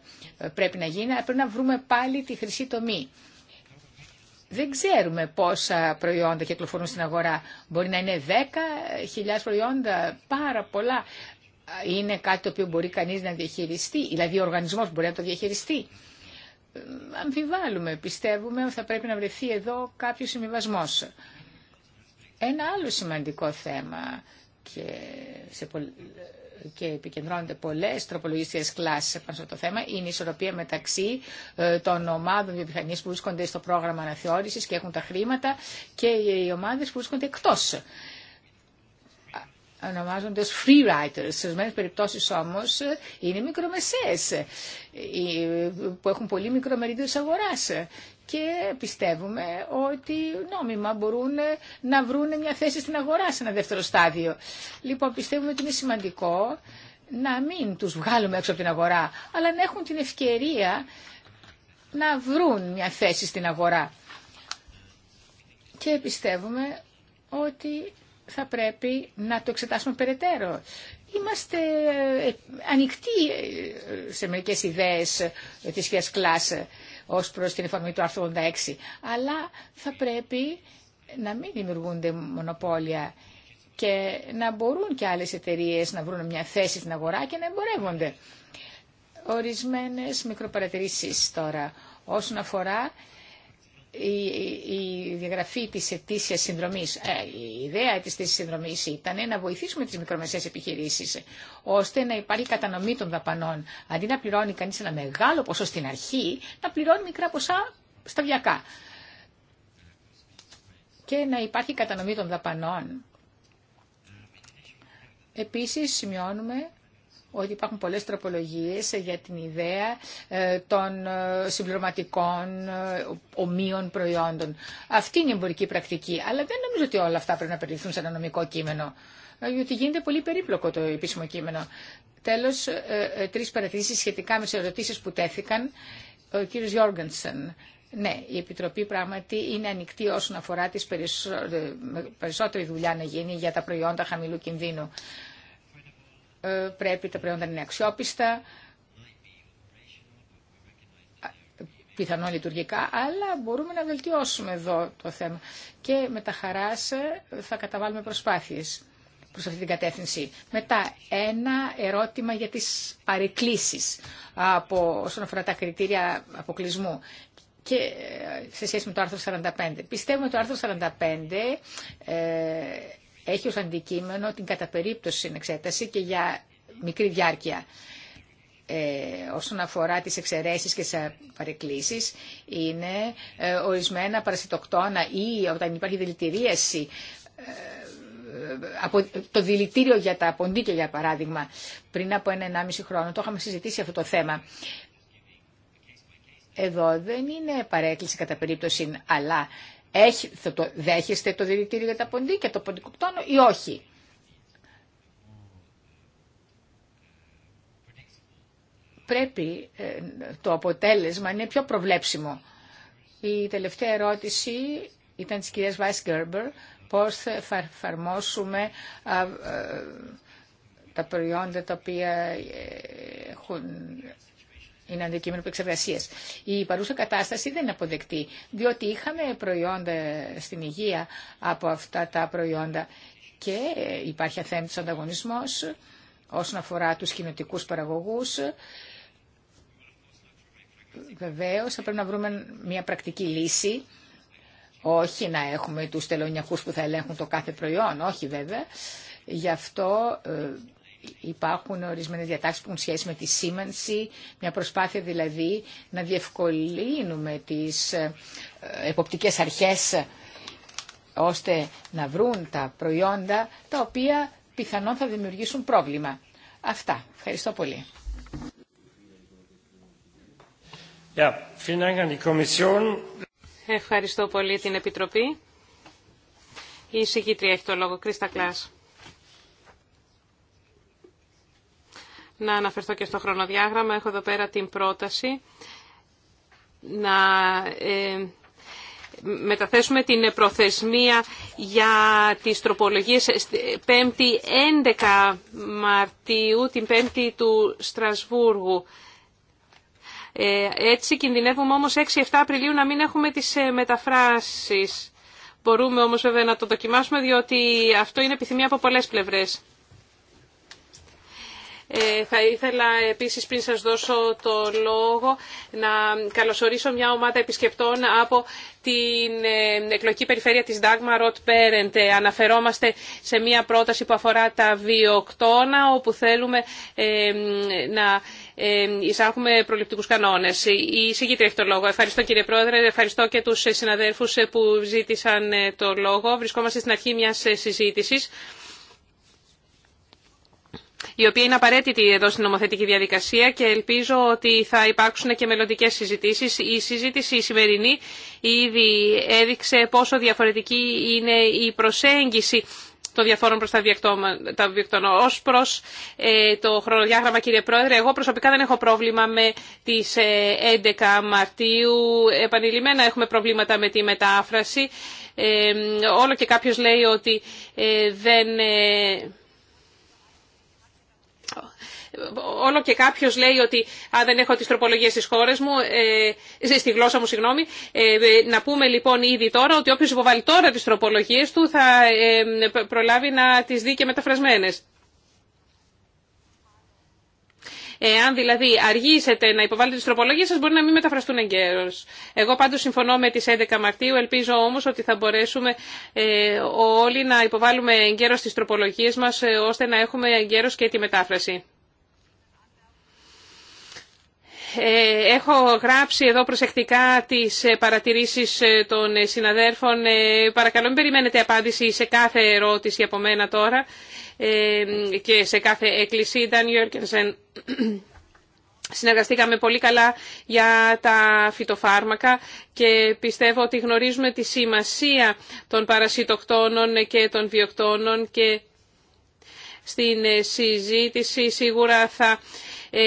C: πρέπει να γίνει, αλλά πρέπει να βρούμε πάλι τη χρυσή τομή. Δεν ξέρουμε πόσα προϊόντα κυκλοφορούν στην αγορά. Μπορεί να είναι 10.000 προϊόντα, πάρα πολλά είναι κάτι το οποίο μπορεί κανείς να διαχειριστεί, δηλαδή ο οργανισμός μπορεί να το διαχειριστεί. Αμφιβάλλουμε, πιστεύουμε ότι θα πρέπει να βρεθεί εδώ κάποιος συμβιβασμό. Ένα άλλο σημαντικό θέμα και, σε και επικεντρώνονται πολλές τροπολογιστικές κλάσεις πάνω αυτό το θέμα είναι η ισορροπία μεταξύ ε, των ομάδων βιομηχανίας που βρίσκονται στο πρόγραμμα αναθεώρησης και έχουν τα χρήματα και οι ομάδες που βρίσκονται εκτός ονομάζονται free writers Σε ορισμένε περιπτώσει όμω ε, είναι μικρομεσαίε ε, που έχουν πολύ μικρό μερίδιο τη αγορά. Και πιστεύουμε ότι νόμιμα μπορούν ε, να βρουν μια θέση στην αγορά σε ένα δεύτερο στάδιο. Λοιπόν, πιστεύουμε ότι είναι σημαντικό να μην τους βγάλουμε έξω από την αγορά, αλλά να έχουν την ευκαιρία να βρουν μια θέση στην αγορά. Και πιστεύουμε ότι θα πρέπει να το εξετάσουμε περαιτέρω. Είμαστε ε, ανοιχτοί ε, σε μερικές ιδέες ε, της σχέσης κλάσης ως προς την εφαρμογή του άρθρου 86, αλλά θα πρέπει να μην δημιουργούνται μονοπόλια και να μπορούν και άλλες εταιρείες να βρουν μια θέση στην αγορά και να εμπορεύονται. Ορισμένες μικροπαρατηρήσεις τώρα όσον αφορά η, διαγραφή της ετήσιας συνδρομής. Ε, η ιδέα της ετήσιας συνδρομής ήταν να βοηθήσουμε τις μικρομεσαίες επιχειρήσεις, ώστε να υπάρχει κατανομή των δαπανών. Αντί να πληρώνει κανείς ένα μεγάλο ποσό στην αρχή, να πληρώνει μικρά ποσά σταδιακά. Και να υπάρχει κατανομή των δαπανών. Επίσης, σημειώνουμε ότι υπάρχουν πολλές τροπολογίες για την ιδέα ε, των ε, συμπληρωματικών ε, ομοίων προϊόντων. Αυτή είναι η εμπορική πρακτική, αλλά δεν νομίζω ότι όλα αυτά πρέπει να περιληφθούν σε ένα νομικό κείμενο, Διότι γίνεται πολύ περίπλοκο το επίσημο κείμενο. Τέλος, τρεις παρατηρήσεις σχετικά με τις ερωτήσεις που τέθηκαν. Ο κύριος Γιόργενσεν, ναι, η Επιτροπή πράγματι είναι ανοιχτή όσον αφορά τις περισσότερη δουλειά να γίνει για τα προϊόντα χαμηλού κινδύνου. Ε, πρέπει τα προϊόντα να είναι αξιόπιστα, πιθανόν λειτουργικά, αλλά μπορούμε να βελτιώσουμε εδώ το θέμα. Και με τα χαράς ε, θα καταβάλουμε προσπάθειες προς αυτή την κατεύθυνση. Μετά, ένα ερώτημα για τις παρεκκλήσεις από, όσον αφορά τα κριτήρια αποκλεισμού και ε, σε σχέση με το άρθρο 45. Πιστεύουμε ότι το άρθρο 45 έχει ως αντικείμενο την καταπερίπτωση εξέταση και για μικρή διάρκεια. Ε, όσον αφορά τις εξαιρέσεις και τις παρεκκλήσεις είναι ε, ορισμένα παρασιτοκτόνα ή όταν υπάρχει δηλητηρίαση ε, από το δηλητήριο για τα ποντίκια για παράδειγμα πριν από ένα 1,5 χρόνο το είχαμε συζητήσει αυτό το θέμα εδώ δεν είναι παρέκκληση κατά περίπτωση αλλά έχει, θα το, δέχεστε το δηλητήριο για τα ποντίκια, και το ποντικοκτόνο ή όχι. Πρέπει ε, το αποτέλεσμα είναι πιο προβλέψιμο. Η τελευταία ερώτηση ήταν της κυρίας Βάις Γκέρμπερ, πώς θα εφαρμόσουμε ε, τα προϊόντα τα οποία ε, έχουν είναι αντικείμενο επεξεργασία. Η παρούσα κατάσταση δεν είναι αποδεκτή, διότι είχαμε προϊόντα στην υγεία από αυτά τα προϊόντα και υπάρχει αθέμητος ανταγωνισμός όσον αφορά τους κοινοτικού παραγωγούς. Βεβαίως θα πρέπει να βρούμε μια πρακτική λύση, όχι να έχουμε τους τελωνιακούς που θα ελέγχουν το κάθε προϊόν, όχι βέβαια. Γι' αυτό ε, υπάρχουν ορισμένες διατάξεις που έχουν σχέση με τη σήμανση, μια προσπάθεια δηλαδή να διευκολύνουμε τις ε, εποπτικές αρχές ώστε να βρουν τα προϊόντα τα οποία πιθανόν θα δημιουργήσουν πρόβλημα. Αυτά. Ευχαριστώ πολύ.
B: Ευχαριστώ πολύ την Επιτροπή. Η εισηγήτρια έχει το λόγο. Κρίστα Κλάς. να αναφερθώ και στο χρονοδιάγραμμα. Έχω εδώ πέρα την πρόταση να ε, μεταθέσουμε την προθεσμία για τις τροπολογίες 5η 11 Μαρτίου, την 5η του Στρασβούργου. Ε, έτσι κινδυνεύουμε όμως 6-7 Απριλίου να μην έχουμε τις ε, μεταφράσεις. Μπορούμε όμως βέβαια να το δοκιμάσουμε διότι αυτό είναι επιθυμία από πολλές πλευρές. Ε, θα ήθελα επίσης πριν σας δώσω το λόγο να καλωσορίσω μια ομάδα επισκεπτών από την ε, εκλογική περιφέρεια της Ντάγμα Ροτ Πέρεντε. Αναφερόμαστε σε μια πρόταση που αφορά τα βιοκτώνα όπου θέλουμε ε, να εισάγουμε προληπτικούς κανόνες. Η συγκήτρια έχει το λόγο. Ευχαριστώ κύριε Πρόεδρε, ευχαριστώ και τους συναδέρφους που ζήτησαν το λόγο. Βρισκόμαστε στην αρχή μιας συζήτησης η οποία είναι απαραίτητη εδώ στην νομοθετική διαδικασία και ελπίζω ότι θα υπάρξουν και μελλοντικέ συζητήσει. Η συζήτηση η σημερινή ήδη έδειξε πόσο διαφορετική είναι η προσέγγιση των διαφόρων προς τα βιοκτώνα. Ως προς ε, το χρονοδιάγραμμα, κύριε Πρόεδρε, εγώ προσωπικά δεν έχω πρόβλημα με τις 11 ε, Μαρτίου. Επανειλημμένα έχουμε προβλήματα με τη μετάφραση. Ε, όλο και κάποιος λέει ότι δεν όλο και κάποιο λέει ότι α, δεν έχω τι τροπολογίε στι χώρε μου, ε, ε, στη γλώσσα μου, συγγνώμη. Ε, ε, να πούμε λοιπόν ήδη τώρα ότι όποιο υποβάλλει τώρα τι τροπολογίε του θα προλάβει να τι δει και μεταφρασμένε. Εάν δηλαδή αργήσετε να υποβάλλετε τι τροπολογίε σα μπορεί να μην μεταφραστούν εγκαίρω. Εγώ πάντως συμφωνώ με τι 11 Μαρτίου, ελπίζω όμω ότι θα μπορέσουμε ε, όλοι να υποβάλουμε τι τις τροπολογίες μας, ε, ώστε να έχουμε εγκαίρω και τη μετάφραση. Ε, έχω γράψει εδώ προσεκτικά τις παρατηρήσει των συναδέρφων. Παρακαλώ μην περιμένετε απάντηση σε κάθε ερώτηση από μένα τώρα. Ε, και σε κάθε εκκλησία ήταν Γιώργενσεν. Συνεργαστήκαμε πολύ καλά για τα φυτοφάρμακα και πιστεύω ότι γνωρίζουμε τη σημασία των παρασιτοκτόνων και των βιοκτόνων και στην συζήτηση σίγουρα θα ε,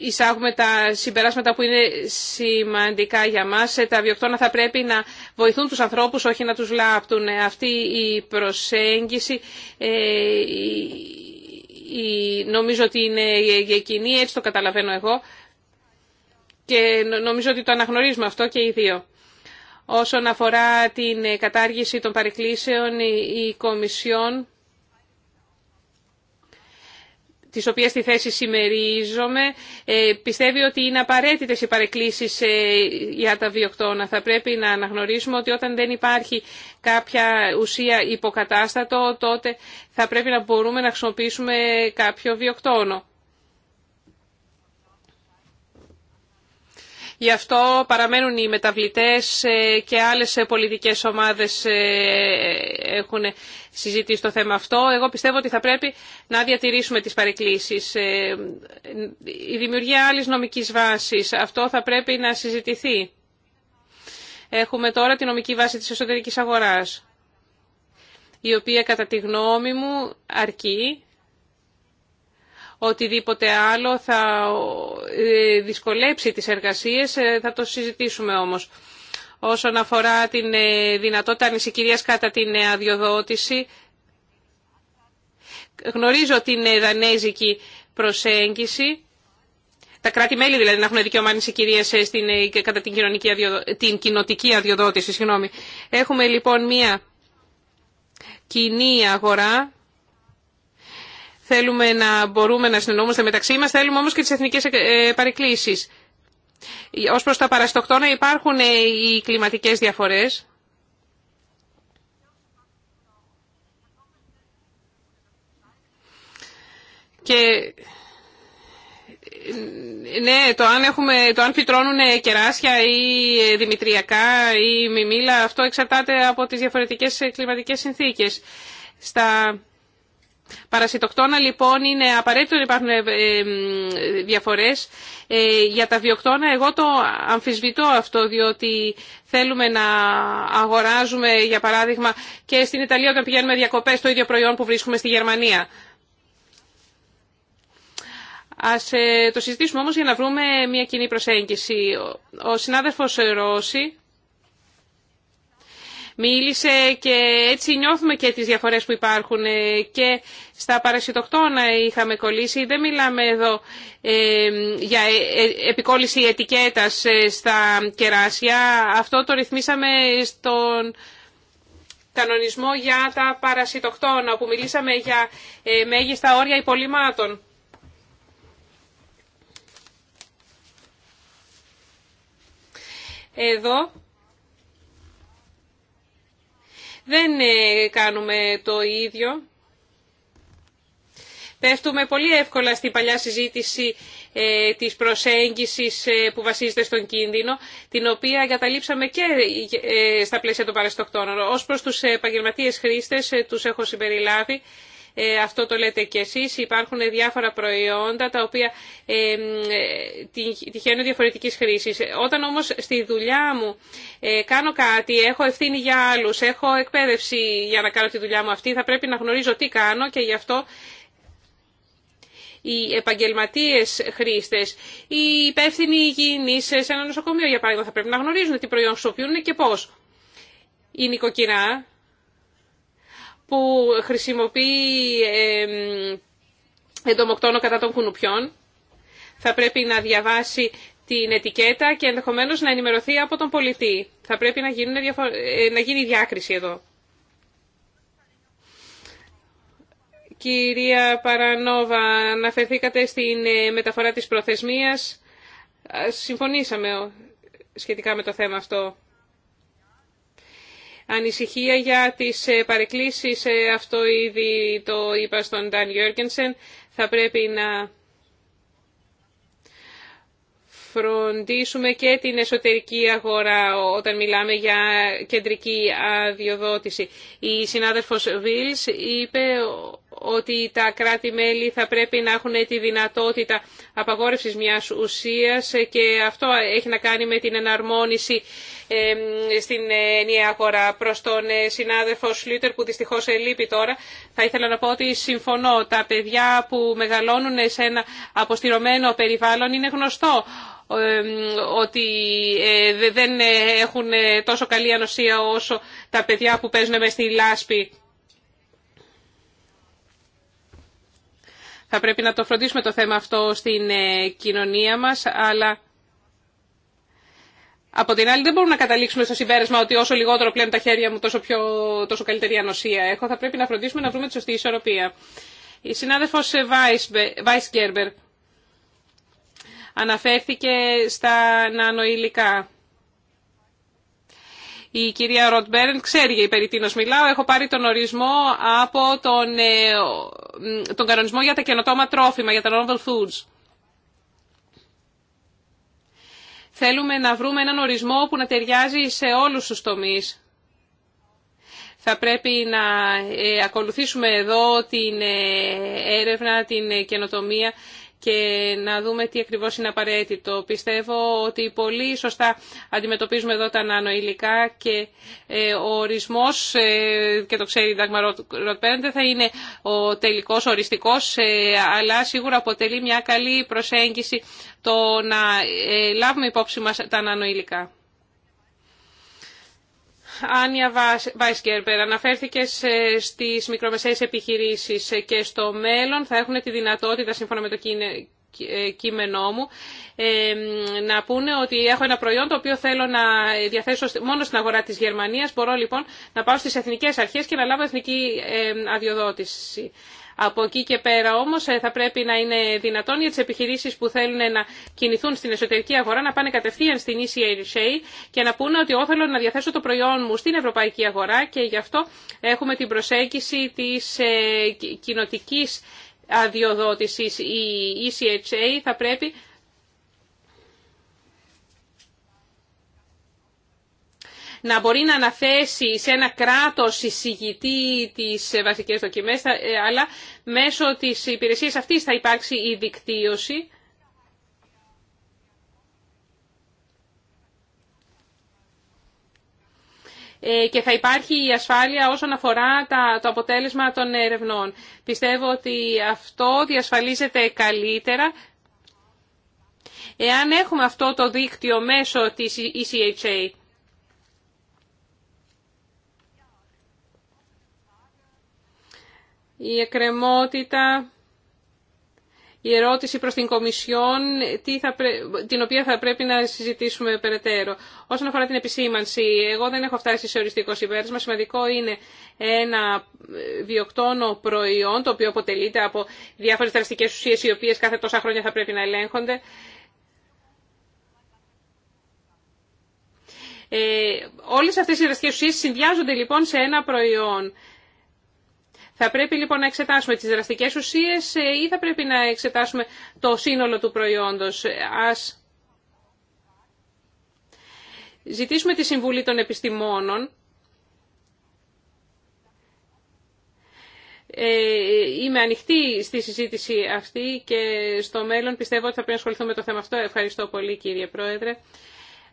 B: εισάγουμε τα συμπεράσματα που είναι σημαντικά για μας. Ε, τα βιοκτώνα θα πρέπει να βοηθούν τους ανθρώπους, όχι να τους λάπτουν. Ε, αυτή η προσέγγιση ε, νομίζω ότι είναι κοινή, έτσι το καταλαβαίνω εγώ. Και νομίζω ότι το αναγνωρίζουμε αυτό και οι δύο. Όσον αφορά την κατάργηση των παρεκκλήσεων, η Κομισιόν τις οποίες τη θέση συμμερίζομαι, ε, πιστεύει ότι είναι απαραίτητες οι παρεκκλήσεις για ε, τα βιοκτώνα. Θα πρέπει να αναγνωρίσουμε ότι όταν δεν υπάρχει κάποια ουσία υποκατάστατο, τότε θα πρέπει να μπορούμε να χρησιμοποιήσουμε κάποιο βιοκτόνο. Γι' αυτό παραμένουν οι μεταβλητές ε, και άλλες ε, πολιτικές ομάδες ε, έχουν συζητήσει το θέμα αυτό. Εγώ πιστεύω ότι θα πρέπει να διατηρήσουμε τις παρεκκλήσεις. Η δημιουργία άλλης νομικής βάσης, αυτό θα πρέπει να συζητηθεί. Έχουμε τώρα τη νομική βάση της εσωτερικής αγοράς, η οποία κατά τη γνώμη μου αρκεί Οτιδήποτε άλλο θα ε, δυσκολέψει τις εργασίες, ε, θα το συζητήσουμε όμως. Όσον αφορά την ε, δυνατότητα ανησυχίας κατά την αδειοδότηση, γνωρίζω την δανέζικη προσέγγιση. Τα κράτη-μέλη δηλαδή να έχουν δικαίωμα ανησυχία κατά την, κοινωνική την κοινοτική αδειοδότηση. Συγγνώμη. Έχουμε λοιπόν μία κοινή αγορά Θέλουμε να μπορούμε να συνεννοούμαστε μεταξύ μας, θέλουμε όμως και τις εθνικές ε, παρεκκλήσεις. Ως προς τα παραστοκτόνα υπάρχουν ε, οι κλιματικές διαφορές. Και ε, ναι, το αν, έχουμε, το αν φυτρώνουν κεράσια ή δημητριακά ή μιμήλα, αυτό εξαρτάται από τις διαφορετικές κλιματικές συνθήκες. Στα Παρασιτοκτόνα λοιπόν είναι απαραίτητο να υπάρχουν ε, διαφορές. Ε, για τα βιοκτόνα εγώ το αμφισβητώ αυτό διότι θέλουμε να αγοράζουμε για παράδειγμα και στην Ιταλία όταν πηγαίνουμε διακοπές το ίδιο προϊόν που βρίσκουμε στη Γερμανία. Ας ε, το συζητήσουμε όμως για να βρούμε μια κοινή προσέγγιση. Ο συνάδελφος Ρώση μίλησε και έτσι νιώθουμε και τις διαφορές που υπάρχουν ε, και στα παρασιτοκτόνα είχαμε κολλήσει. Δεν μιλάμε εδώ ε, για ε, επικόλληση ετικέτας στα κεράσια. Αυτό το ρυθμίσαμε στον κανονισμό για τα παρασιτοκτόνα που μιλήσαμε για μέγιστα όρια υπολοιμάτων. Εδώ δεν ε, κάνουμε το ίδιο. Πέφτουμε πολύ εύκολα στην παλιά συζήτηση ε, της προσέγγισης ε, που βασίζεται στον κίνδυνο, την οποία εγκαταλείψαμε και στα πλαίσια των παρεστοκτώνων. Ως προς τους επαγγελματίες χρήστες, τους έχω συμπεριλάβει ε, αυτό το λέτε και εσείς, υπάρχουν διάφορα προϊόντα τα οποία ε, ε, τυχαίνουν διαφορετικής χρήσης. Όταν όμως στη δουλειά μου κάνω κάτι, έχω ευθύνη για άλλους, έχω εκπαίδευση για να κάνω τη δουλειά μου αυτή, θα πρέπει να γνωρίζω τι κάνω και γι' αυτό οι επαγγελματίες χρήστες, οι υπεύθυνοι υγιεινή σε ένα νοσοκομείο για παράδειγμα θα πρέπει να γνωρίζουν τι προϊόν χρησιμοποιούν και πώς. Η νοικοκυρά που χρησιμοποιεί εντομοκτόνο κατά των κουνουπιών. Θα πρέπει να διαβάσει την ετικέτα και ενδεχομένως να ενημερωθεί από τον πολιτή. Θα πρέπει να, γίνουν, ε, να γίνει διάκριση εδώ. Κυρία Παρανόβα, αναφερθήκατε στην ε, μεταφορά της προθεσμίας. Συμφωνήσαμε σχετικά με το θέμα αυτό ανησυχία για τις ε, παρεκκλήσεις. Ε, αυτό ήδη το είπα στον Νταν Γιώργενσεν. Θα πρέπει να φροντίσουμε και την εσωτερική αγορά όταν μιλάμε για κεντρική αδειοδότηση. Η συνάδελφος Βίλς είπε ότι τα κράτη-μέλη θα πρέπει να έχουν τη δυνατότητα απαγόρευσης μιας ουσίας και αυτό έχει να κάνει με την εναρμόνιση στην ενιαία αγορά. Προς τον ε, συνάδελφο Σλίτερ που δυστυχώς ε, λείπει τώρα, θα ήθελα να πω ότι συμφωνώ. Τα παιδιά που μεγαλώνουν σε ένα αποστηρωμένο περιβάλλον είναι γνωστό ότι ε, δεν έχουν τόσο καλή ανοσία όσο τα παιδιά που παίζουν με στη λάσπη Θα πρέπει να το φροντίσουμε το θέμα αυτό στην ε, κοινωνία μας, αλλά από την άλλη δεν μπορούμε να καταλήξουμε στο συμπέρασμα ότι όσο λιγότερο πλένουν τα χέρια μου τόσο, πιο, τόσο καλύτερη ανοσία έχω. Θα πρέπει να φροντίσουμε να βρούμε τη σωστή ισορροπία. Η συνάδελφος Βάις Γκέρμπερ αναφέρθηκε στα νανοηλικά. Η κυρία Ροτμπέρεν ξέρει περί τίνος μιλάω. Έχω πάρει τον ορισμό από τον, ε, τον κανονισμό για τα καινοτόμα τρόφιμα, για τα novel foods. Θέλουμε να βρούμε έναν ορισμό που να ταιριάζει σε όλους τους τομείς. Θα πρέπει να ε, ακολουθήσουμε εδώ την ε, έρευνα, την καινοτομία και να δούμε τι ακριβώς είναι απαραίτητο. Πιστεύω ότι πολύ σωστά αντιμετωπίζουμε εδώ τα νανοηλικά και ε, ο ορισμός, ε, και το ξέρει η δάγμα Ροτ θα είναι ο τελικός οριστικός, ε, αλλά σίγουρα αποτελεί μια καλή προσέγγιση το να λάβουμε υπόψη μας τα νανοηλικά. Άνια Βάισκερπερ αναφέρθηκε ε, στις μικρομεσαίες επιχειρήσεις ε, και στο μέλλον θα έχουν τη δυνατότητα, σύμφωνα με το ε, κείμενό μου, να πούνε ότι έχω ένα προϊόν το οποίο θέλω να διαθέσω μόνο στην αγορά της Γερμανίας. Μπορώ λοιπόν να πάω στις εθνικές αρχές και να λάβω εθνική αδειοδότηση. Από εκεί και πέρα όμως ε, θα πρέπει να είναι δυνατόν για τι επιχειρήσεις που θέλουν να κινηθούν στην εσωτερική αγορά να πάνε κατευθείαν στην ECHA και να πούνε ότι όφελο να διαθέσω το προϊόν μου στην ευρωπαϊκή αγορά και γι' αυτό έχουμε την προσέγγιση της ε, κοινοτική αδειοδότηση. Η ECHA θα πρέπει να μπορεί να αναθέσει σε ένα κράτος εισηγητή τις ε, βασικές δοκιμές, ε, αλλά μέσω της υπηρεσίας αυτής θα υπάρξει η δικτύωση. Ε, και θα υπάρχει η ασφάλεια όσον αφορά το αποτέλεσμα των ερευνών. Πιστεύω ότι αυτό διασφαλίζεται καλύτερα εάν έχουμε αυτό το δίκτυο μέσω της ECHA. η εκκρεμότητα, η ερώτηση προς την Κομισιόν, τι θα την οποία θα πρέπει να συζητήσουμε περαιτέρω. Όσον αφορά την επισήμανση, εγώ δεν έχω φτάσει σε οριστικό συμπέρασμα. Σημαντικό είναι ένα βιοκτόνο προϊόν, το οποίο αποτελείται από διάφορες δραστικές ουσίες, οι οποίες κάθε τόσα χρόνια θα πρέπει να ελέγχονται. Ε, όλες αυτές οι δραστικές ουσίες συνδυάζονται λοιπόν σε ένα προϊόν. Θα πρέπει λοιπόν να εξετάσουμε τις δραστικές ουσίες ε, ή θα πρέπει να εξετάσουμε το σύνολο του προϊόντος. Ε, ας ζητήσουμε τη συμβουλή των επιστημόνων ε, είμαι ανοιχτή στη συζήτηση αυτή και στο μέλλον πιστεύω ότι θα πρέπει να ασχοληθούμε με το θέμα αυτό. Ευχαριστώ πολύ κύριε Πρόεδρε.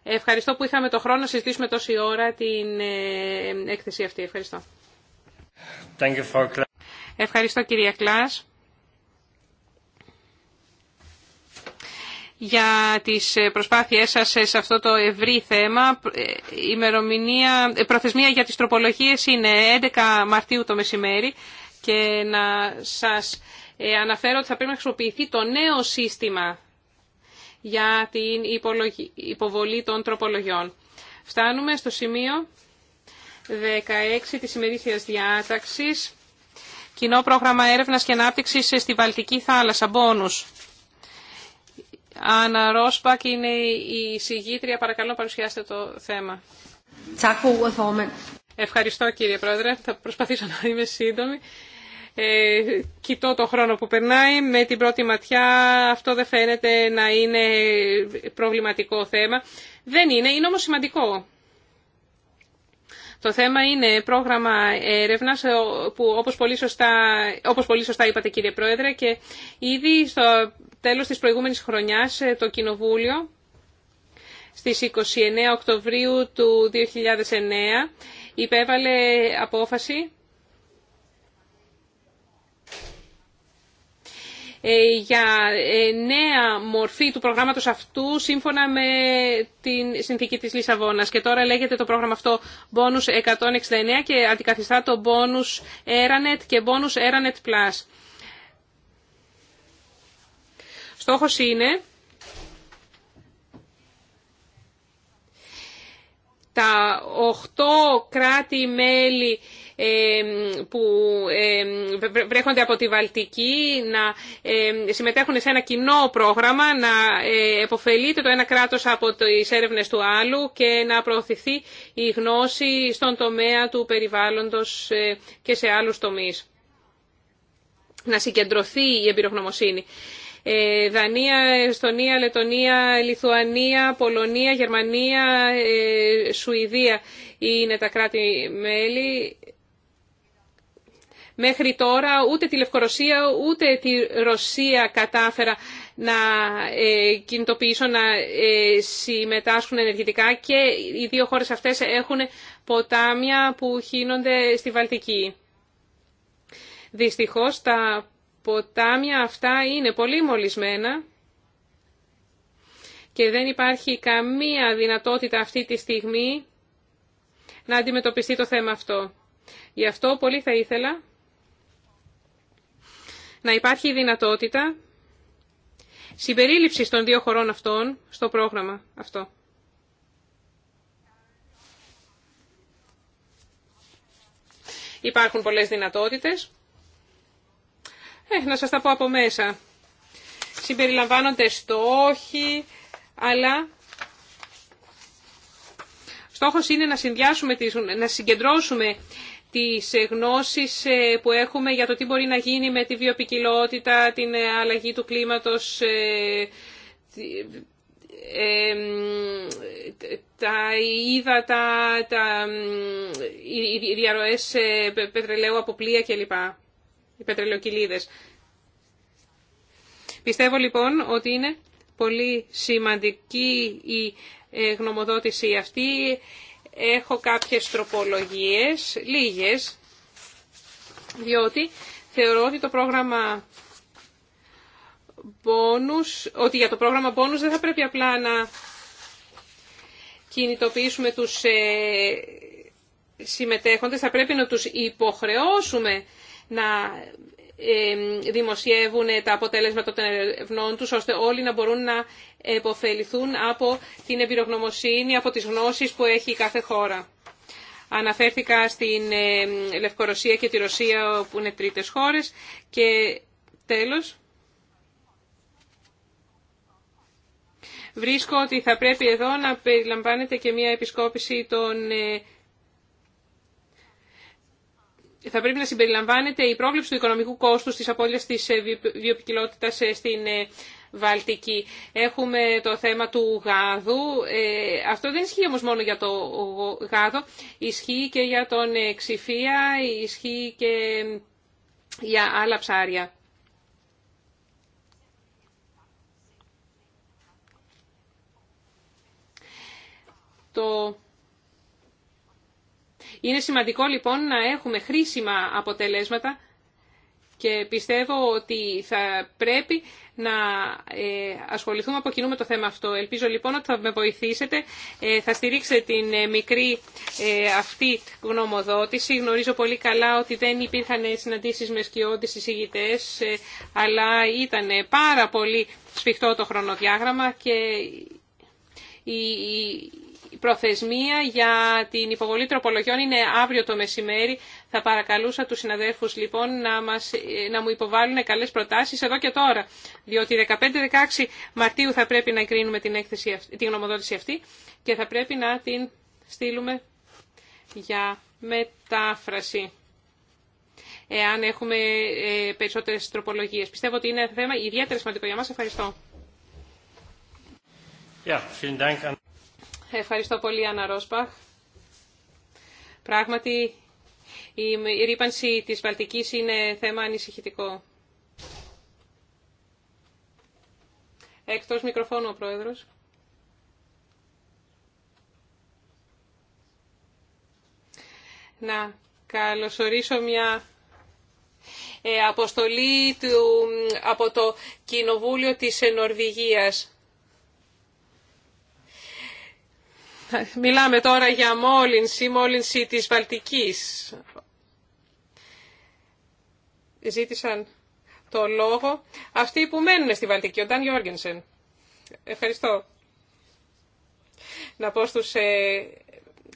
B: Ευχαριστώ που είχαμε το χρόνο να συζητήσουμε τόση ώρα την έκθεση αυτή. Ευχαριστώ. Ευχαριστώ κυρία Κλάς για τις ε, προσπάθειές σας σε αυτό το ευρύ θέμα. Ε, ημερομηνία, ε, προθεσμία για τις τροπολογίες είναι 11 Μαρτίου το μεσημέρι και να σας αναφέρω ότι θα πρέπει να χρησιμοποιηθεί το νέο σύστημα για την υποβολή των τροπολογιών. Φτάνουμε στο σημείο 16 της ημερήθειας διάταξης. Κοινό πρόγραμμα έρευνας και ανάπτυξης στη Βαλτική θάλασσα. Μπόνους. Άννα Ρόσπακ είναι η συγγήτρια. Παρακαλώ παρουσιάστε το θέμα. Ευχαριστώ κύριε Πρόεδρε. Θα προσπαθήσω να είμαι σύντομη. Ε, κοιτώ το χρόνο που περνάει. Με την πρώτη ματιά αυτό δεν φαίνεται να είναι προβληματικό θέμα. Δεν είναι, είναι όμως σημαντικό. Το θέμα είναι πρόγραμμα έρευνα, ε, που όπως πολύ σωστά, όπως πολύ σωστά είπατε κύριε Πρόεδρε και ήδη στο τέλος της προηγούμενης χρονιάς ε, το Κοινοβούλιο στις 29 Οκτωβρίου του 2009 υπέβαλε απόφαση Ε, για ε, νέα μορφή του προγράμματος αυτού σύμφωνα με την συνθήκη της Λισαβόνας. Και τώρα λέγεται το πρόγραμμα αυτό Bonus 169 και αντικαθιστά το Bonus Eranet και Bonus Eranet Plus. Στόχος είναι τα 8 κράτη-μέλη που βρέχονται από τη Βαλτική να συμμετέχουν σε ένα κοινό πρόγραμμα, να ε, επωφελείται το ένα κράτος από τις έρευνες του άλλου και να προωθηθεί η γνώση στον τομέα του περιβάλλοντος ε, και σε άλλους τομείς. Να συγκεντρωθεί η εμπειρογνωμοσύνη. Ε, Δανία, Εστονία, Λετωνία, Λιθουανία, Πολωνία, Γερμανία, Σουηδία είναι τα κράτη-μέλη Μέχρι τώρα ούτε τη Λευκορωσία ούτε τη Ρωσία κατάφερα να ε, κινητοποιήσω, να ε, συμμετάσχουν ενεργητικά και οι δύο χώρες αυτές έχουν ποτάμια που χύνονται στη Βαλτική. Δυστυχώς τα ποτάμια αυτά είναι πολύ μολυσμένα και δεν υπάρχει καμία δυνατότητα αυτή τη στιγμή να αντιμετωπιστεί το θέμα αυτό. Γι' αυτό πολύ θα ήθελα να υπάρχει η δυνατότητα συμπερίληψης των δύο χωρών αυτών στο πρόγραμμα αυτό. Υπάρχουν πολλές δυνατότητες. Ε, να σας τα πω από μέσα. Συμπεριλαμβάνονται στόχοι, αλλά στόχος είναι να συνδυάσουμε, τις, να συγκεντρώσουμε τις ε, γνώσεις ε, που έχουμε για το τι μπορεί να γίνει με τη βιοπικιλότητα, την ε, αλλαγή του κλίματος, τα ύδατα, τα, οι διαρροές πετρελαίου από πλοία κλπ. Οι πετρελαιοκυλίδες. Πιστεύω λοιπόν ότι είναι πολύ σημαντική η γνωμοδότηση αυτή έχω κάποιες τροπολογίες, λίγες, διότι θεωρώ ότι το πρόγραμμα bonus, ότι για το πρόγραμμα bonus δεν θα πρέπει απλά να κινητοποιήσουμε τους ε, συμμετέχοντες, θα πρέπει να τους υποχρεώσουμε να δημοσιεύουν τα αποτέλεσματα των ερευνών τους, ώστε όλοι να μπορούν να επωφεληθούν από την εμπειρογνωμοσύνη, από τις γνώσεις που έχει κάθε χώρα. Αναφέρθηκα στην Λευκορωσία και τη Ρωσία, που είναι τρίτες χώρες. Και τέλος, βρίσκω ότι θα πρέπει εδώ να περιλαμβάνεται και μια επισκόπηση των ε, θα πρέπει να συμπεριλαμβάνεται η πρόβλεψη του οικονομικού κόστου τη απώλεια τη ε, βιοπικιλότητα ε, στην ε, Βαλτική. Έχουμε το θέμα του γάδου. Αυτό δεν ισχύει όμω μόνο για το γάδο. Ισχύει και για τον ξηφία, ισχύει και για άλλα ψάρια. Το είναι σημαντικό λοιπόν να έχουμε χρήσιμα αποτελέσματα και πιστεύω ότι θα πρέπει να ε, ασχοληθούμε από κοινού με το θέμα αυτό. Ελπίζω λοιπόν ότι θα με βοηθήσετε, ε, θα στηρίξετε την ε, μικρή αυτή γνωμοδότηση. Γνωρίζω πολύ καλά ότι δεν υπήρχαν συναντήσεις με σκιώδεις εισηγητές, αλλά ήταν πάρα πολύ σφιχτό το χρονοδιάγραμμα και η προθεσμία για την υποβολή τροπολογιών είναι αύριο το μεσημέρι. Θα παρακαλούσα τους συναδέλφους λοιπόν να, μου υποβάλουν καλές προτάσεις εδώ και τώρα. Διότι 15-16 Μαρτίου θα πρέπει να κρίνουμε την, έκθεση, την γνωμοδότηση αυτή και θα πρέπει να την στείλουμε για μετάφραση εάν έχουμε ε, περισσότερες τροπολογίες. Πιστεύω ότι είναι θέμα ιδιαίτερα σημαντικό για μας. Ευχαριστώ. Ευχαριστώ πολύ, Άννα Ρόσπαχ. Πράγματι, η ρήπανση της Βαλτικής είναι θέμα ανησυχητικό. Εκτός μικροφώνου ο Πρόεδρος. Να καλωσορίσω μια ε, αποστολή του, από το Κοινοβούλιο της Νορβηγίας. Μιλάμε τώρα για μόλυνση, μόλυνση της Βαλτικής. Ζήτησαν το λόγο αυτοί που μένουν στη Βαλτική, ο Νταν Γιόργενσεν. Ευχαριστώ. Να πω στους ε,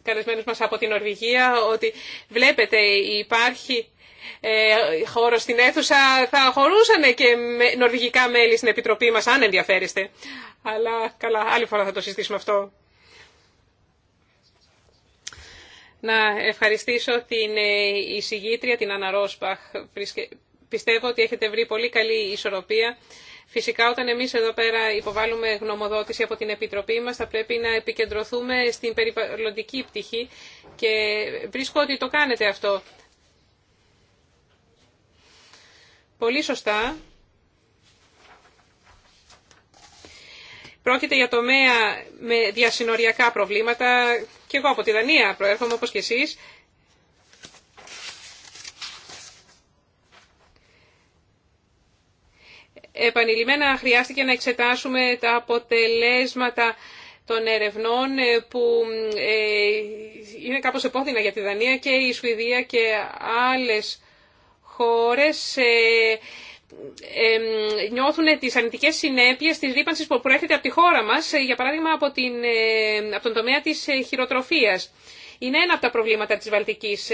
B: καλεσμένους μας από την Νορβηγία ότι βλέπετε υπάρχει ε, χώρο στην αίθουσα. Θα χωρούσαν και νορβηγικά μέλη στην Επιτροπή μας, αν ενδιαφέρεστε. Αλλά καλά, άλλη φορά θα το συζητήσουμε αυτό. να ευχαριστήσω την ε, εισηγήτρια, την Αναρόσπαχ. Πιστεύω ότι έχετε βρει πολύ καλή ισορροπία. Φυσικά όταν εμείς εδώ πέρα υποβάλλουμε γνωμοδότηση από την Επιτροπή μας θα πρέπει να επικεντρωθούμε στην περιβαλλοντική πτυχή και βρίσκω ότι το κάνετε αυτό. Πολύ σωστά. Πρόκειται για τομέα με διασυνοριακά προβλήματα, και εγώ από τη Δανία προέρχομαι όπως και εσείς. Επανειλημμένα χρειάστηκε να εξετάσουμε τα αποτελέσματα των ερευνών ε, που ε, είναι κάπως επόδυνα για τη Δανία και η Σουηδία και άλλες χώρες ε, νιώθουν τις αρνητικές συνέπειες της ρήπανσης που προέρχεται από τη χώρα μας, ε, για παράδειγμα από, την, ε, από τον τομέα της ε, χειροτροφίας. Είναι ένα από τα προβλήματα της Βαλτικής.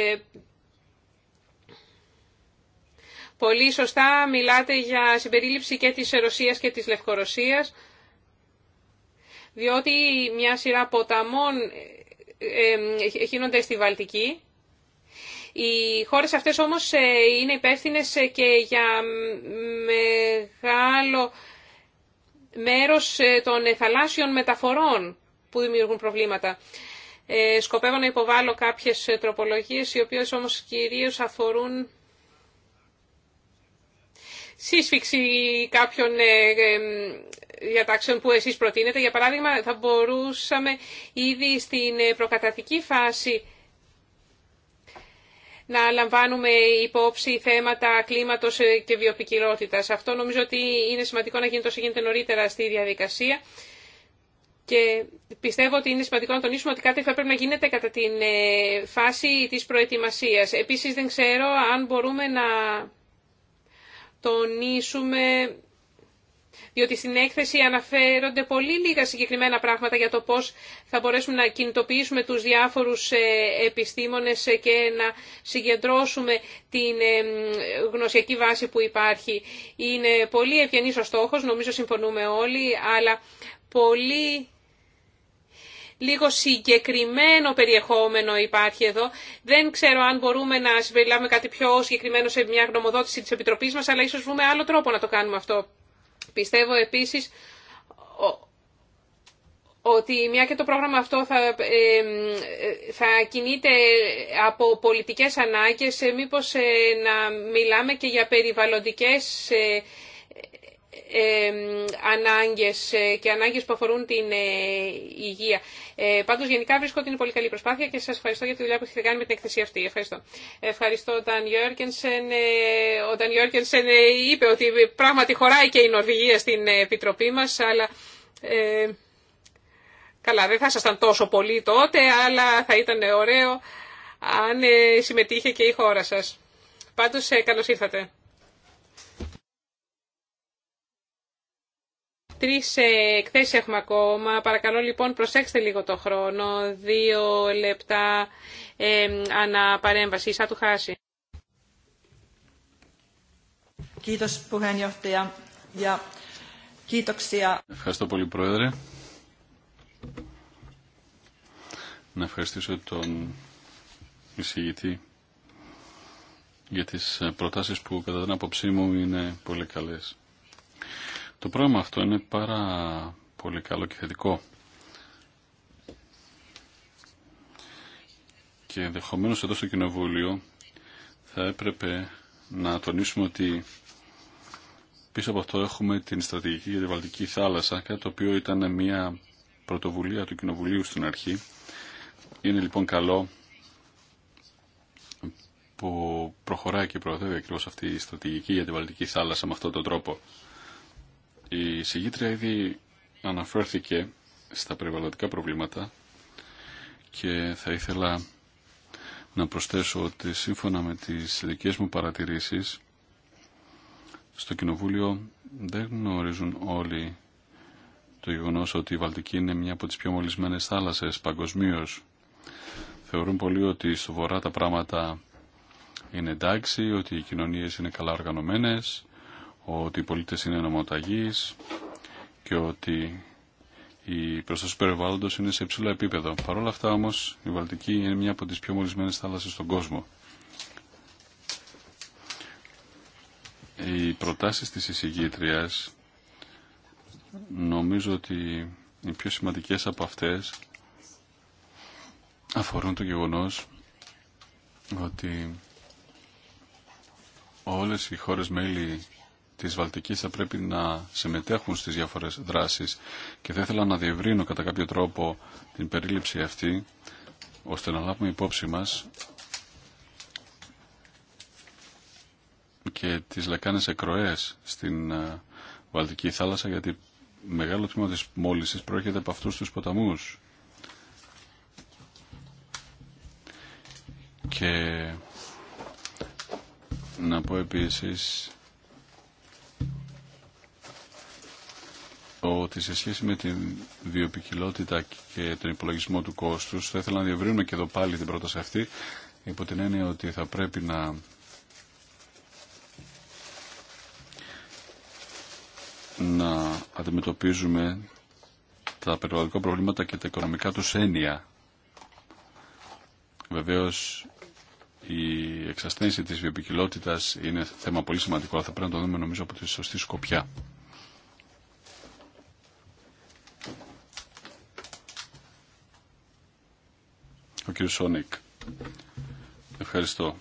B: Πολύ σωστά μιλάτε για συμπερίληψη και της Ρωσίας και της Λευκορωσίας, διότι μια σειρά ποταμών γίνονται στη Βαλτική οι χώρες αυτές όμως ε, είναι υπεύθυνε ε, και για μεγάλο μέρος ε, των θαλάσσιων μεταφορών που δημιουργούν προβλήματα. σκοπεύω να υποβάλω κάποιες τροπολογίες, οι οποίες όμως κυρίως αφορούν σύσφυξη κάποιων διατάξεων που εσείς προτείνετε. Για παράδειγμα, θα μπορούσαμε ήδη στην προκαταθική φάση να λαμβάνουμε υπόψη θέματα κλίματος ε, και βιοπικιλότητας. Αυτό νομίζω ότι είναι σημαντικό να γίνεται όσο γίνεται νωρίτερα στη διαδικασία. Και πιστεύω ότι είναι σημαντικό να τονίσουμε ότι κάτι θα πρέπει να γίνεται κατά την ε, φάση της προετοιμασίας. Επίσης δεν ξέρω αν μπορούμε να τονίσουμε διότι στην έκθεση αναφέρονται πολύ λίγα συγκεκριμένα πράγματα για το πώς θα μπορέσουμε να κινητοποιήσουμε τους διάφορους ε, επιστήμονες και να συγκεντρώσουμε την ε, γνωσιακή βάση που υπάρχει. Είναι πολύ ευγενής ο στόχος, νομίζω συμφωνούμε όλοι, αλλά πολύ λίγο συγκεκριμένο περιεχόμενο υπάρχει εδώ. Δεν ξέρω αν μπορούμε να συμπεριλάβουμε κάτι πιο συγκεκριμένο σε μια γνωμοδότηση της Επιτροπής μας, αλλά ίσως βρούμε άλλο τρόπο να το κάνουμε αυτό. Πιστεύω επίσης ότι μια και το πρόγραμμα αυτό θα, ε, ε, θα κινείται από πολιτικές ανάγκες, ε, μήπως να μιλάμε και για περιβαλλοντικές ανάγκες ε, και ανάγκες που αφορούν την ε, υγεία. Ε, πάντως γενικά βρίσκω ότι είναι πολύ καλή προσπάθεια και σας ευχαριστώ για τη δουλειά που έχετε κάνει με την εκθεσία αυτή. Ευχαριστώ. Ευχαριστώ Dan Jorgensen. Ο Dan Jorgensen είπε ότι πράγματι χωράει και η Νορβηγία στην επιτροπή μας, αλλά... καλά, δεν θα ήσασταν τόσο πολύ τότε, αλλά θα ήταν ωραίο αν συμμετείχε και η χώρα σας. Πάντως, καλώς ήρθατε. Τρεις ε, εκθέσεις έχουμε ακόμα. Παρακαλώ λοιπόν προσέξτε λίγο το χρόνο. Δύο λεπτά ε, αναπαρέμβαση. Σα του χάσει.
A: Ευχαριστώ πολύ Πρόεδρε. Να ευχαριστήσω τον εισηγητή για τις προτάσεις που κατά την άποψή μου είναι πολύ καλές. Το πρόγραμμα αυτό είναι πάρα πολύ καλό και θετικό. Και ενδεχομένω εδώ στο Κοινοβούλιο θα έπρεπε να τονίσουμε ότι πίσω από αυτό έχουμε την στρατηγική για τη Βαλτική θάλασσα, κάτι το οποίο ήταν μια πρωτοβουλία του Κοινοβουλίου στην αρχή. Είναι λοιπόν καλό που προχωράει και προοδεύει ακριβώ αυτή η στρατηγική για τη Βαλτική θάλασσα με αυτόν τον τρόπο. Η συγγήτρια ήδη αναφέρθηκε στα περιβαλλοντικά προβλήματα και θα ήθελα να προσθέσω ότι σύμφωνα με τις δικές μου παρατηρήσεις στο Κοινοβούλιο δεν γνωρίζουν όλοι το γεγονό ότι η Βαλτική είναι μια από τις πιο μολυσμένες θάλασσες παγκοσμίω. Θεωρούν πολύ ότι στο βορρά τα πράγματα είναι εντάξει, ότι οι κοινωνίες είναι καλά οργανωμένες, ότι οι πολίτες είναι νομοταγείς και ότι η προστασία του περιβάλλοντος είναι σε υψηλό επίπεδο. Παρ' όλα αυτά όμως η Βαλτική είναι μια από τις πιο μολυσμένες θάλασσες στον κόσμο. Οι προτάσεις της εισηγήτριας νομίζω ότι οι πιο σημαντικές από αυτές αφορούν το γεγονός ότι όλες οι χώρες μέλη της Βαλτικής θα πρέπει να συμμετέχουν στις διάφορες δράσεις και θα ήθελα να διευρύνω κατά κάποιο τρόπο την περίληψη αυτή ώστε να λάβουμε υπόψη μας και τις λεκάνες εκροές στην ε, Βαλτική θάλασσα γιατί μεγάλο τμήμα της μόλυσης προέρχεται από αυτούς τους ποταμούς. Και να πω επίσης ότι σε σχέση με την βιοπικιλότητα και τον υπολογισμό του κόστους θα ήθελα να διευρύνουμε και εδώ πάλι την πρόταση αυτή υπό την έννοια ότι θα πρέπει να να αντιμετωπίζουμε τα περιβαλλοντικά προβλήματα και τα οικονομικά τους έννοια. Βεβαίως η εξασθένση της βιοπικιλότητας είναι θέμα πολύ σημαντικό, αλλά θα πρέπει να το δούμε νομίζω από τη σωστή σκοπιά. Ο κ. Σόνικ. Ευχαριστώ.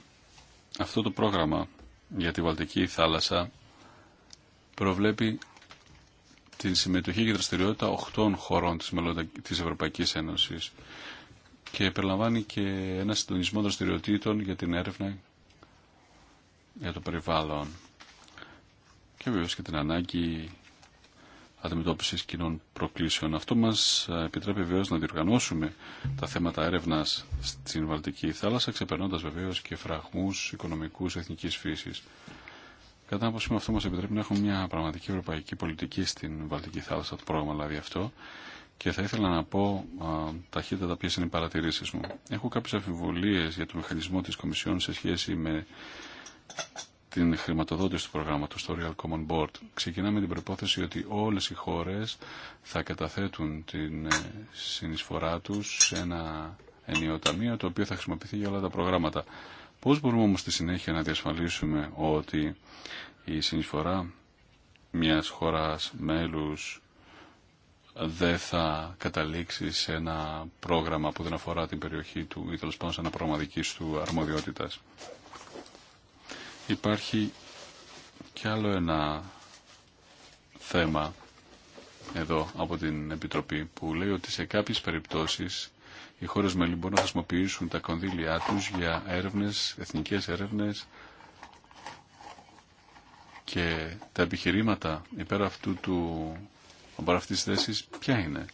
A: Αυτό το πρόγραμμα για τη Βαλτική θάλασσα προβλέπει την συμμετοχή και δραστηριότητα οχτών χωρών της Ευρωπαϊκής Ένωσης και περιλαμβάνει και ένα συντονισμό δραστηριοτήτων για την έρευνα για το περιβάλλον και βεβαίω και την ανάγκη αντιμετώπισης κοινών προκλήσεων. Αυτό μας ε, επιτρέπει βεβαίως να διοργανώσουμε τα θέματα έρευνας στην Βαλτική θάλασσα, ξεπερνώντας βεβαίως και φραγμούς οικονομικούς εθνικής φύσης. Κατά άποψή αυτό μας επιτρέπει να έχουμε μια πραγματική ευρωπαϊκή πολιτική στην Βαλτική θάλασσα, το πρόγραμμα δηλαδή αυτό, και θα ήθελα να πω α, ταχύτατα ποιες είναι οι παρατηρήσεις μου. Έχω κάποιες αμφιβολίες για το μηχανισμό της Κομισιόν σε σχέση με την χρηματοδότηση του προγράμματος στο Real Common Board. Ξεκινάμε την προπόθεση ότι όλες οι χώρες θα καταθέτουν την ε, συνεισφορά τους σε ένα ενιαίο ταμείο το οποίο θα χρησιμοποιηθεί για όλα τα προγράμματα. Πώς μπορούμε όμως στη συνέχεια να διασφαλίσουμε ότι η συνεισφορά μιας χώρας μέλους δεν θα καταλήξει σε ένα πρόγραμμα που δεν αφορά την περιοχή του ή τέλο πάντων σε ένα πρόγραμμα δική του αρμοδιότητας υπάρχει κι άλλο ένα θέμα εδώ από την Επιτροπή που λέει ότι σε κάποιες περιπτώσεις οι χώρες μελή μπορούν να χρησιμοποιήσουν τα κονδύλια τους για έρευνες, εθνικές έρευνες και τα επιχειρήματα υπέρ αυτού του από αυτής θέσης ποια είναι.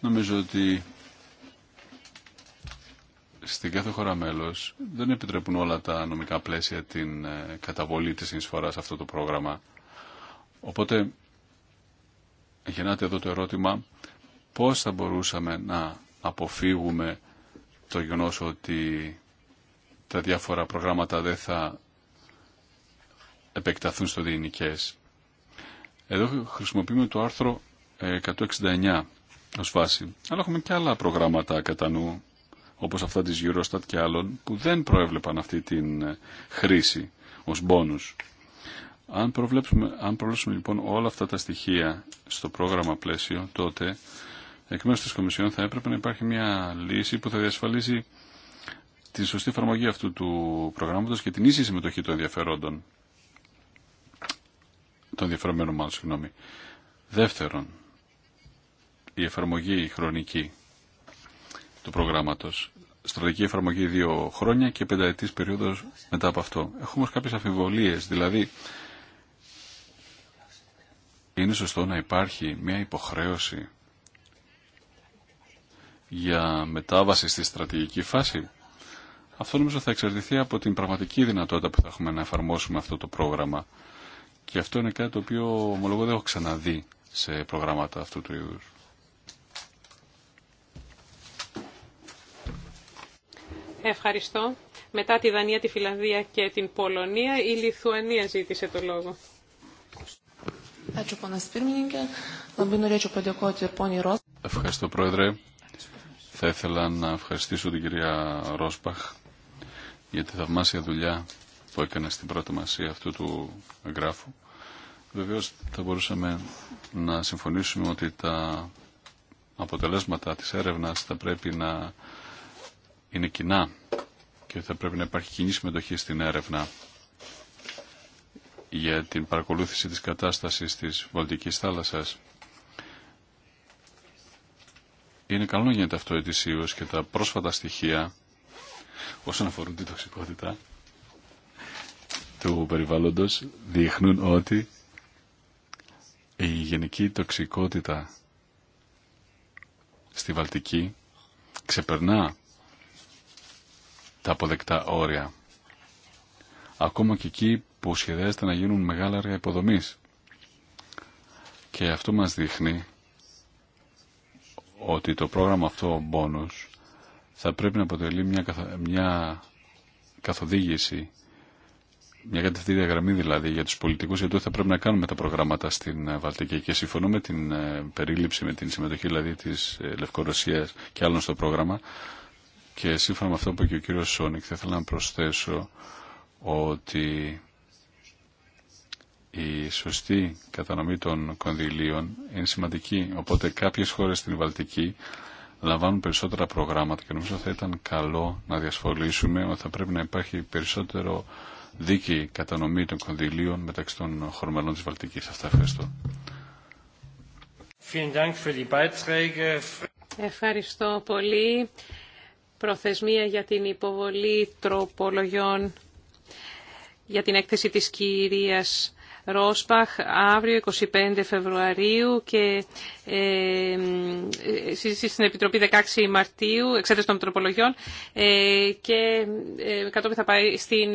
A: Νομίζω ότι στην κάθε χώρα μέλο, δεν επιτρέπουν όλα τα νομικά πλαίσια την ε, καταβολή της εισφοράς σε αυτό το πρόγραμμα. Οπότε γεννάται εδώ το ερώτημα πώς θα μπορούσαμε να αποφύγουμε το γεγονό ότι τα διάφορα προγράμματα δεν θα επεκταθούν στο δίνικες; Εδώ χρησιμοποιούμε το άρθρο 169 ε, ως βάση. Αλλά έχουμε και άλλα προγράμματα κατά νου όπως αυτά της Eurostat και άλλων, που δεν προέβλεπαν αυτή την ε, χρήση ως μπόνους. Αν προβλέψουμε, αν προβλέψουμε λοιπόν όλα αυτά τα στοιχεία στο πρόγραμμα πλαίσιο, τότε εκ μέρους της Κομισιόν θα έπρεπε να υπάρχει μια λύση που θα διασφαλίσει τη σωστή εφαρμογή αυτού του προγράμματος και την ίση συμμετοχή των ενδιαφερόντων. Των ενδιαφερομένων μάλλον, Δεύτερον, η εφαρμογή χρονική του προγράμματος στρατηγική εφαρμογή δύο χρόνια και πενταετής περίοδος μετά από αυτό. Έχουμε όμω κάποιες αφιβολίες, δηλαδή είναι σωστό να υπάρχει μια υποχρέωση για μετάβαση στη στρατηγική φάση. Αυτό νομίζω θα εξαρτηθεί από την πραγματική δυνατότητα που θα έχουμε να εφαρμόσουμε αυτό το πρόγραμμα. Και αυτό είναι κάτι το οποίο ομολογώ δεν έχω ξαναδεί σε προγράμματα αυτού του είδους.
B: Ευχαριστώ. Μετά τη Δανία, τη Φιλανδία και την Πολωνία, η Λιθουανία ζήτησε το λόγο.
A: Ευχαριστώ, Πρόεδρε. Θα ήθελα να ευχαριστήσω την κυρία Ρόσπαχ για τη θαυμάσια δουλειά που έκανε στην μασία αυτού του εγγράφου. Βεβαίω, θα μπορούσαμε να συμφωνήσουμε ότι τα αποτελέσματα της έρευνας θα πρέπει να είναι κοινά και θα πρέπει να υπάρχει κοινή συμμετοχή στην έρευνα για την παρακολούθηση της κατάστασης της Βαλτικής θάλασσας. Είναι καλό να γίνεται αυτό ετησίως και τα πρόσφατα στοιχεία όσον αφορούν την τοξικότητα του περιβάλλοντος δείχνουν ότι η γενική τοξικότητα στη Βαλτική ξεπερνά τα αποδεκτά όρια. Ακόμα και εκεί που σχεδιάζεται να γίνουν μεγάλα έργα υποδομής. Και αυτό μας δείχνει ότι το πρόγραμμα αυτό ο μπόνους, θα πρέπει να αποτελεί μια, μια καθοδήγηση, μια κατευθύντια γραμμή δηλαδή για τους πολιτικούς γιατί θα πρέπει να κάνουμε τα προγράμματα στην ε, Βαλτική και συμφωνώ με την ε, περίληψη, με την συμμετοχή δηλαδή της ε, Λευκορωσίας και άλλων στο πρόγραμμα και σύμφωνα με αυτό που είπε και ο κύριος Σόνικ, θα ήθελα να προσθέσω ότι η σωστή κατανομή των κονδυλίων είναι σημαντική. Οπότε κάποιες χώρες στην Βαλτική λαμβάνουν περισσότερα προγράμματα και νομίζω θα ήταν καλό να διασφαλίσουμε ότι θα πρέπει να υπάρχει περισσότερο δίκη κατανομή των κονδυλίων μεταξύ των χωρών της Βαλτικής. Αυτά ευχαριστώ.
B: Ευχαριστώ πολύ Προθεσμία για την υποβολή τροπολογιών για την έκθεση της κυρίας Ρόσπαχ αύριο 25 Φεβρουαρίου και ε, ε, στην Επιτροπή 16 Μαρτίου, εξέταση των τροπολογιών ε, και ε, κατόπιν θα πάει στην,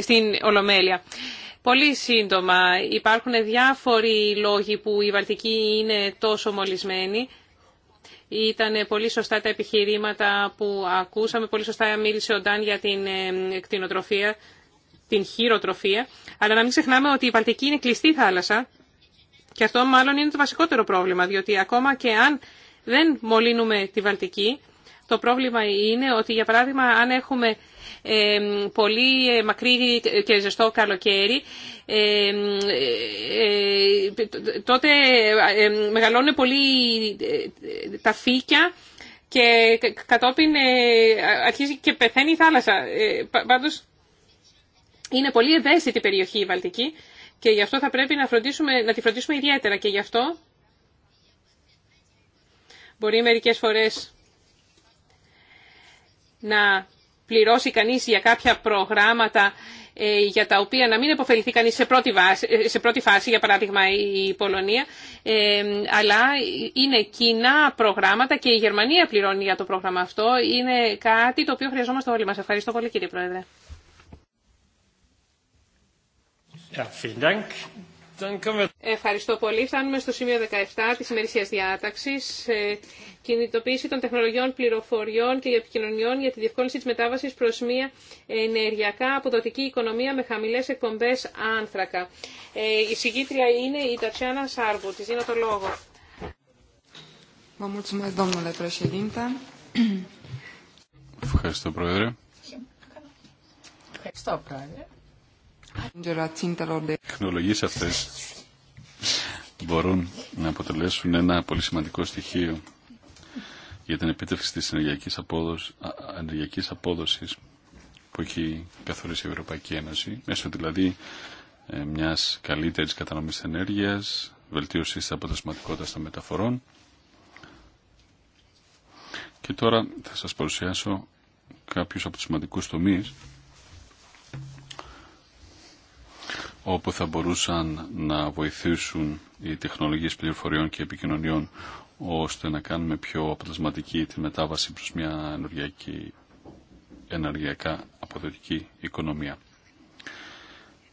B: στην Ολομέλεια. Πολύ σύντομα, υπάρχουν διάφοροι λόγοι που η Βαλτική είναι τόσο μολυσμένη. Ήταν πολύ σωστά τα επιχειρήματα που ακούσαμε, πολύ σωστά μίλησε ο Ντάν για την ε, κτηνοτροφία, την χειροτροφία. Αλλά να μην ξεχνάμε ότι η Βαλτική είναι κλειστή θάλασσα και αυτό μάλλον είναι το βασικότερο πρόβλημα, διότι ακόμα και αν δεν μολύνουμε τη Βαλτική, το πρόβλημα είναι ότι, για παράδειγμα, αν έχουμε πολύ ε, μακρύ και ζεστό καλοκαίρι, ε, τότε μεγαλώνουν πολύ ε, τα φύκια και κατόπιν αρχίζει και πεθαίνει η θάλασσα. Πάντως, είναι πολύ ευαίσθητη περιοχή η Βαλτική και γι' αυτό θα πρέπει να, φροντίσουμε, να τη φροντίσουμε ιδιαίτερα και γι' αυτό μπορεί μερικές φορές να πληρώσει κανείς για κάποια προγράμματα ε, για τα οποία να μην επωφεληθεί κανείς σε πρώτη, ε, φάση, για παράδειγμα η Πολωνία, ε, αλλά είναι κοινά προγράμματα και η Γερμανία πληρώνει για το πρόγραμμα αυτό. Είναι κάτι το οποίο χρειαζόμαστε όλοι μας. Ευχαριστώ πολύ κύριε Πρόεδρε. vielen Dank. Ευχαριστώ πολύ. Φτάνουμε στο σημείο 17 της ημερησίας διάταξης. Ε, κινητοποίηση των τεχνολογιών πληροφοριών και επικοινωνιών για τη διευκόλυνση της μετάβασης προς μια ενεργειακά αποδοτική οικονομία με χαμηλές εκπομπές άνθρακα. Ε, η συγκίτρια είναι η Τατσιάνα Σάρβου. Της δίνω το λόγο.
A: Ευχαριστώ, Πρόεδρε.
C: Ευχαριστώ, Πρόεδρε.
A: Τεχνολογίες αυτές μπορούν να αποτελέσουν ένα πολύ σημαντικό στοιχείο για την επίτευξη της ενεργειακής, απόδοσης, που έχει καθορίσει η Ευρωπαϊκή Ένωση, μέσω δηλαδή ε, μιας καλύτερης κατανομής ενέργειας, βελτίωσης της αποτελεσματικότητας των μεταφορών. Και τώρα θα σας παρουσιάσω κάποιους από τους σημαντικούς τομείς όπου θα μπορούσαν να βοηθήσουν οι τεχνολογίες πληροφοριών και επικοινωνιών ώστε να κάνουμε πιο αποτελεσματική τη μετάβαση προς μια ενεργειακή, ενεργειακά αποδοτική οικονομία.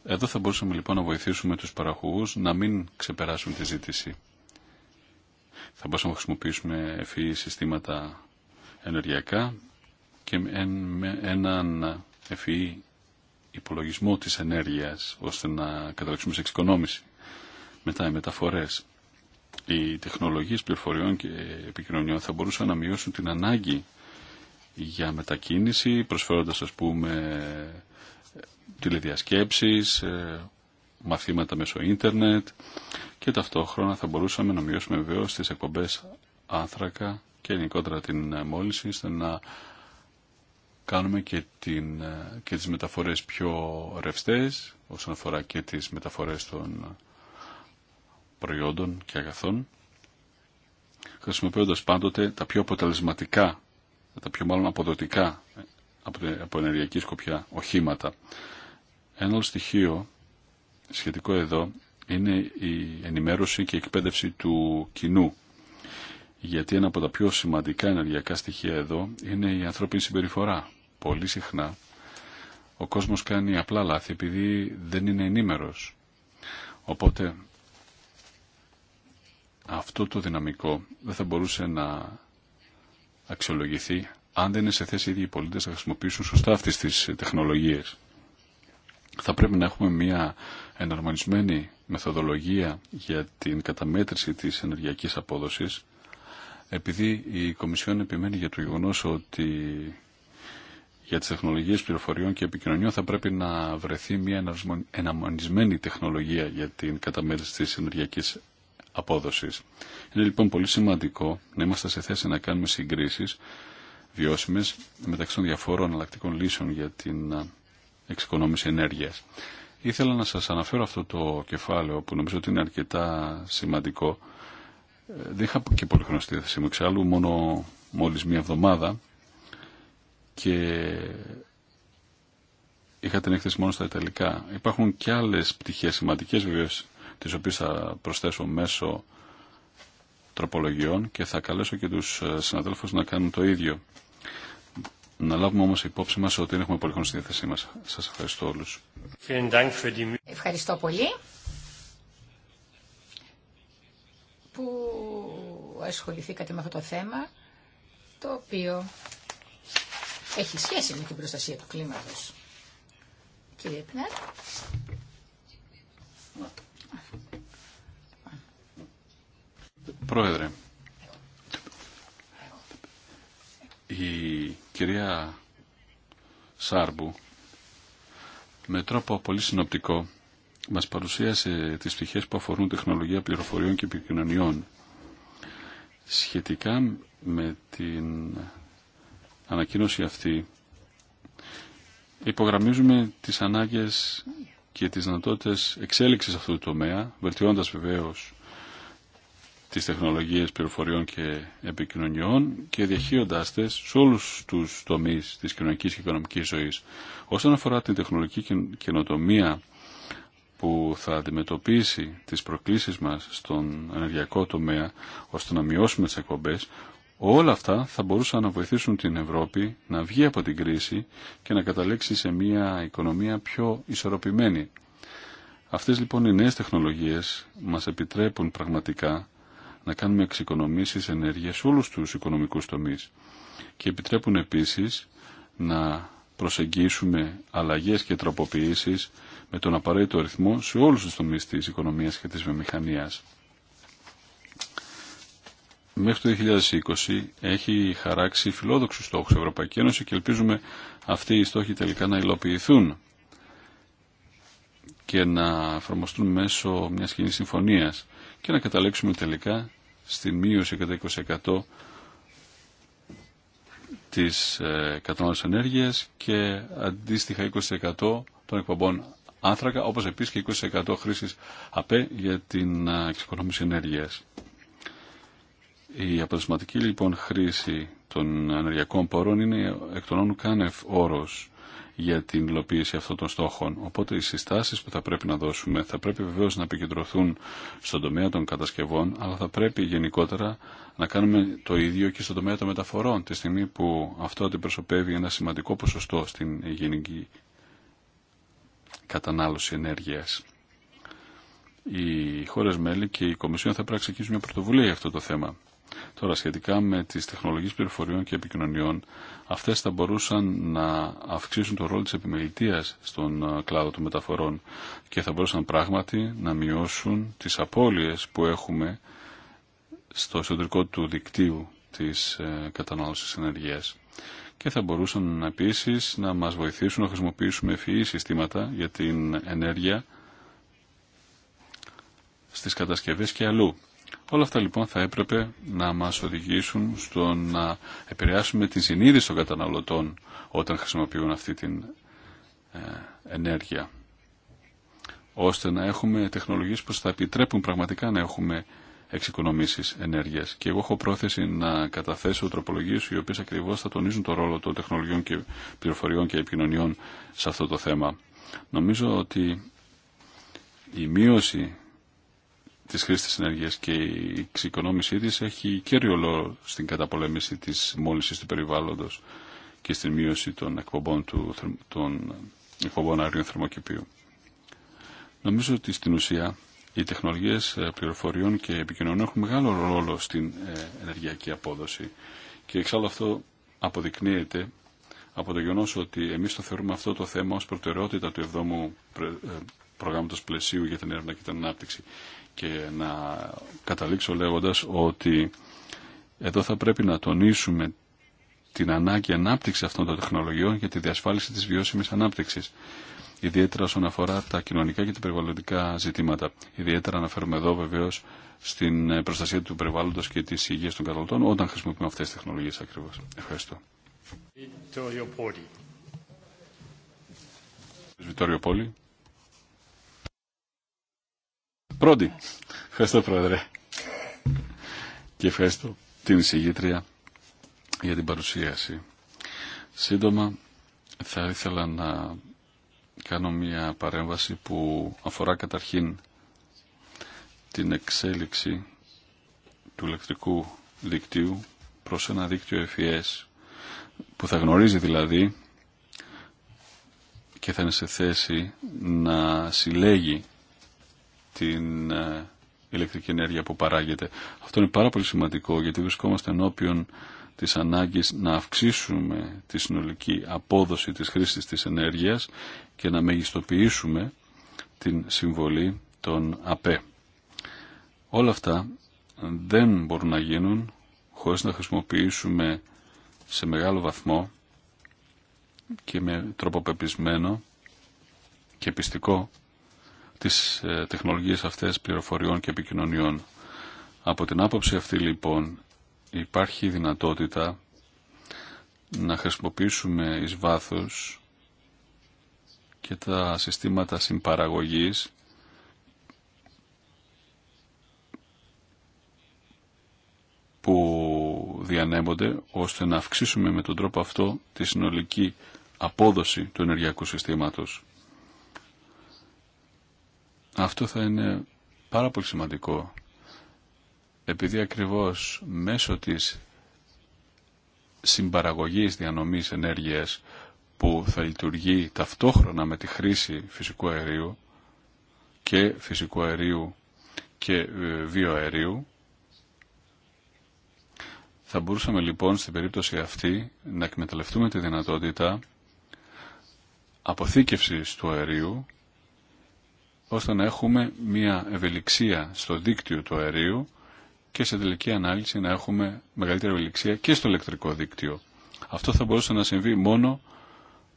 A: Εδώ θα μπορούσαμε λοιπόν να βοηθήσουμε τους παραγωγούς να μην ξεπεράσουν τη ζήτηση. Θα μπορούσαμε να χρησιμοποιήσουμε ευφύ συστήματα ενεργειακά και έναν ευφυή υπολογισμό της ενέργειας ώστε να καταλήξουμε σε εξοικονόμηση. Μετά οι μεταφορές. Οι τεχνολογίες πληροφοριών και επικοινωνιών θα μπορούσαν να μειώσουν την ανάγκη για μετακίνηση προσφέροντας ας πούμε τηλεδιασκέψεις, ε, μαθήματα μέσω ίντερνετ και ταυτόχρονα θα μπορούσαμε να μειώσουμε βεβαίως τις εκπομπές άνθρακα και γενικότερα την μόλυνση ώστε να κάνουμε και, την, ε, και τις μεταφορές πιο ρευστές όσον αφορά και τις μεταφορές των προϊόντων και αγαθών χρησιμοποιώντας πάντοτε τα πιο αποτελεσματικά τα πιο μάλλον αποδοτικά ε, από ενεργειακή σκοπιά οχήματα. Ένα άλλο στοιχείο σχετικό εδώ είναι η ενημέρωση και η εκπαίδευση του κοινού γιατί ένα από τα πιο σημαντικά ενεργειακά στοιχεία εδώ είναι η ανθρώπινη συμπεριφορά. Πολύ συχνά ο κόσμος κάνει απλά λάθη επειδή δεν είναι ενήμερος. Οπότε αυτό το δυναμικό δεν θα μπορούσε να αξιολογηθεί αν δεν είναι σε θέση οι ίδιοι οι πολίτες να χρησιμοποιήσουν σωστά αυτές τις τεχνολογίες. Θα πρέπει να έχουμε μια εναρμονισμένη μεθοδολογία για την καταμέτρηση της ενεργειακής απόδοσης επειδή η Κομισιόν επιμένει για το γεγονό ότι για τις τεχνολογίες πληροφοριών και επικοινωνιών θα πρέπει να βρεθεί μια εναμονισμένη τεχνολογία για την καταμέτρηση της ενεργειακής απόδοσης. Είναι λοιπόν πολύ σημαντικό να είμαστε σε θέση να κάνουμε συγκρίσεις βιώσιμες μεταξύ των διαφόρων εναλλακτικών λύσεων για την εξοικονόμηση ενέργειας. Ήθελα να σας αναφέρω αυτό το κεφάλαιο που νομίζω ότι είναι αρκετά σημαντικό ε, δεν είχα και πολύ χρόνο στη διάθεσή μου εξάλλου, μόνο μόλις μία εβδομάδα και είχα την έκθεση μόνο στα Ιταλικά. Υπάρχουν και άλλες πτυχές σημαντικές βιβλίες, τις οποίες θα προσθέσω μέσω τροπολογιών και θα καλέσω και τους ε, συναδέλφους να κάνουν το ίδιο. Να λάβουμε όμως υπόψη μας ότι έχουμε πολύ χρόνο στη διάθεσή μας. Σας ευχαριστώ όλους.
C: Ευχαριστώ πολύ. που ασχοληθήκατε με αυτό το θέμα, το οποίο έχει σχέση με την προστασία του κλίματος. Κύριε Πνερ.
A: Πρόεδρε, η κυρία Σάρμπου με τρόπο πολύ συνοπτικό μας παρουσίασε τις πτυχές που αφορούν τεχνολογία πληροφοριών και επικοινωνιών σχετικά με την ανακοίνωση αυτή υπογραμμίζουμε τις ανάγκες και τις δυνατότητε εξέλιξης αυτού του τομέα, βελτιώντας βεβαίως τις τεχνολογίες πληροφοριών και επικοινωνιών και διαχείοντάς τις σε όλους τους τομείς της κοινωνικής και οικονομικής ζωής. Όσον αφορά την τεχνολογική καινοτομία που θα αντιμετωπίσει τις προκλήσεις μας στον ενεργειακό τομέα ώστε να μειώσουμε τις εκπομπές, όλα αυτά θα μπορούσαν να βοηθήσουν την Ευρώπη να βγει από την κρίση και να καταλήξει σε μια οικονομία πιο ισορροπημένη. Αυτές λοιπόν οι νέες τεχνολογίες μας επιτρέπουν πραγματικά να κάνουμε εξοικονομήσεις ενέργειας σε όλους τους οικονομικούς τομείς και επιτρέπουν επίσης να προσεγγίσουμε αλλαγές και τροποποιήσεις με τον απαραίτητο ρυθμό σε όλους τους τομείς της οικονομίας και της βιομηχανίας. Μέχρι το 2020 έχει χαράξει φιλόδοξους στόχους η Ευρωπαϊκή Ένωση και ελπίζουμε αυτοί οι στόχοι τελικά να υλοποιηθούν και να εφαρμοστούν μέσω μιας κοινή συμφωνίας και να καταλήξουμε τελικά στη μείωση κατά 20% της ε, κατανάλωσης ενέργειας και αντίστοιχα 20% των εκπομπών άνθρακα, όπως επίσης και 20% χρήση ΑΠΕ για την εξοικονόμηση ενέργεια. Η αποτελεσματική λοιπόν χρήση των ενεργειακών πόρων είναι εκ των όνων κάνευ όρος για την υλοποίηση αυτών των στόχων. Οπότε οι συστάσει που θα πρέπει να δώσουμε θα πρέπει βεβαίω να επικεντρωθούν στον τομέα των κατασκευών, αλλά θα πρέπει γενικότερα να κάνουμε το ίδιο και στον τομέα των μεταφορών, τη στιγμή που αυτό αντιπροσωπεύει ένα σημαντικό ποσοστό στην γενική κατανάλωση ενέργειας. Οι χώρες μέλη και η Κομισιόν θα πρέπει να ξεκινήσουν μια πρωτοβουλία για αυτό το θέμα. Τώρα, σχετικά με τις τεχνολογίες πληροφοριών και επικοινωνιών, αυτές θα μπορούσαν να αυξήσουν το ρόλο της επιμελητίας στον ε, κλάδο των μεταφορών και θα μπορούσαν πράγματι να μειώσουν τις απώλειες που έχουμε στο εσωτερικό του δικτύου της ε, κατανάλωσης ενεργείας και θα μπορούσαν επίσης να μας βοηθήσουν να χρησιμοποιήσουμε ευφυεί συστήματα για την ενέργεια στις κατασκευές και αλλού. Όλα αυτά λοιπόν θα έπρεπε να μας οδηγήσουν στο να επηρεάσουμε την συνείδηση των καταναλωτών όταν χρησιμοποιούν αυτή την ε, ενέργεια ώστε να έχουμε τεχνολογίες που θα επιτρέπουν πραγματικά να έχουμε εξοικονομήσει ενέργειας. Και εγώ έχω πρόθεση να καταθέσω τροπολογίε οι οποίε ακριβώ θα τονίζουν το ρόλο των τεχνολογιών και πληροφοριών και επικοινωνιών σε αυτό το θέμα. Νομίζω ότι η μείωση τη χρήση τη ενέργεια και η εξοικονόμησή τη έχει κέριο λόγο στην καταπολέμηση τη μόλυνση του περιβάλλοντο και στην μείωση των εκπομπών, του, των εκπομπών αερίων θερμοκηπίου. Νομίζω ότι στην ουσία οι τεχνολογίες ε, πληροφοριών και επικοινωνίων έχουν μεγάλο ρόλο στην ε, ενεργειακή απόδοση. Και εξάλλου αυτό αποδεικνύεται από το γεγονό ότι εμείς το θεωρούμε αυτό το θέμα ως προτεραιότητα του εβδόμου ου ε, προγράμματος πλαισίου για την έρευνα και την ανάπτυξη. Και να καταλήξω λέγοντας ότι εδώ θα πρέπει να τονίσουμε την ανάγκη ανάπτυξη αυτών των τεχνολογιών για τη διασφάλιση της βιώσιμης ανάπτυξης ιδιαίτερα όσον αφορά τα κοινωνικά και τα περιβαλλοντικά ζητήματα. Ιδιαίτερα αναφέρουμε εδώ βεβαίω στην προστασία του περιβάλλοντο και τη υγεία των καταναλωτών όταν χρησιμοποιούμε αυτέ τι τεχνολογίε ακριβώ. Ευχαριστώ. Βιτόριο Πόλη. Πρώτη. Ευχαριστώ, Πρόεδρε. Και ευχαριστώ την εισηγήτρια για την παρουσίαση. Σύντομα, θα ήθελα να κάνω μια παρέμβαση που αφορά καταρχήν την εξέλιξη του ηλεκτρικού δικτύου προς ένα δίκτυο FES που θα γνωρίζει δηλαδή και θα είναι σε θέση να συλλέγει την ε, ηλεκτρική ενέργεια που παράγεται. Αυτό είναι πάρα πολύ σημαντικό γιατί βρισκόμαστε ενώπιον της ανάγκης να αυξήσουμε τη συνολική απόδοση της χρήσης της ενέργειας και να μεγιστοποιήσουμε την συμβολή των ΑΠΕ. Όλα αυτά δεν μπορούν να γίνουν χωρίς να χρησιμοποιήσουμε σε μεγάλο βαθμό και με τρόπο πεπισμένο και πιστικό τις ε, τεχνολογίες αυτές πληροφοριών και επικοινωνιών. Από την άποψη αυτή λοιπόν υπάρχει δυνατότητα να χρησιμοποιήσουμε εις βάθος και τα συστήματα συμπαραγωγής που διανέμονται ώστε να αυξήσουμε με τον τρόπο αυτό τη συνολική απόδοση του ενεργειακού συστήματος. Αυτό θα είναι πάρα πολύ σημαντικό επειδή ακριβώς μέσω της συμπαραγωγής διανομής ενέργειας που θα λειτουργεί ταυτόχρονα με τη χρήση φυσικού αερίου και φυσικού αερίου και ε, βιοαερίου θα μπορούσαμε λοιπόν στην περίπτωση αυτή να εκμεταλλευτούμε τη δυνατότητα αποθήκευσης του αερίου ώστε να έχουμε μια ευελιξία στο δίκτυο του αερίου και σε τελική ανάλυση να έχουμε μεγαλύτερη ευελιξία και στο ηλεκτρικό δίκτυο. Αυτό θα μπορούσε να συμβεί μόνο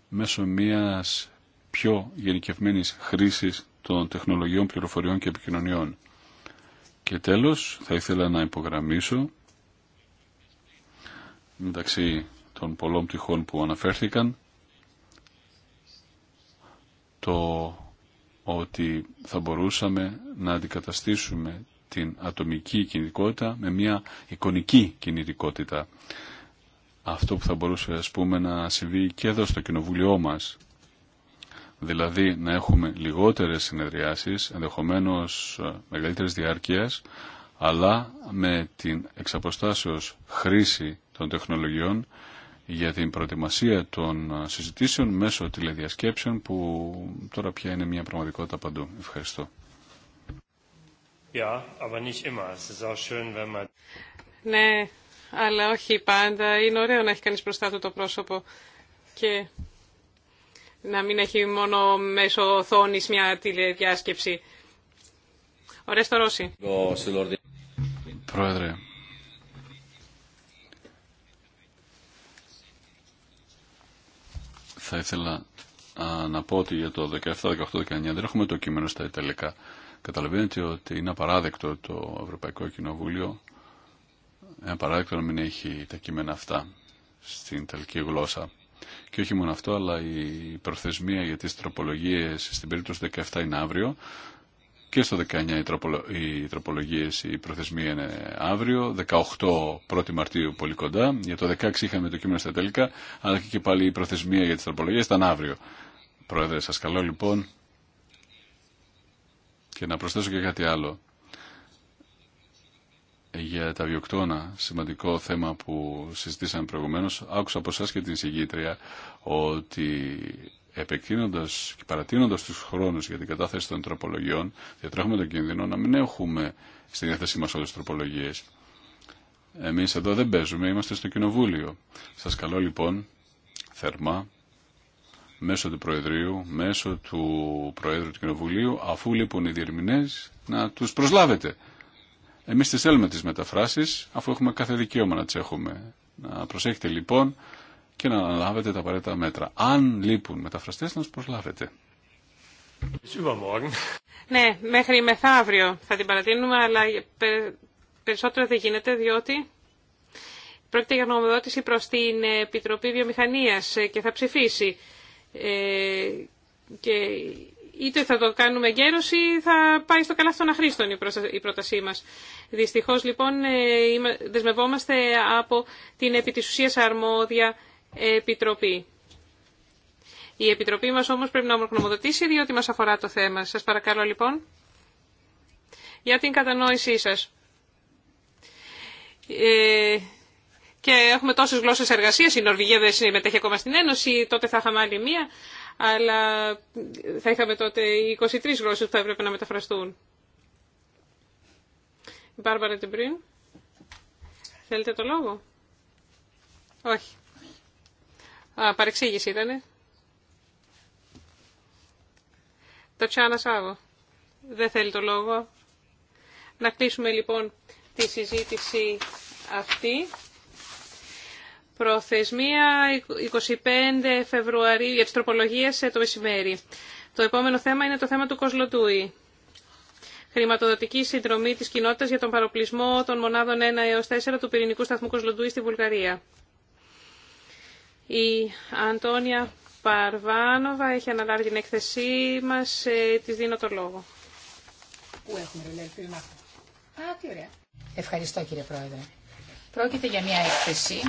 A: μέσω μιας πιο γενικευμένης χρήσης των τεχνολογιών πληροφοριών και επικοινωνιών. Και τέλος θα ήθελα να υπογραμμίσω μεταξύ των πολλών πτυχών που αναφέρθηκαν το ότι θα μπορούσαμε να αντικαταστήσουμε την ατομική κινητικότητα με μια εικονική κινητικότητα. Αυτό που θα μπορούσε ας πούμε να συμβεί και εδώ στο κοινοβούλιο μας. Δηλαδή να έχουμε λιγότερες συνεδριάσεις, ενδεχομένως ε, μεγαλύτερες διάρκειας, αλλά με την εξαποστάσεως χρήση των τεχνολογιών για την προετοιμασία των ε, συζητήσεων μέσω τηλεδιασκέψεων που τώρα πια είναι μια πραγματικότητα παντού. Ευχαριστώ.
B: Ναι, αλλά όχι πάντα. Είναι ωραίο να έχει κανείς μπροστά του το πρόσωπο και να μην έχει μόνο μέσω οθόνη μια τηλεδιάσκεψη. Ωραία στο Ρώση.
A: Πρόεδρε. Θα ήθελα να πω ότι για το 17, 18, 19 δεν έχουμε το κείμενο στα Ιταλικά. Καταλαβαίνετε ότι είναι απαράδεκτο το Ευρωπαϊκό Κοινοβούλιο είναι απαράδεκτο να μην έχει τα κείμενα αυτά στην Ιταλική γλώσσα. Και όχι μόνο αυτό, αλλά η προθεσμία για τις τροπολογίες στην περίπτωση 17 είναι αύριο και στο 19 οι, τροπολογίες, η προθεσμία είναι αύριο, 18 1 Μαρτίου πολύ κοντά, για το 16 είχαμε το κείμενο στα τελικά, αλλά και, και πάλι η προθεσμία για τις τροπολογίες ήταν αύριο. Πρόεδρε, σας καλώ λοιπόν και να προσθέσω και κάτι άλλο για τα βιοκτώνα, σημαντικό θέμα που συζητήσαμε προηγουμένως. Άκουσα από εσά και την συγγήτρια ότι επεκτείνοντας και παρατείνοντας τους χρόνους για την κατάθεση των τροπολογιών, διατρέχουμε τον κίνδυνο να μην έχουμε στη διάθεσή μας όλες τις τροπολογίες. Εμείς εδώ δεν παίζουμε, είμαστε στο Κοινοβούλιο. Σας καλώ λοιπόν θερμά μέσω του Προεδρείου, μέσω του Προέδρου του Κοινοβουλίου, αφού λείπουν οι διερμηνές, να τους προσλάβετε. Εμείς τις θέλουμε τις μεταφράσεις, αφού έχουμε κάθε δικαίωμα να τις έχουμε. Να προσέχετε λοιπόν και να αναλάβετε τα απαραίτητα μέτρα. Αν λείπουν μεταφραστές, να τους προσλάβετε.
B: Ναι, μέχρι μεθαύριο θα την παρατείνουμε, αλλά περισσότερο δεν γίνεται, διότι πρόκειται για νομοδότηση προς την Επιτροπή Βιομηχανίας και θα ψηφίσει. Ε, και είτε θα το κάνουμε γέρος ή θα πάει στο καλά στον αχρήστον η πρότασή μας. Δυστυχώς λοιπόν ε, δεσμευόμαστε από την επί της ουσίας αρμόδια επιτροπή. Η επιτροπή μας όμως πρέπει να ομορφωνομοδοτήσει διότι μας αφορά το θέμα. Σας παρακαλώ λοιπόν για την κατανόησή σας. Ε, και έχουμε τόσες γλώσσες εργασίας, η Νορβηγία δεν συμμετέχει ακόμα στην Ένωση, τότε θα είχαμε άλλη μία, αλλά θα είχαμε τότε 23 γλώσσες που θα έπρεπε να μεταφραστούν. Μπάρμπαρα Τεμπρίν, θέλετε το λόγο? Όχι. Α, παρεξήγηση ήτανε. Το Τσάνα Σάβο. Δεν θέλει το λόγο. Να κλείσουμε λοιπόν τη συζήτηση αυτή. Προθεσμία 25 Φεβρουαρίου για τις τροπολογίες ε, το μεσημέρι. Το επόμενο θέμα είναι το θέμα του Κοσλοτούι. Χρηματοδοτική συνδρομή της κοινότητας για τον παροπλισμό των μονάδων 1 έως 4 του πυρηνικού σταθμού Κοσλοτούι στη Βουλγαρία. Η Αντώνια Παρβάνοβα έχει αναλάβει την έκθεσή μας. Ε, της δίνω το λόγο.
C: Ευχαριστώ κύριε Πρόεδρε. Πρόκειται για μια έκθεση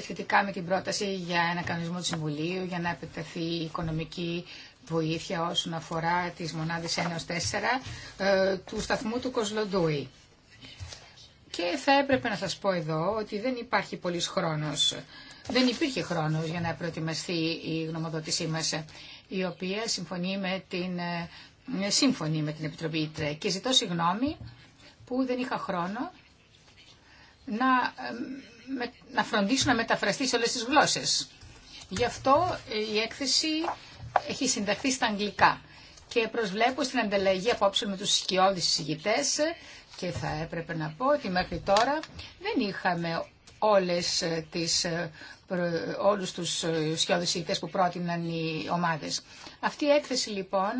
C: σχετικά με την πρόταση για ένα κανονισμό του Συμβουλίου για να επιτεθεί η οικονομική βοήθεια όσον αφορά τις μονάδες 1-4 ε, του σταθμού του Κοσλοντούι. Και θα έπρεπε να σας πω εδώ ότι δεν υπάρχει πολύς χρόνος. Δεν υπήρχε χρόνος για να προετοιμαστεί η γνωμοδότησή μας, η οποία συμφωνεί με την, ε, σύμφωνη με την Επιτροπή ΙΤΡΕ Και ζητώ συγγνώμη που δεν είχα χρόνο να ε, να φροντίσουν να μεταφραστεί σε όλες τις γλώσσες. Γι' αυτό ε, η έκθεση έχει συνταχθεί στα αγγλικά και προσβλέπω στην ανταλλαγή απόψε με τους σκιώδεις συζητητές και θα έπρεπε να πω ότι μέχρι τώρα δεν είχαμε όλες ε, τις, ε, όλους τους σκιώδες που πρότειναν οι ομάδες. Αυτή η έκθεση λοιπόν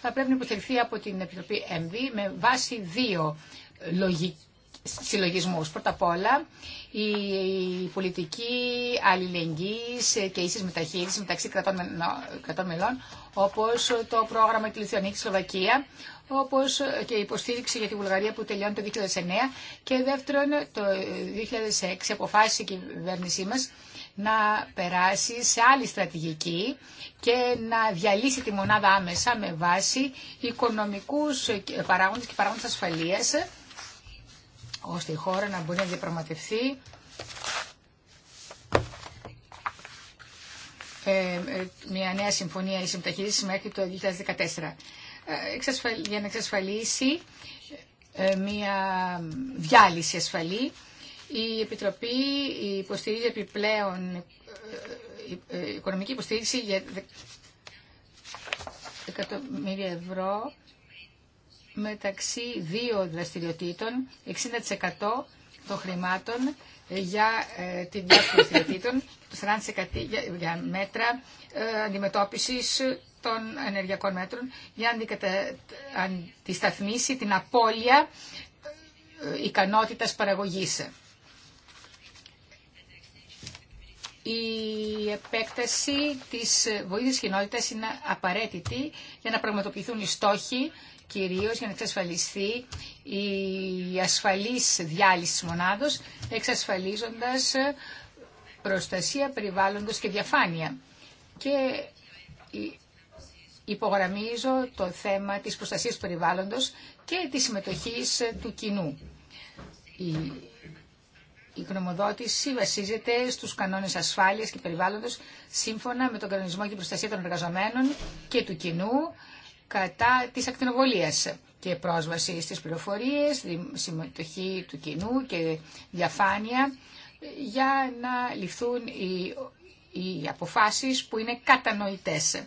C: θα πρέπει να υποστηριχθεί από την Επιτροπή MD με βάση δύο συλλογισμούς. Πρώτα απ' όλα η πολιτική αλληλεγγύης και ίσης μεταχείρισης μεταξύ κρατών μελών, όπως το πρόγραμμα τη Λιθιονίκης Σλοβακία, όπως και η υποστήριξη για τη Βουλγαρία που τελειώνει το 2009 και δεύτερον το 2006 αποφάσισε η κυβέρνησή μας να περάσει σε άλλη στρατηγική και να διαλύσει τη μονάδα άμεσα με βάση οικονομικούς παράγοντες και παράγοντες ασφαλείας ώστε η χώρα να μπορεί να διαπραγματευτεί ε, ε, μια νέα συμφωνία ή συμμεταχείριση μέχρι το 2014 ε, για να εξασφαλίσει μια διάλυση ασφαλή. Η Επιτροπή υποστηρίζει επιπλέον οικονομική υποστήριξη για δεκατομμύρια ευρώ μεταξύ δύο δραστηριοτήτων, 60% των χρημάτων για ε, την των δραστηριοτήτων, 40% για, για μέτρα ε, αντιμετώπισης των ενεργειακών μέτρων, για να αντισταθμίσει την απώλεια ε, ικανότητας παραγωγής. η επέκταση της βοήθειας κοινότητας είναι απαραίτητη για να πραγματοποιηθούν οι στόχοι κυρίως για να εξασφαλιστεί η ασφαλής διάλυση της μονάδος, εξασφαλίζοντας προστασία περιβάλλοντος και διαφάνεια. Και υπογραμμίζω το θέμα της προστασίας του περιβάλλοντος και της συμμετοχής του κοινού. Η, η γνωμοδότηση βασίζεται στους κανόνες ασφάλειας και περιβάλλοντος σύμφωνα με τον κανονισμό για την προστασία των εργαζομένων και του κοινού κατά της ακτινοβολίας και πρόσβαση στις πληροφορίες, συμμετοχή του κοινού και διαφάνεια για να ληφθούν οι, οι αποφάσεις που είναι κατανοητές.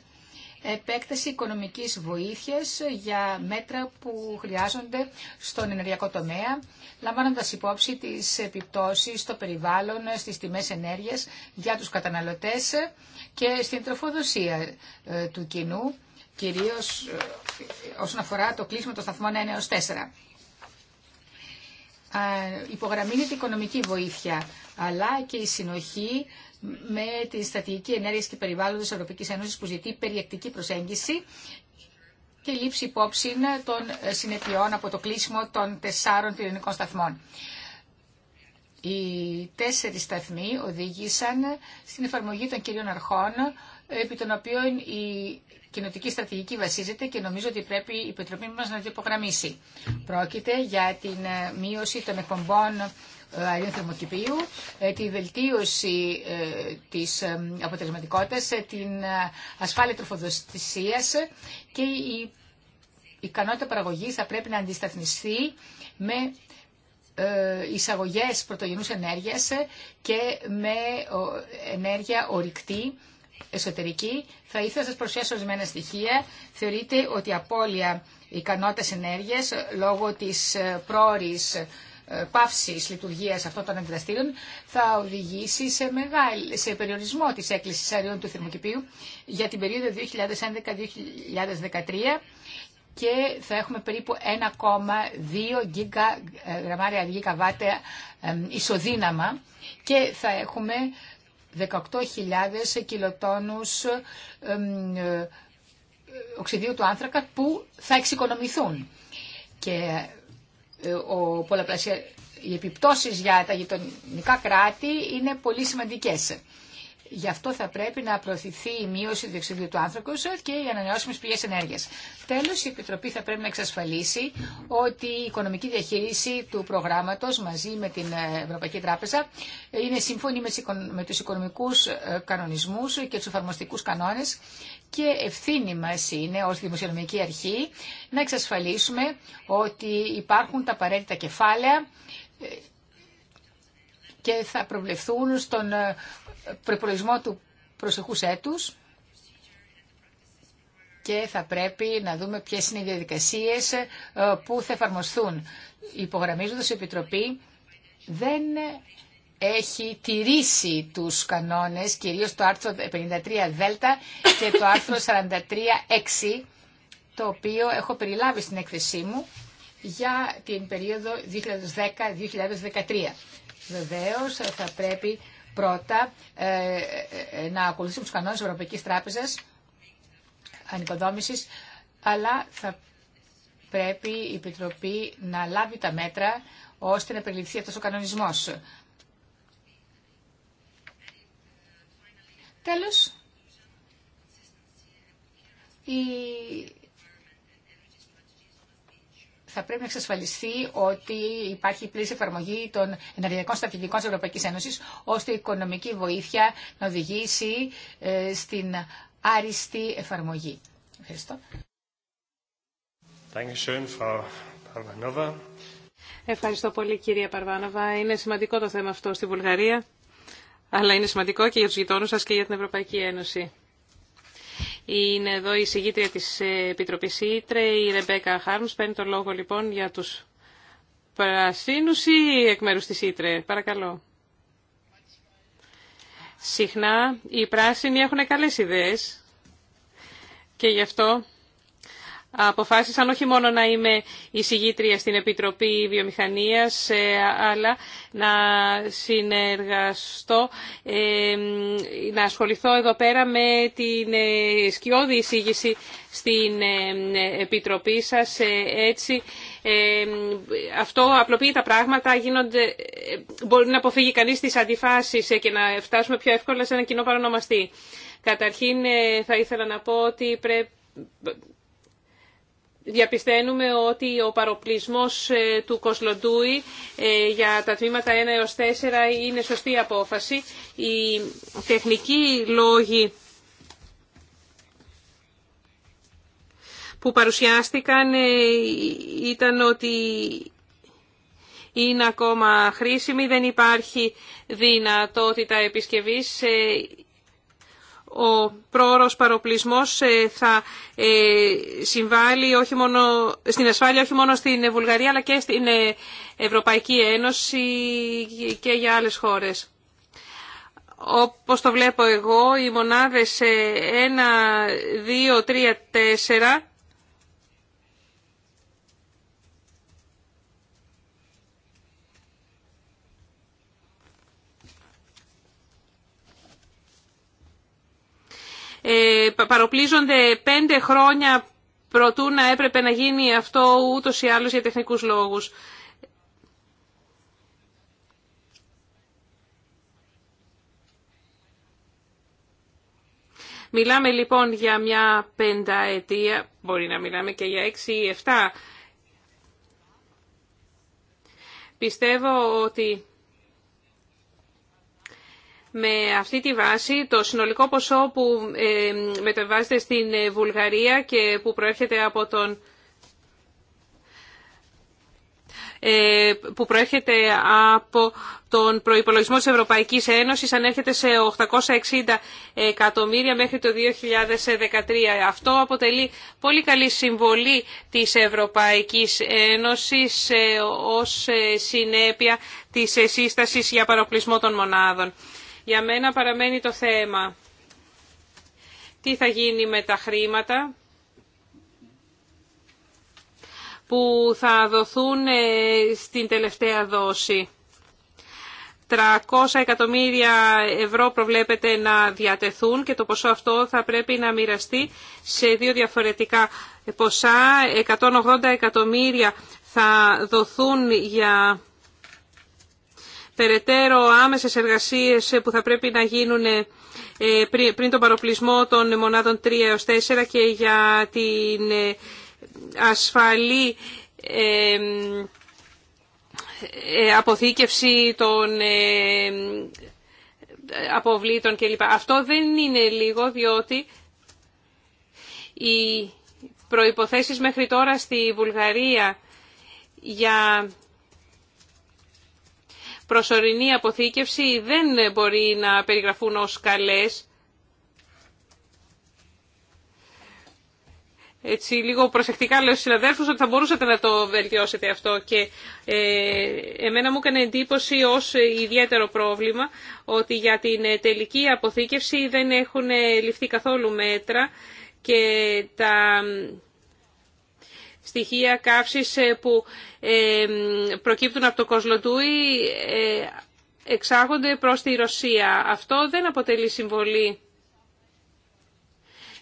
C: Επέκταση οικονομικής βοήθειας για μέτρα που χρειάζονται στον ενεργειακό τομέα, λαμβάνοντας υπόψη τις επιπτώσεις στο περιβάλλον, στις τιμές ενέργειας για τους καταναλωτές και στην τροφοδοσία ε, του κοινού κυρίω ε, όσον αφορά το κλείσιμο των σταθμών 1 έως 4. Υπογραμμίζεται η οικονομική βοήθεια, αλλά και η συνοχή με τη στρατηγική ενέργεια και περιβάλλοντο τη Ευρωπαϊκή Ένωση που ζητεί περιεκτική προσέγγιση και λήψη υπόψη των συνεπειών από το κλείσιμο των τεσσάρων πυρηνικών σταθμών. Οι τέσσερις σταθμοί οδήγησαν στην εφαρμογή των κυρίων αρχών, επί των οποίων η κοινοτική στρατηγική βασίζεται και νομίζω ότι πρέπει η Επιτροπή μας να την υπογραμμίσει. Πρόκειται για την ε, μείωση των εκπομπών ε, αερίων θερμοκηπίου, ε, τη βελτίωση της αποτελεσματικότητας, την ασφάλεια τροφοδοστησίας και η ικανότητα παραγωγής θα πρέπει να αντισταθμιστεί με εισαγωγές πρωτογενούς ενέργειας και με ενέργεια ορυκτή εσωτερική, θα ήθελα να σας προσθέσω ορισμένα στοιχεία. Θεωρείται ότι η απώλεια ικανότητας ενέργειας λόγω της ε, πρόορης ε, παύση λειτουργίας αυτών των αντιδραστήρων θα οδηγήσει σε, σε περιορισμό της έκκληση αριών του θερμοκηπίου για την περίοδο 2011-2013 και θα έχουμε περίπου 1,2 γίγκα ε, γραμμάρια γίγκα και θα έχουμε 18.000 κιλοτόνους ε, οξυδίου του άνθρακα που θα εξοικονομηθούν. Και ε, ο οι επιπτώσεις για τα γειτονικά κράτη είναι πολύ σημαντικές. Γι' αυτό θα πρέπει να προωθηθεί η μείωση του διοξιδίου του άνθρακο και οι ανανεώσιμε πηγέ ενέργεια. Τέλο, η Επιτροπή θα πρέπει να εξασφαλίσει ότι η οικονομική διαχείριση του προγράμματο μαζί με την Ευρωπαϊκή Τράπεζα είναι σύμφωνη με του οικονομικού ε, κανονισμού και του εφαρμοστικού κανόνε και ευθύνη μα είναι ω Δημοσιονομική Αρχή να εξασφαλίσουμε ότι υπάρχουν τα απαραίτητα κεφάλαια ε, και θα προβλεφθούν στον ε, προπολογισμό του προσεχούς έτους και θα πρέπει να δούμε ποιες είναι οι διαδικασίες ε, που θα εφαρμοστούν. Υπογραμμίζοντας η Επιτροπή δεν έχει τηρήσει τους κανόνες, κυρίως το άρθρο 53 Δέλτα και το άρθρο 43 6, το οποίο έχω περιλάβει στην έκθεσή μου για την περίοδο 2010-2013. Βεβαίως θα πρέπει πρώτα ε, ε, ε, να ακολουθήσουμε τους κανόνες της Ευρωπαϊκής Τράπεζας Ανοικοδόμησης, αλλά θα πρέπει η Επιτροπή να λάβει τα μέτρα ώστε να περιληφθεί αυτός ο κανονισμός. Τέλος, η θα πρέπει να εξασφαλιστεί ότι υπάρχει πλήρη εφαρμογή των ενεργειακών στρατηγικών τη Ευρωπαϊκή Ένωση, ώστε η οικονομική βοήθεια να οδηγήσει ε, στην άριστη εφαρμογή. Ευχαριστώ.
B: Ευχαριστώ πολύ κυρία Παρβάνοβα. Είναι σημαντικό το θέμα αυτό στη Βουλγαρία, αλλά είναι σημαντικό και για του γειτόνου σα και για την Ευρωπαϊκή Ένωση. Είναι εδώ η συγγήτρια της Επιτροπής Ήτρε, η Ρεμπέκα Χάρμς. Παίρνει τον λόγο λοιπόν για τους πρασίνους ή εκ μέρους της Ήτρε. Παρακαλώ. Συχνά οι πράσινοι έχουν καλές ιδέες και γι' αυτό αποφάσισαν όχι μόνο να είμαι εισηγήτρια στην Επιτροπή Βιομηχανίας, ε, αλλά να συνεργαστώ, ε, να ασχοληθώ εδώ πέρα με την ε, σκιώδη εισήγηση στην Επιτροπή σας. Έτσι, αυτό απλοποιεί τα πράγματα, γίνονται, μπορεί να αποφύγει κανείς τις αντιφάσεις και να φτάσουμε πιο εύκολα σε ένα κοινό παρονομαστή. Καταρχήν θα ήθελα να πω ότι πρέπει διαπιστένουμε ότι ο παροπλισμός ε, του Κοσλοντούι ε, για τα τμήματα 1 έως 4 είναι σωστή απόφαση. Οι τεχνικοί λόγοι που παρουσιάστηκαν ε, ήταν ότι είναι ακόμα χρήσιμη, δεν υπάρχει δυνατότητα επισκευής ο πρόωρος παροπλισμός ε, θα ε, συμβάλλει όχι μόνο, στην ασφάλεια όχι μόνο στην ε, Βουλγαρία αλλά και στην Ευρωπαϊκή Ένωση και για άλλες χώρες. Όπως το βλέπω εγώ, οι μονάδες 1, 2, 3, 4 Ε, παροπλίζονται πέντε χρόνια προτού να έπρεπε να γίνει αυτό ούτως ή άλλως για τεχνικούς λόγους. Μιλάμε λοιπόν για μια πενταετία, μπορεί να μιλάμε και για έξι ή εφτά. Πιστεύω ότι με αυτή τη βάση το συνολικό ποσό που ε, μετεβάζεται στην ε, Βουλγαρία και που προέρχεται από τον ε, που προέρχεται από τον προϋπολογισμό της Ευρωπαϊκής Ένωσης ανέρχεται σε 860 εκατομμύρια μέχρι το 2013. Αυτό αποτελεί πολύ καλή συμβολή της Ευρωπαϊκής Ένωσης ως συνέπεια της σύστασης για παροπλισμό των μονάδων. Για μένα παραμένει το θέμα τι θα γίνει με τα χρήματα που θα δοθούν ε, στην τελευταία δόση. 300 εκατομμύρια ευρώ προβλέπεται να διατεθούν και το ποσό αυτό θα πρέπει να μοιραστεί σε δύο διαφορετικά ποσά. 180 εκατομμύρια θα δοθούν για περαιτέρω άμεσες εργασίες που θα πρέπει να γίνουν ε, πριν τον παροπλισμό των μονάδων 3 έως 4 και για την ε, ασφαλή ε, αποθήκευση των αποβλήτων κλπ. Αυτό δεν είναι λίγο διότι οι προϋποθέσεις μέχρι τώρα στη Βουλγαρία για προσωρινή αποθήκευση δεν μπορεί να περιγραφούν ως καλές. Έτσι, λίγο προσεκτικά λέω στους συναδέλφους ότι θα μπορούσατε να το βελτιώσετε αυτό και ε, εμένα μου έκανε εντύπωση ως ιδιαίτερο πρόβλημα ότι για την ε, τελική αποθήκευση δεν έχουν ε, ληφθεί καθόλου μέτρα και τα στοιχεία καύσης ε, που ε, προκύπτουν από το Κοσλοτούι ε, εξάγονται προς τη Ρωσία. Αυτό δεν αποτελεί συμβολή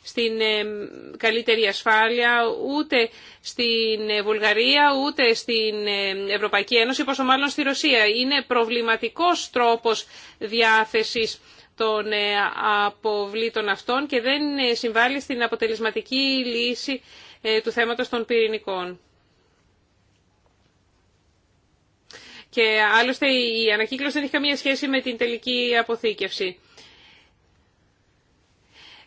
B: στην καλύτερη ασφάλεια ούτε στην Βουλγαρία ούτε στην Ευρωπαϊκή Ένωση, πόσο μάλλον στη Ρωσία. Είναι προβληματικός τρόπος διάθεσης των αποβλήτων αυτών και δεν συμβάλλει στην αποτελεσματική λύση ε, του θέματος των πυρηνικών. Και άλλωστε η ανακύκλωση δεν έχει καμία σχέση με την τελική αποθήκευση.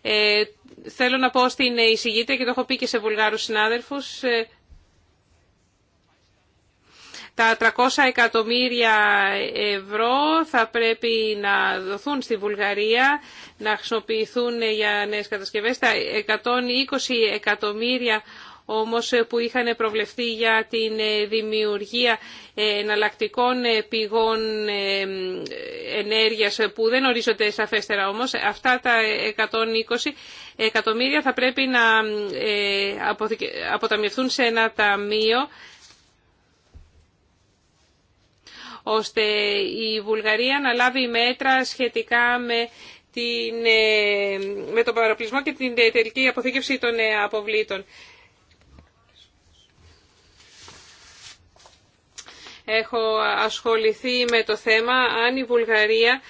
B: Ε, θέλω να πω στην εισηγήτρια και το έχω πει και σε βουλγάρους συνάδελφους, ε, τα 300 εκατομμύρια ευρώ θα πρέπει να δοθούν στη Βουλγαρία, να χρησιμοποιηθούν για νέες κατασκευές. Τα 120 εκατομμύρια όμως που είχαν προβλεφθεί για την δημιουργία εναλλακτικών πηγών ενέργειας που δεν ορίζονται σαφέστερα όμως. Αυτά τα 120 εκατομμύρια θα πρέπει να ε, αποταμιευθούν σε ένα ταμείο ώστε η Βουλγαρία να λάβει μέτρα σχετικά με, την, ε, με τον παραπλησμό και την τελική αποθήκευση των ε, αποβλήτων. Έχω ασχοληθεί με το θέμα αν η Βουλγαρία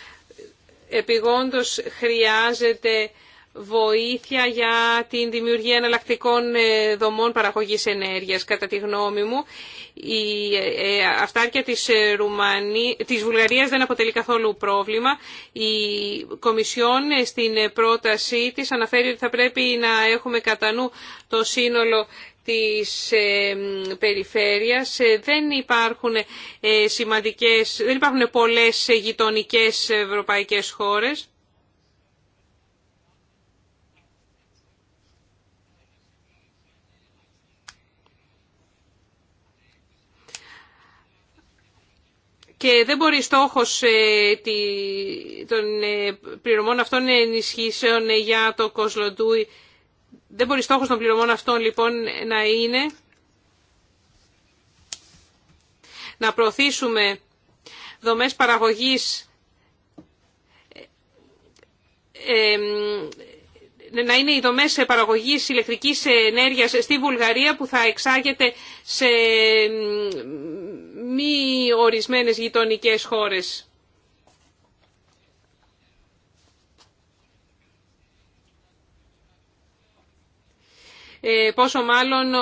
B: επιγόντως χρειάζεται βοήθεια για την δημιουργία εναλλακτικών ε, δομών παραγωγής ενέργειας. Κατά τη γνώμη μου, η ε, ε, αυτάρκεια της, Ρουμανί... της Βουλγαρίας δεν αποτελεί καθόλου πρόβλημα. Η Κομισιόν στην πρότασή της αναφέρει ότι θα πρέπει να έχουμε κατά νου το σύνολο της περιφέρειας. Δεν υπάρχουν σημαντικές, δεν υπάρχουν πολλές γειτονικές ευρωπαϊκές χώρες. και δεν μπορεί στόχος ε, των ε, πληρωμών αυτών ενισχύσεων ε, για το Κοσλοντούι, δεν μπορεί στόχος των πληρωμών αυτών λοιπόν να είναι να προωθήσουμε δομές παραγωγής να είναι οι δομές παραγωγής ηλεκτρικής ενέργειας στη Βουλγαρία που θα εξάγεται σε μη ορισμένες γειτονικέ χώρες. Ε, πόσο μάλλον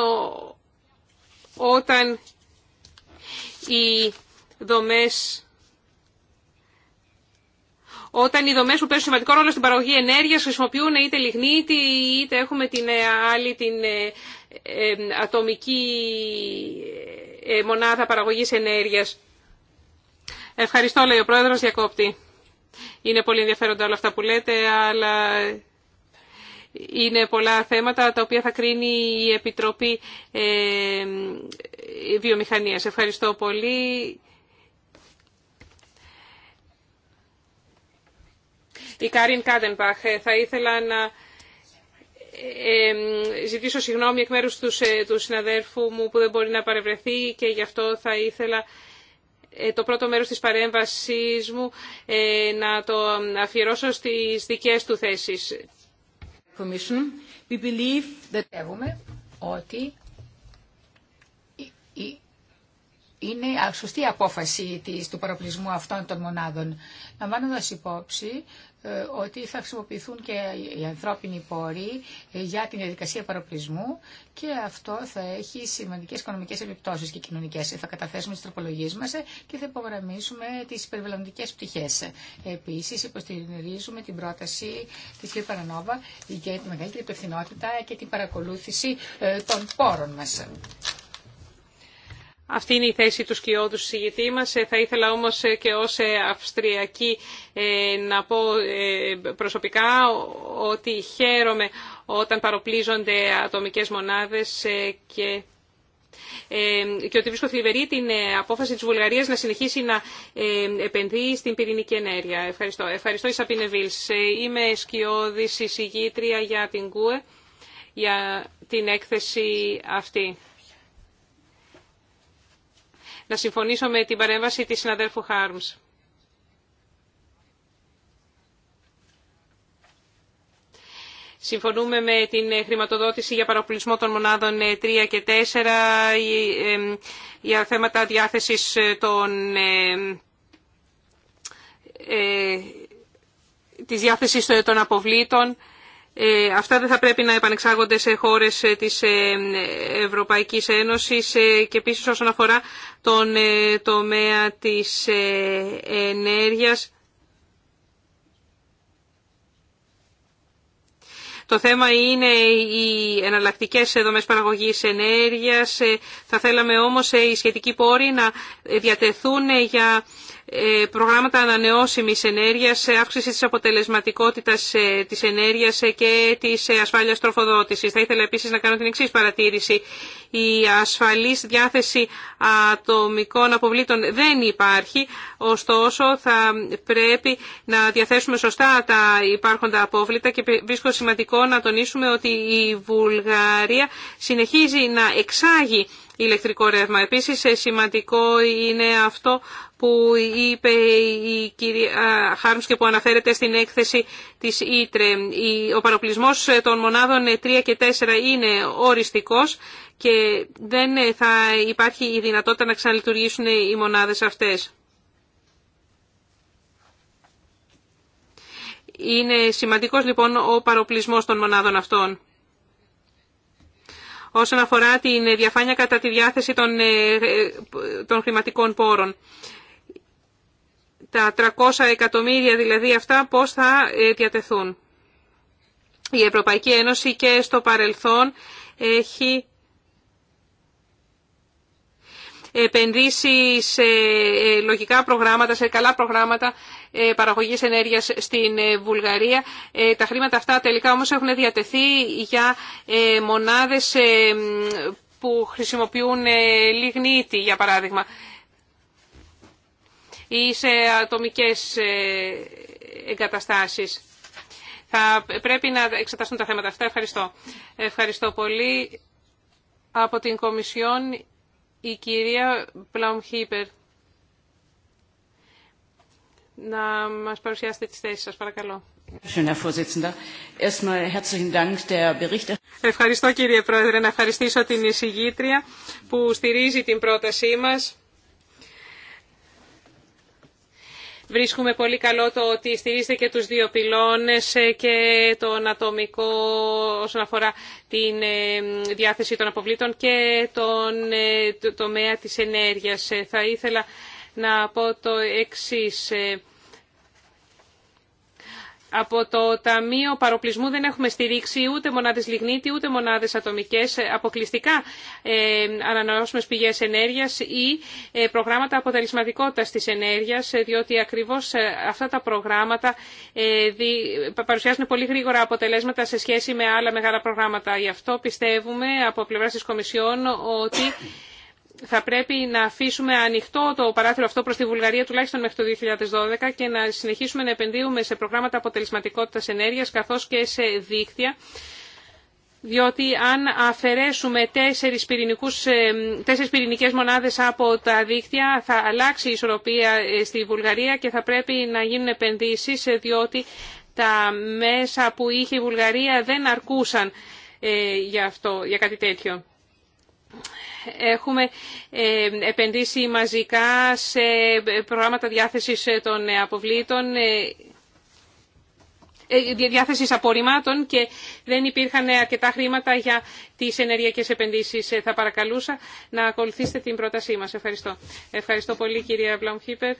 B: όταν οι δομές όταν οι δομές που παίζουν σημαντικό ρόλο στην παραγωγή ενέργειας χρησιμοποιούν είτε λιγνίτη είτε έχουμε την άλλη την ε, ε, ατομική ε, μονάδα παραγωγής ενέργειας. Ευχαριστώ, λέει ο πρόεδρος Διακόπτη. Είναι πολύ ενδιαφέροντα όλα αυτά που λέτε, αλλά είναι πολλά θέματα τα οποία θα κρίνει η Επιτροπή ε, Βιομηχανίας. Ευχαριστώ πολύ. Η Κάριν Κάντενπαχ, ε, θα ήθελα να ζητήσω συγγνώμη εκ μέρους του ε, συναδέρφου μου που δεν μπορεί να παρευρεθεί και γι' αυτό θα ήθελα ε, το πρώτο μέρος της παρέμβασής μου ε, να το αφιερώσω στις δικές του θέσεις.
C: we είναι σωστή απόφαση της, του παραπλησμού αυτών των μονάδων. να Λαμβάνοντα υπόψη ε, ότι θα χρησιμοποιηθούν και οι ανθρώπινοι πόροι ε, για την διαδικασία παροπλισμού και αυτό θα έχει σημαντικές οικονομικές επιπτώσεις και κοινωνικές. Θα καταθέσουμε τι τροπολογίε μα ε, και θα υπογραμμίσουμε τις περιβαλλοντικές πτυχές. Επίσης, υποστηρίζουμε την πρόταση της κ. Παρανόβα για τη μεγαλύτερη υπευθυνότητα και την παρακολούθηση των πόρων μα.
B: Αυτή είναι η θέση του σκιώδου συγητή μας. Ε, θα ήθελα όμως ε, και ως ε, Αυστριακή να πω προσωπικά ότι χαίρομαι όταν παροπλίζονται ατομικές μονάδες και και ότι βρίσκω θλιβερή την απόφαση της Βουλγαρίας να συνεχίσει να επενδύει στην πυρηνική ενέργεια. Ευχαριστώ. Ευχαριστώ Ισαπίνε Βίλς. Είμαι σκιώδη εισηγήτρια για την ΚΟΕ για την έκθεση αυτή να συμφωνήσω με την παρέμβαση της συναδέλφου Χάρμς. Συμφωνούμε με την ε, χρηματοδότηση για παροπλισμό των μονάδων 3 ε, και 4, ε, για θέματα διάθεσης των, της διάθεσης των αποβλήτων. Ε, αυτά δεν θα πρέπει να επανεξάγονται σε χώρες ε, της ε, Ευρωπαϊκής Ένωσης και επίσης όσον αφορά τον τομέα της ενέργειας. Το θέμα είναι οι εναλλακτικέ δομέ παραγωγή ενέργεια. Θα θέλαμε όμω οι σχετικοί πόροι να διατεθούν για ε, προγράμματα ανανεώσιμης ενέργειας, ε, αύξηση της αποτελεσματικότητας ε, της ενέργειας και της ασφάλειας τροφοδότησης. Θα ήθελα επίσης να κάνω την εξής παρατήρηση. Η ασφαλής διάθεση ατομικών αποβλήτων δεν υπάρχει, ωστόσο θα πρέπει να διαθέσουμε σωστά τα υπάρχοντα απόβλητα και βρίσκω σημαντικό να τονίσουμε ότι η Βουλγαρία συνεχίζει να εξάγει ηλεκτρικό ρεύμα. Επίσης σημαντικό είναι αυτό που είπε η κυρία Χάρμς και που αναφέρεται στην έκθεση της Ήτρε. Ο παροπλισμός των μονάδων 3 και 4 είναι οριστικός και δεν θα υπάρχει η δυνατότητα να ξαναλειτουργήσουν οι μονάδες αυτές. Είναι σημαντικός λοιπόν ο παροπλισμός των μονάδων αυτών. Όσον αφορά την διαφάνεια κατά τη διάθεση των, ε, ε, των χρηματικών πόρων τα 300 εκατομμύρια δηλαδή αυτά πώς θα ε, διατεθούν. Η Ευρωπαϊκή Ένωση και στο παρελθόν έχει επενδύσει σε ε, λογικά προγράμματα, σε καλά προγράμματα ε, παραγωγής ενέργειας στην Βουλγαρία. Τα χρήματα αυτά τελικά όμως έχουν διατεθεί για μονάδες που χρησιμοποιούν λιγνίτη, για παράδειγμα ή σε ατομικές ε, εγκαταστάσεις. Θα πρέπει να εξεταστούν τα θέματα αυτά. Ευχαριστώ. Ευχαριστώ πολύ. Από την Κομισιόν η κυρία Πλαουμχίπερ. Να μας παρουσιάσετε τις θέσεις σας, παρακαλώ. Ευχαριστώ κύριε Πρόεδρε. Να ευχαριστήσω την εισηγήτρια που στηρίζει την πρότασή μας Βρίσκουμε πολύ καλό το ότι στηρίζεται και τους δύο πυλώνες και τον ατομικό όσον αφορά την ε, διάθεση των αποβλήτων και τον ε, τομέα της ενέργειας. Ε, θα ήθελα να πω το εξής. Από το Ταμείο Παροπλισμού δεν έχουμε στηρίξει ούτε μονάδες λιγνίτη, ούτε μονάδες ατομικές, ε, αποκλειστικά ε, ανανεώσιμες πηγές ενέργειας ή ε, προγράμματα αποτελεσματικότητας της ενέργειας, ε, διότι ακριβώς αυτά τα προγράμματα παρουσιάζουν πολύ γρήγορα αποτελέσματα σε σχέση με άλλα μεγάλα προγράμματα. Γι' αυτό πιστεύουμε από πλευρά της Κομισιόν ότι θα πρέπει να αφήσουμε ανοιχτό το παράθυρο αυτό προς τη Βουλγαρία τουλάχιστον μέχρι το 2012 και να συνεχίσουμε να επενδύουμε σε προγράμματα αποτελεσματικότητας ενέργειας καθώς και σε δίκτυα διότι αν αφαιρέσουμε τέσσερις, πυρηνικούς, ε, τέσσερις πυρηνικές μονάδες από τα δίκτυα θα αλλάξει η ισορροπία ε, στη Βουλγαρία και θα πρέπει να γίνουν επενδύσεις ε, διότι τα μέσα που είχε η Βουλγαρία δεν αρκούσαν για κάτι τέτοιο έχουμε ε, επενδύσει μαζικά σε προγράμματα διάθεσης ε, των ε, αποβλήτων διάθεσης απορριμμάτων και δεν υπήρχαν αρκετά χρήματα για τις ενεργειακές επενδύσεις. Θα παρακαλούσα να ακολουθήσετε την πρότασή μας. Ευχαριστώ. Ευχαριστώ πολύ κυρία Βλαμφίπερ.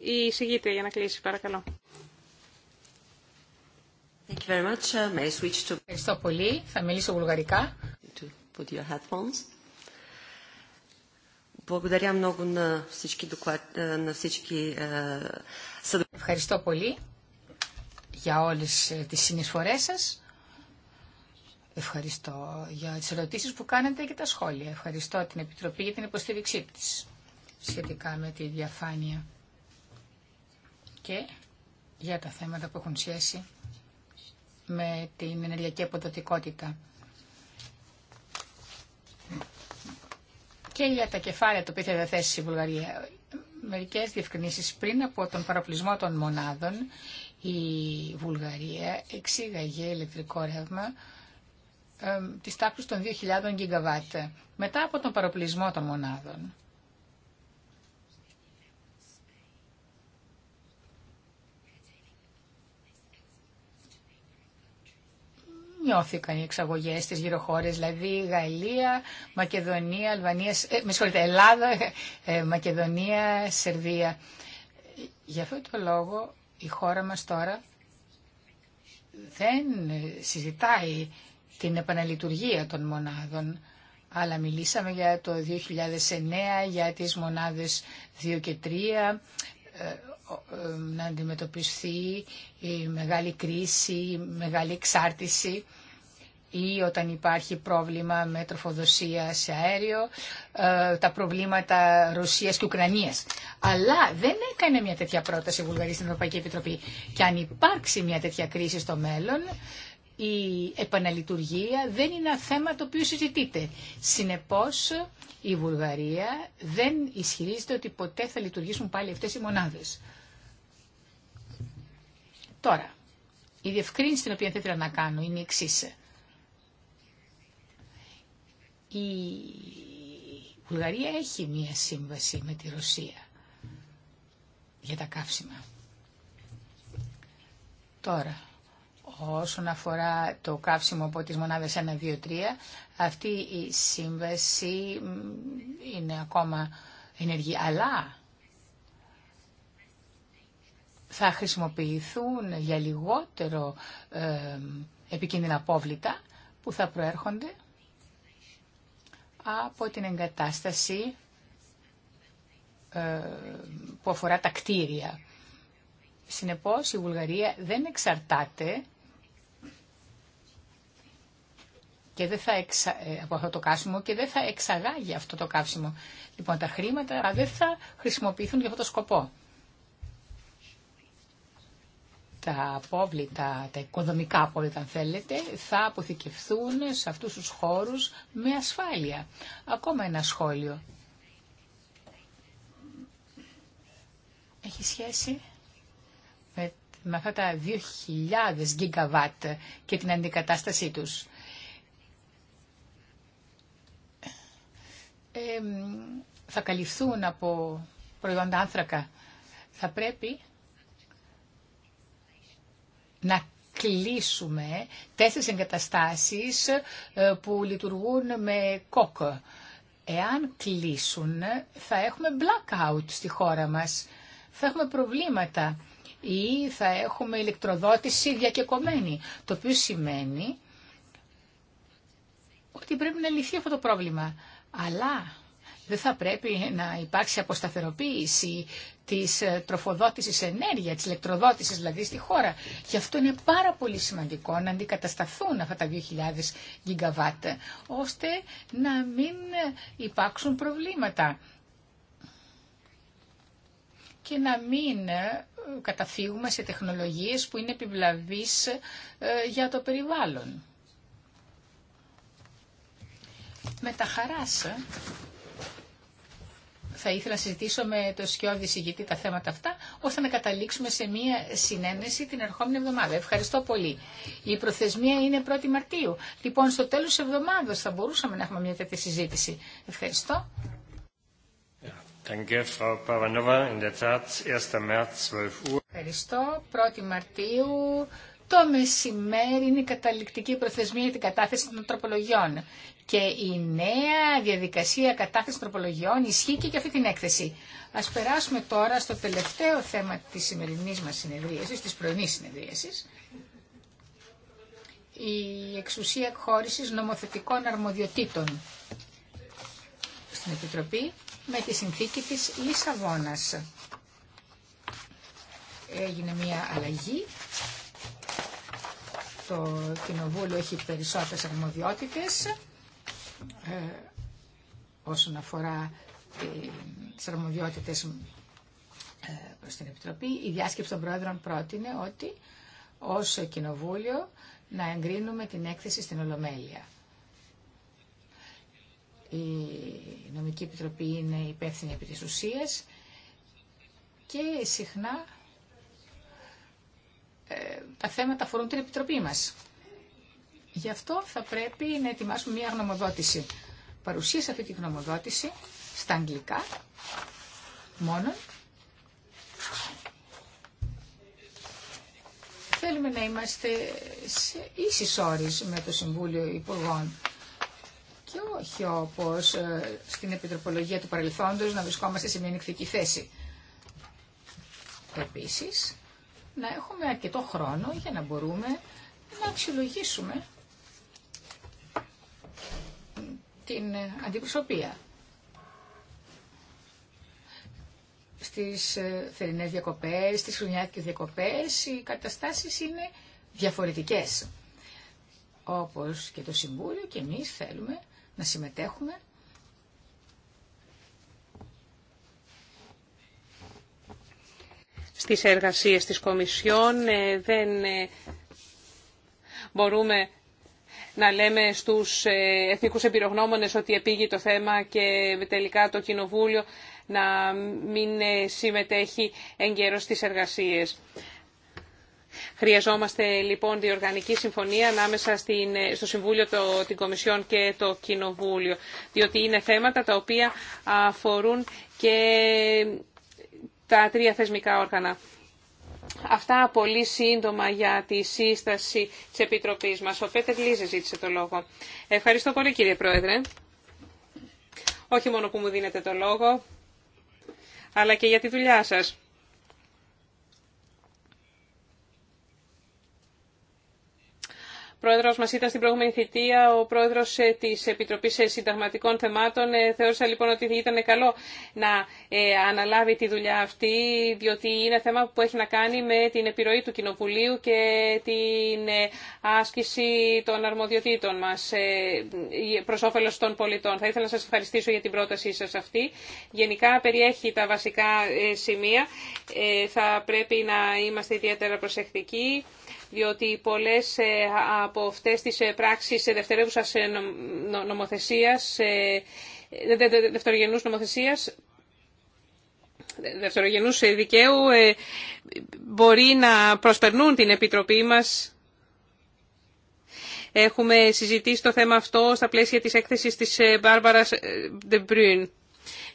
B: Η συγγήτρια για να κλείσει παρακαλώ.
C: Uh, Ευχαριστώ πολύ. Θα μιλήσω βουλγαρικά. Ευχαριστώ πολύ για όλες ε, τις συνεισφορές σας. Ευχαριστώ για τις ερωτήσεις που κάνετε και τα σχόλια. Ευχαριστώ την Επιτροπή για την υποστήριξή της σχετικά με τη διαφάνεια και για τα θέματα που έχουν σχέση με την ενεργειακή αποδοτικότητα. και για τα κεφάλαια το οποία θα διαθέσει η Βουλγαρία. Μερικέ διευκρινήσει πριν από τον παροπλισμό των μονάδων η Βουλγαρία εξήγαγε ηλεκτρικό ρεύμα ε, της των 2.000 γιγκαβάτ. Μετά από τον παροπλισμό των μονάδων Νιώθηκαν οι εξαγωγέ στι γύρω χώρε, δηλαδή Γαλλία, Μακεδονία, Αλβανία, ε, με Ελλάδα, ε, Μακεδονία, Σερβία. Για αυτό το λόγο η χώρα μας τώρα δεν συζητάει την επαναλειτουργία των μονάδων, αλλά μιλήσαμε για το 2009, για τις μονάδες 2 και 3, να αντιμετωπιστεί η μεγάλη κρίση, η μεγάλη εξάρτηση ή όταν υπάρχει πρόβλημα με τροφοδοσία σε αέριο, ε, τα προβλήματα Ρωσίας και Ουκρανίας. Αλλά δεν έκανε μια τέτοια πρόταση η Βουλγαρία στην Ευρωπαϊκή Επιτροπή. Και αν υπάρξει μια τέτοια κρίση στο μέλλον, η επαναλειτουργία δεν είναι ένα θέμα το οποίο συζητείται. Συνεπώς, η Βουλγαρία δεν ισχυρίζεται ότι ποτέ θα λειτουργήσουν πάλι αυτές οι μονάδες. Τώρα, η διευκρίνηση την οποία θα ήθελα να κάνω είναι η εξή. Η Βουλγαρία έχει μία σύμβαση με τη Ρωσία για τα καύσιμα. Τώρα, όσον αφορά το καύσιμο από τις μονάδες 1, 2, 3, αυτή η σύμβαση είναι ακόμα ενεργή. Αλλά θα χρησιμοποιηθούν για λιγότερο ε, επικίνδυνα απόβλητα που θα προέρχονται από την εγκατάσταση ε, που αφορά τα κτίρια. Συνεπώς η Βουλγαρία δεν εξαρτάται και δεν θα εξα... Ε, από αυτό το καύσιμο και δεν θα εξαγάγει αυτό το καύσιμο. Λοιπόν, τα χρήματα δεν θα χρησιμοποιηθούν για αυτό το σκοπό τα απόβλητα, τα οικοδομικά απόβλητα αν θέλετε, θα αποθηκευθούν σε αυτούς τους χώρους με ασφάλεια. Ακόμα ένα σχόλιο. Έχει σχέση με, αυτά τα 2.000 γιγκαβάτ και την αντικατάστασή τους. θα καλυφθούν από προϊόντα άνθρακα. Θα πρέπει να κλείσουμε τέσσερις εγκαταστάσεις ε, που λειτουργούν με κόκ. Εάν κλείσουν θα έχουμε blackout στη χώρα μας, θα έχουμε προβλήματα ή θα έχουμε ηλεκτροδότηση διακεκομένη, το οποίο σημαίνει ότι πρέπει να λυθεί αυτό το πρόβλημα. Αλλά δεν θα πρέπει να υπάρξει αποσταθεροποίηση της ε, τροφοδότησης ενέργεια, της ηλεκτροδότησης δηλαδή στη χώρα. Γι' αυτό είναι πάρα πολύ σημαντικό να αντικατασταθούν αυτά τα 2.000 γιγκαβάτ, ώστε να μην υπάρξουν προβλήματα και να μην ε, καταφύγουμε σε τεχνολογίες που είναι επιβλαβείς ε, για το περιβάλλον. Με τα χαράς θα ήθελα να συζητήσω με το σκιώδη συγγητή τα θέματα αυτά, ώστε να καταλήξουμε σε μία συνένεση την ερχόμενη εβδομάδα. Ευχαριστώ πολύ. Η προθεσμία είναι 1η Μαρτίου. Λοιπόν, στο τέλος της εβδομάδας θα μπορούσαμε να έχουμε μια τέτοια συζήτηση. Ευχαριστώ. Ευχαριστώ. 1η Μαρτίου. Το μεσημέρι είναι η καταληκτική προθεσμία για την κατάθεση των τροπολογιών. Και η νέα διαδικασία κατάθεσης τροπολογιών ισχύει και για αυτή την έκθεση. Ας περάσουμε τώρα στο τελευταίο θέμα της σημερινής μας συνεδρίασης, της πρωινής συνεδρίασης, η εξουσία εκχώρησης νομοθετικών αρμοδιοτήτων στην Επιτροπή με τη συνθήκη της Λισαβόνας. Έγινε μια αλλαγή. Το Κοινοβούλιο έχει περισσότερες αρμοδιότητες ε, όσον αφορά ε, τις αρμοδιότητες ε, προς την Επιτροπή. Η διάσκεψη των Πρόεδρων πρότεινε ότι ως Κοινοβούλιο να εγκρίνουμε την έκθεση στην Ολομέλεια. Η Νομική Επιτροπή είναι υπεύθυνη επί της ουσίας και συχνά τα θέματα αφορούν την Επιτροπή μας. Γι' αυτό θα πρέπει να ετοιμάσουμε μια γνωμοδότηση. Παρουσίασα αυτή τη γνωμοδότηση στα αγγλικά μόνο. Θέλουμε να είμαστε σε ίσης όρις με το Συμβούλιο Υπουργών και όχι όπως ε, στην επιτροπολογία του παρελθόντος να βρισκόμαστε σε μια νυχτική θέση. Επίσης, να έχουμε αρκετό χρόνο για να μπορούμε να αξιολογήσουμε την ε, αντιπροσωπεία. Στις ε, θερινές διακοπές, στις χρονιάτικες διακοπές, οι καταστάσεις είναι διαφορετικές. Όπως και το Συμβούλιο και εμείς θέλουμε να συμμετέχουμε στις εργασίες της
B: Κομισιόν. Ε, δεν μπορούμε να λέμε στους ε, εθνικούς επιρογνώμονες ότι επήγει το θέμα και τελικά το Κοινοβούλιο να μην ε, συμμετέχει καιρό στις εργασίες. Χρειαζόμαστε λοιπόν διοργανική συμφωνία ανάμεσα στην, ε, στο Συμβούλιο, το, την Κομισιόν και το Κοινοβούλιο, διότι είναι θέματα τα οποία αφορούν και τα τρία θεσμικά όργανα. Αυτά πολύ σύντομα για τη σύσταση της Επιτροπής μας. Ο Πέτερ Λίζε ζήτησε το λόγο. Ευχαριστώ πολύ κύριε Πρόεδρε. Όχι μόνο που μου δίνετε το λόγο, αλλά και για τη δουλειά σας. Ο πρόεδρος μας ήταν στην προηγούμενη θητεία, ο πρόεδρος ε, της Επιτροπής ε, Συνταγματικών Θεμάτων. Ε, θεώρησα λοιπόν ότι ήταν καλό να αναλάβει τη δουλειά αυτή, διότι είναι θέμα που έχει να κάνει με την επιρροή του Κοινοβουλίου και την άσκηση των αρμοδιοτήτων μας προς όφελο των πολιτών. Θα ήθελα να σας ευχαριστήσω για την πρότασή σας αυτή. Γενικά περιέχει τα βασικά σημεία. Θα πρέπει να είμαστε ιδιαίτερα προσεκτικοί διότι πολλές ε, από αυτές τις ε, πράξεις δευτερεύουσας ε, νομοθεσίας, δευτερογενούς νομοθεσίας, δευτερογενούς δικαίου, μπορεί να προσπερνούν την Επιτροπή μας. Έχουμε συζητήσει το θέμα αυτό στα πλαίσια της έκθεσης της Μπάρμπαρα Ντεμπρύν.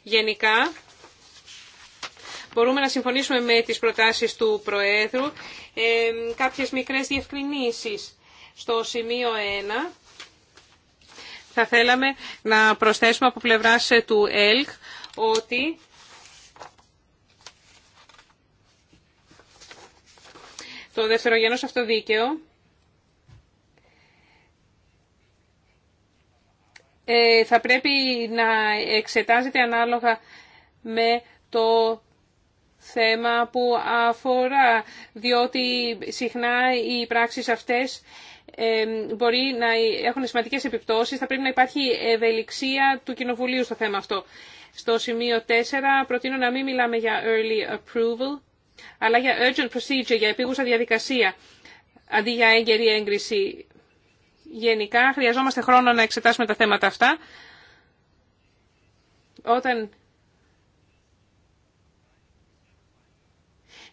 B: Γενικά, Μπορούμε να συμφωνήσουμε με τις προτάσεις του Προέδρου. Ε, κάποιες μικρές διευκρινήσεις στο σημείο 1. Θα θέλαμε να προσθέσουμε από πλευράς του ΕΛΚ ότι το δευτερογενός αυτοδίκαιο ε, θα πρέπει να εξετάζεται ανάλογα με το θέμα που αφορά, διότι συχνά οι πράξεις αυτές μπορεί να έχουν σημαντικές επιπτώσεις. Θα πρέπει να υπάρχει ευελιξία του Κοινοβουλίου στο θέμα αυτό. Στο σημείο 4 προτείνω να μην μιλάμε για early approval, αλλά για urgent procedure, για επίγουσα διαδικασία, αντί για έγκαιρη έγκριση. Γενικά, χρειαζόμαστε χρόνο να εξετάσουμε τα θέματα αυτά. Όταν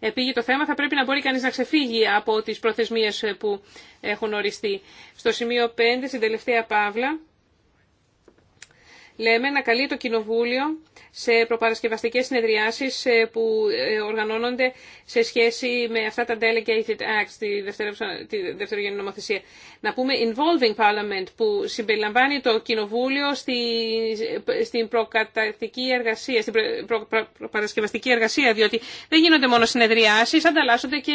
B: Επειδή το θέμα θα πρέπει να μπορεί κανείς να ξεφύγει από τις προθεσμίες που έχουν οριστεί. Στο σημείο 5, στην τελευταία παύλα, λέμε να καλεί το Κοινοβούλιο σε προπαρασκευαστικές συνεδριάσεις ε, που ε, οργανώνονται σε σχέση με αυτά τα delegated acts, τη, τη δευτερογενή νομοθεσία. Να πούμε involving parliament που συμπεριλαμβάνει το Κοινοβούλιο στη, στην προκατακτική εργασία, στην προπαρασκευαστική εργασία, διότι δεν γίνονται μόνο συνεδριάσεις, ανταλλάσσονται και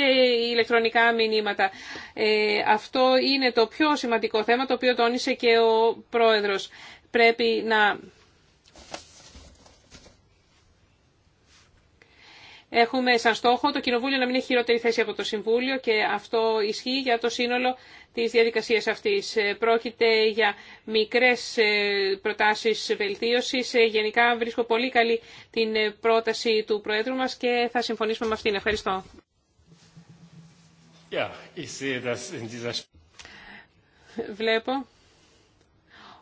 B: ηλεκτρονικά μηνύματα. Ε, αυτό είναι το πιο σημαντικό θέμα το οποίο τόνισε και ο Πρόεδρος πρέπει να έχουμε σαν στόχο το Κοινοβούλιο να μην έχει χειρότερη θέση από το Συμβούλιο και αυτό ισχύει για το σύνολο της διαδικασίας αυτής. Πρόκειται για μικρές ε, προτάσεις βελτίωσης. Ε, γενικά βρίσκω πολύ καλή την ε, πρόταση του Προέδρου μας και θα συμφωνήσουμε με αυτήν. Ευχαριστώ. Βλέπω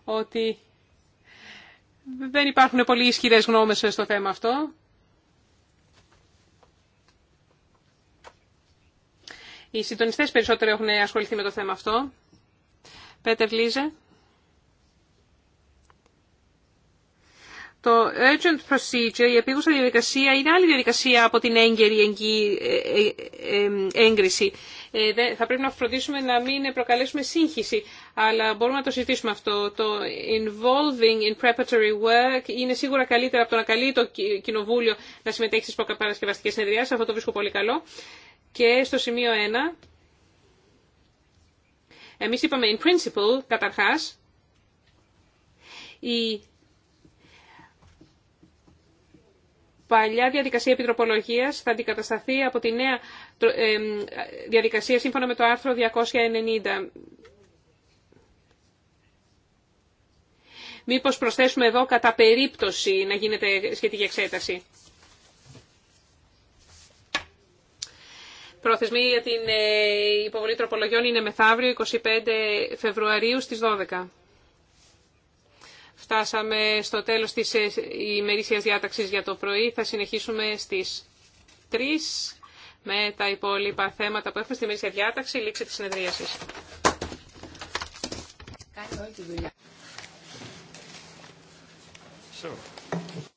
B: ότι δεν υπάρχουν πολύ ισχυρές γνώμες στο θέμα αυτό. Οι συντονιστές περισσότερο έχουν ασχοληθεί με το θέμα αυτό. Πέτερ Λίζε. Το urgent procedure, η επίγουσα διαδικασία, είναι άλλη διαδικασία από την έγκαιρη ε, ε, ε, έγκριση. Θα πρέπει να φροντίσουμε να μην προκαλέσουμε σύγχυση αλλά μπορούμε να το συζητήσουμε αυτό. Το involving in preparatory work είναι σίγουρα καλύτερα από το να καλεί το Κοινοβούλιο να συμμετέχει στις προπαρασκευαστικές συνεδριάσεις. Αυτό το βρίσκω πολύ καλό. Και στο σημείο 1, εμείς είπαμε in principle, καταρχάς, η παλιά διαδικασία επιτροπολογία θα αντικατασταθεί από τη νέα διαδικασία σύμφωνα με το άρθρο 290. Μήπως προσθέσουμε εδώ κατά περίπτωση να γίνεται σχετική εξέταση. Προθεσμοί για την ε, υποβολή τροπολογιών είναι μεθαύριο 25 Φεβρουαρίου στις 12. Φτάσαμε στο τέλος της ε, ημερήσιας διάταξης για το πρωί. Θα συνεχίσουμε στις 3 με τα υπόλοιπα θέματα που έχουμε στη ημερήσια διάταξη. Λήξη της συνεδρίασης.
A: Κάνει τη δουλειά. So.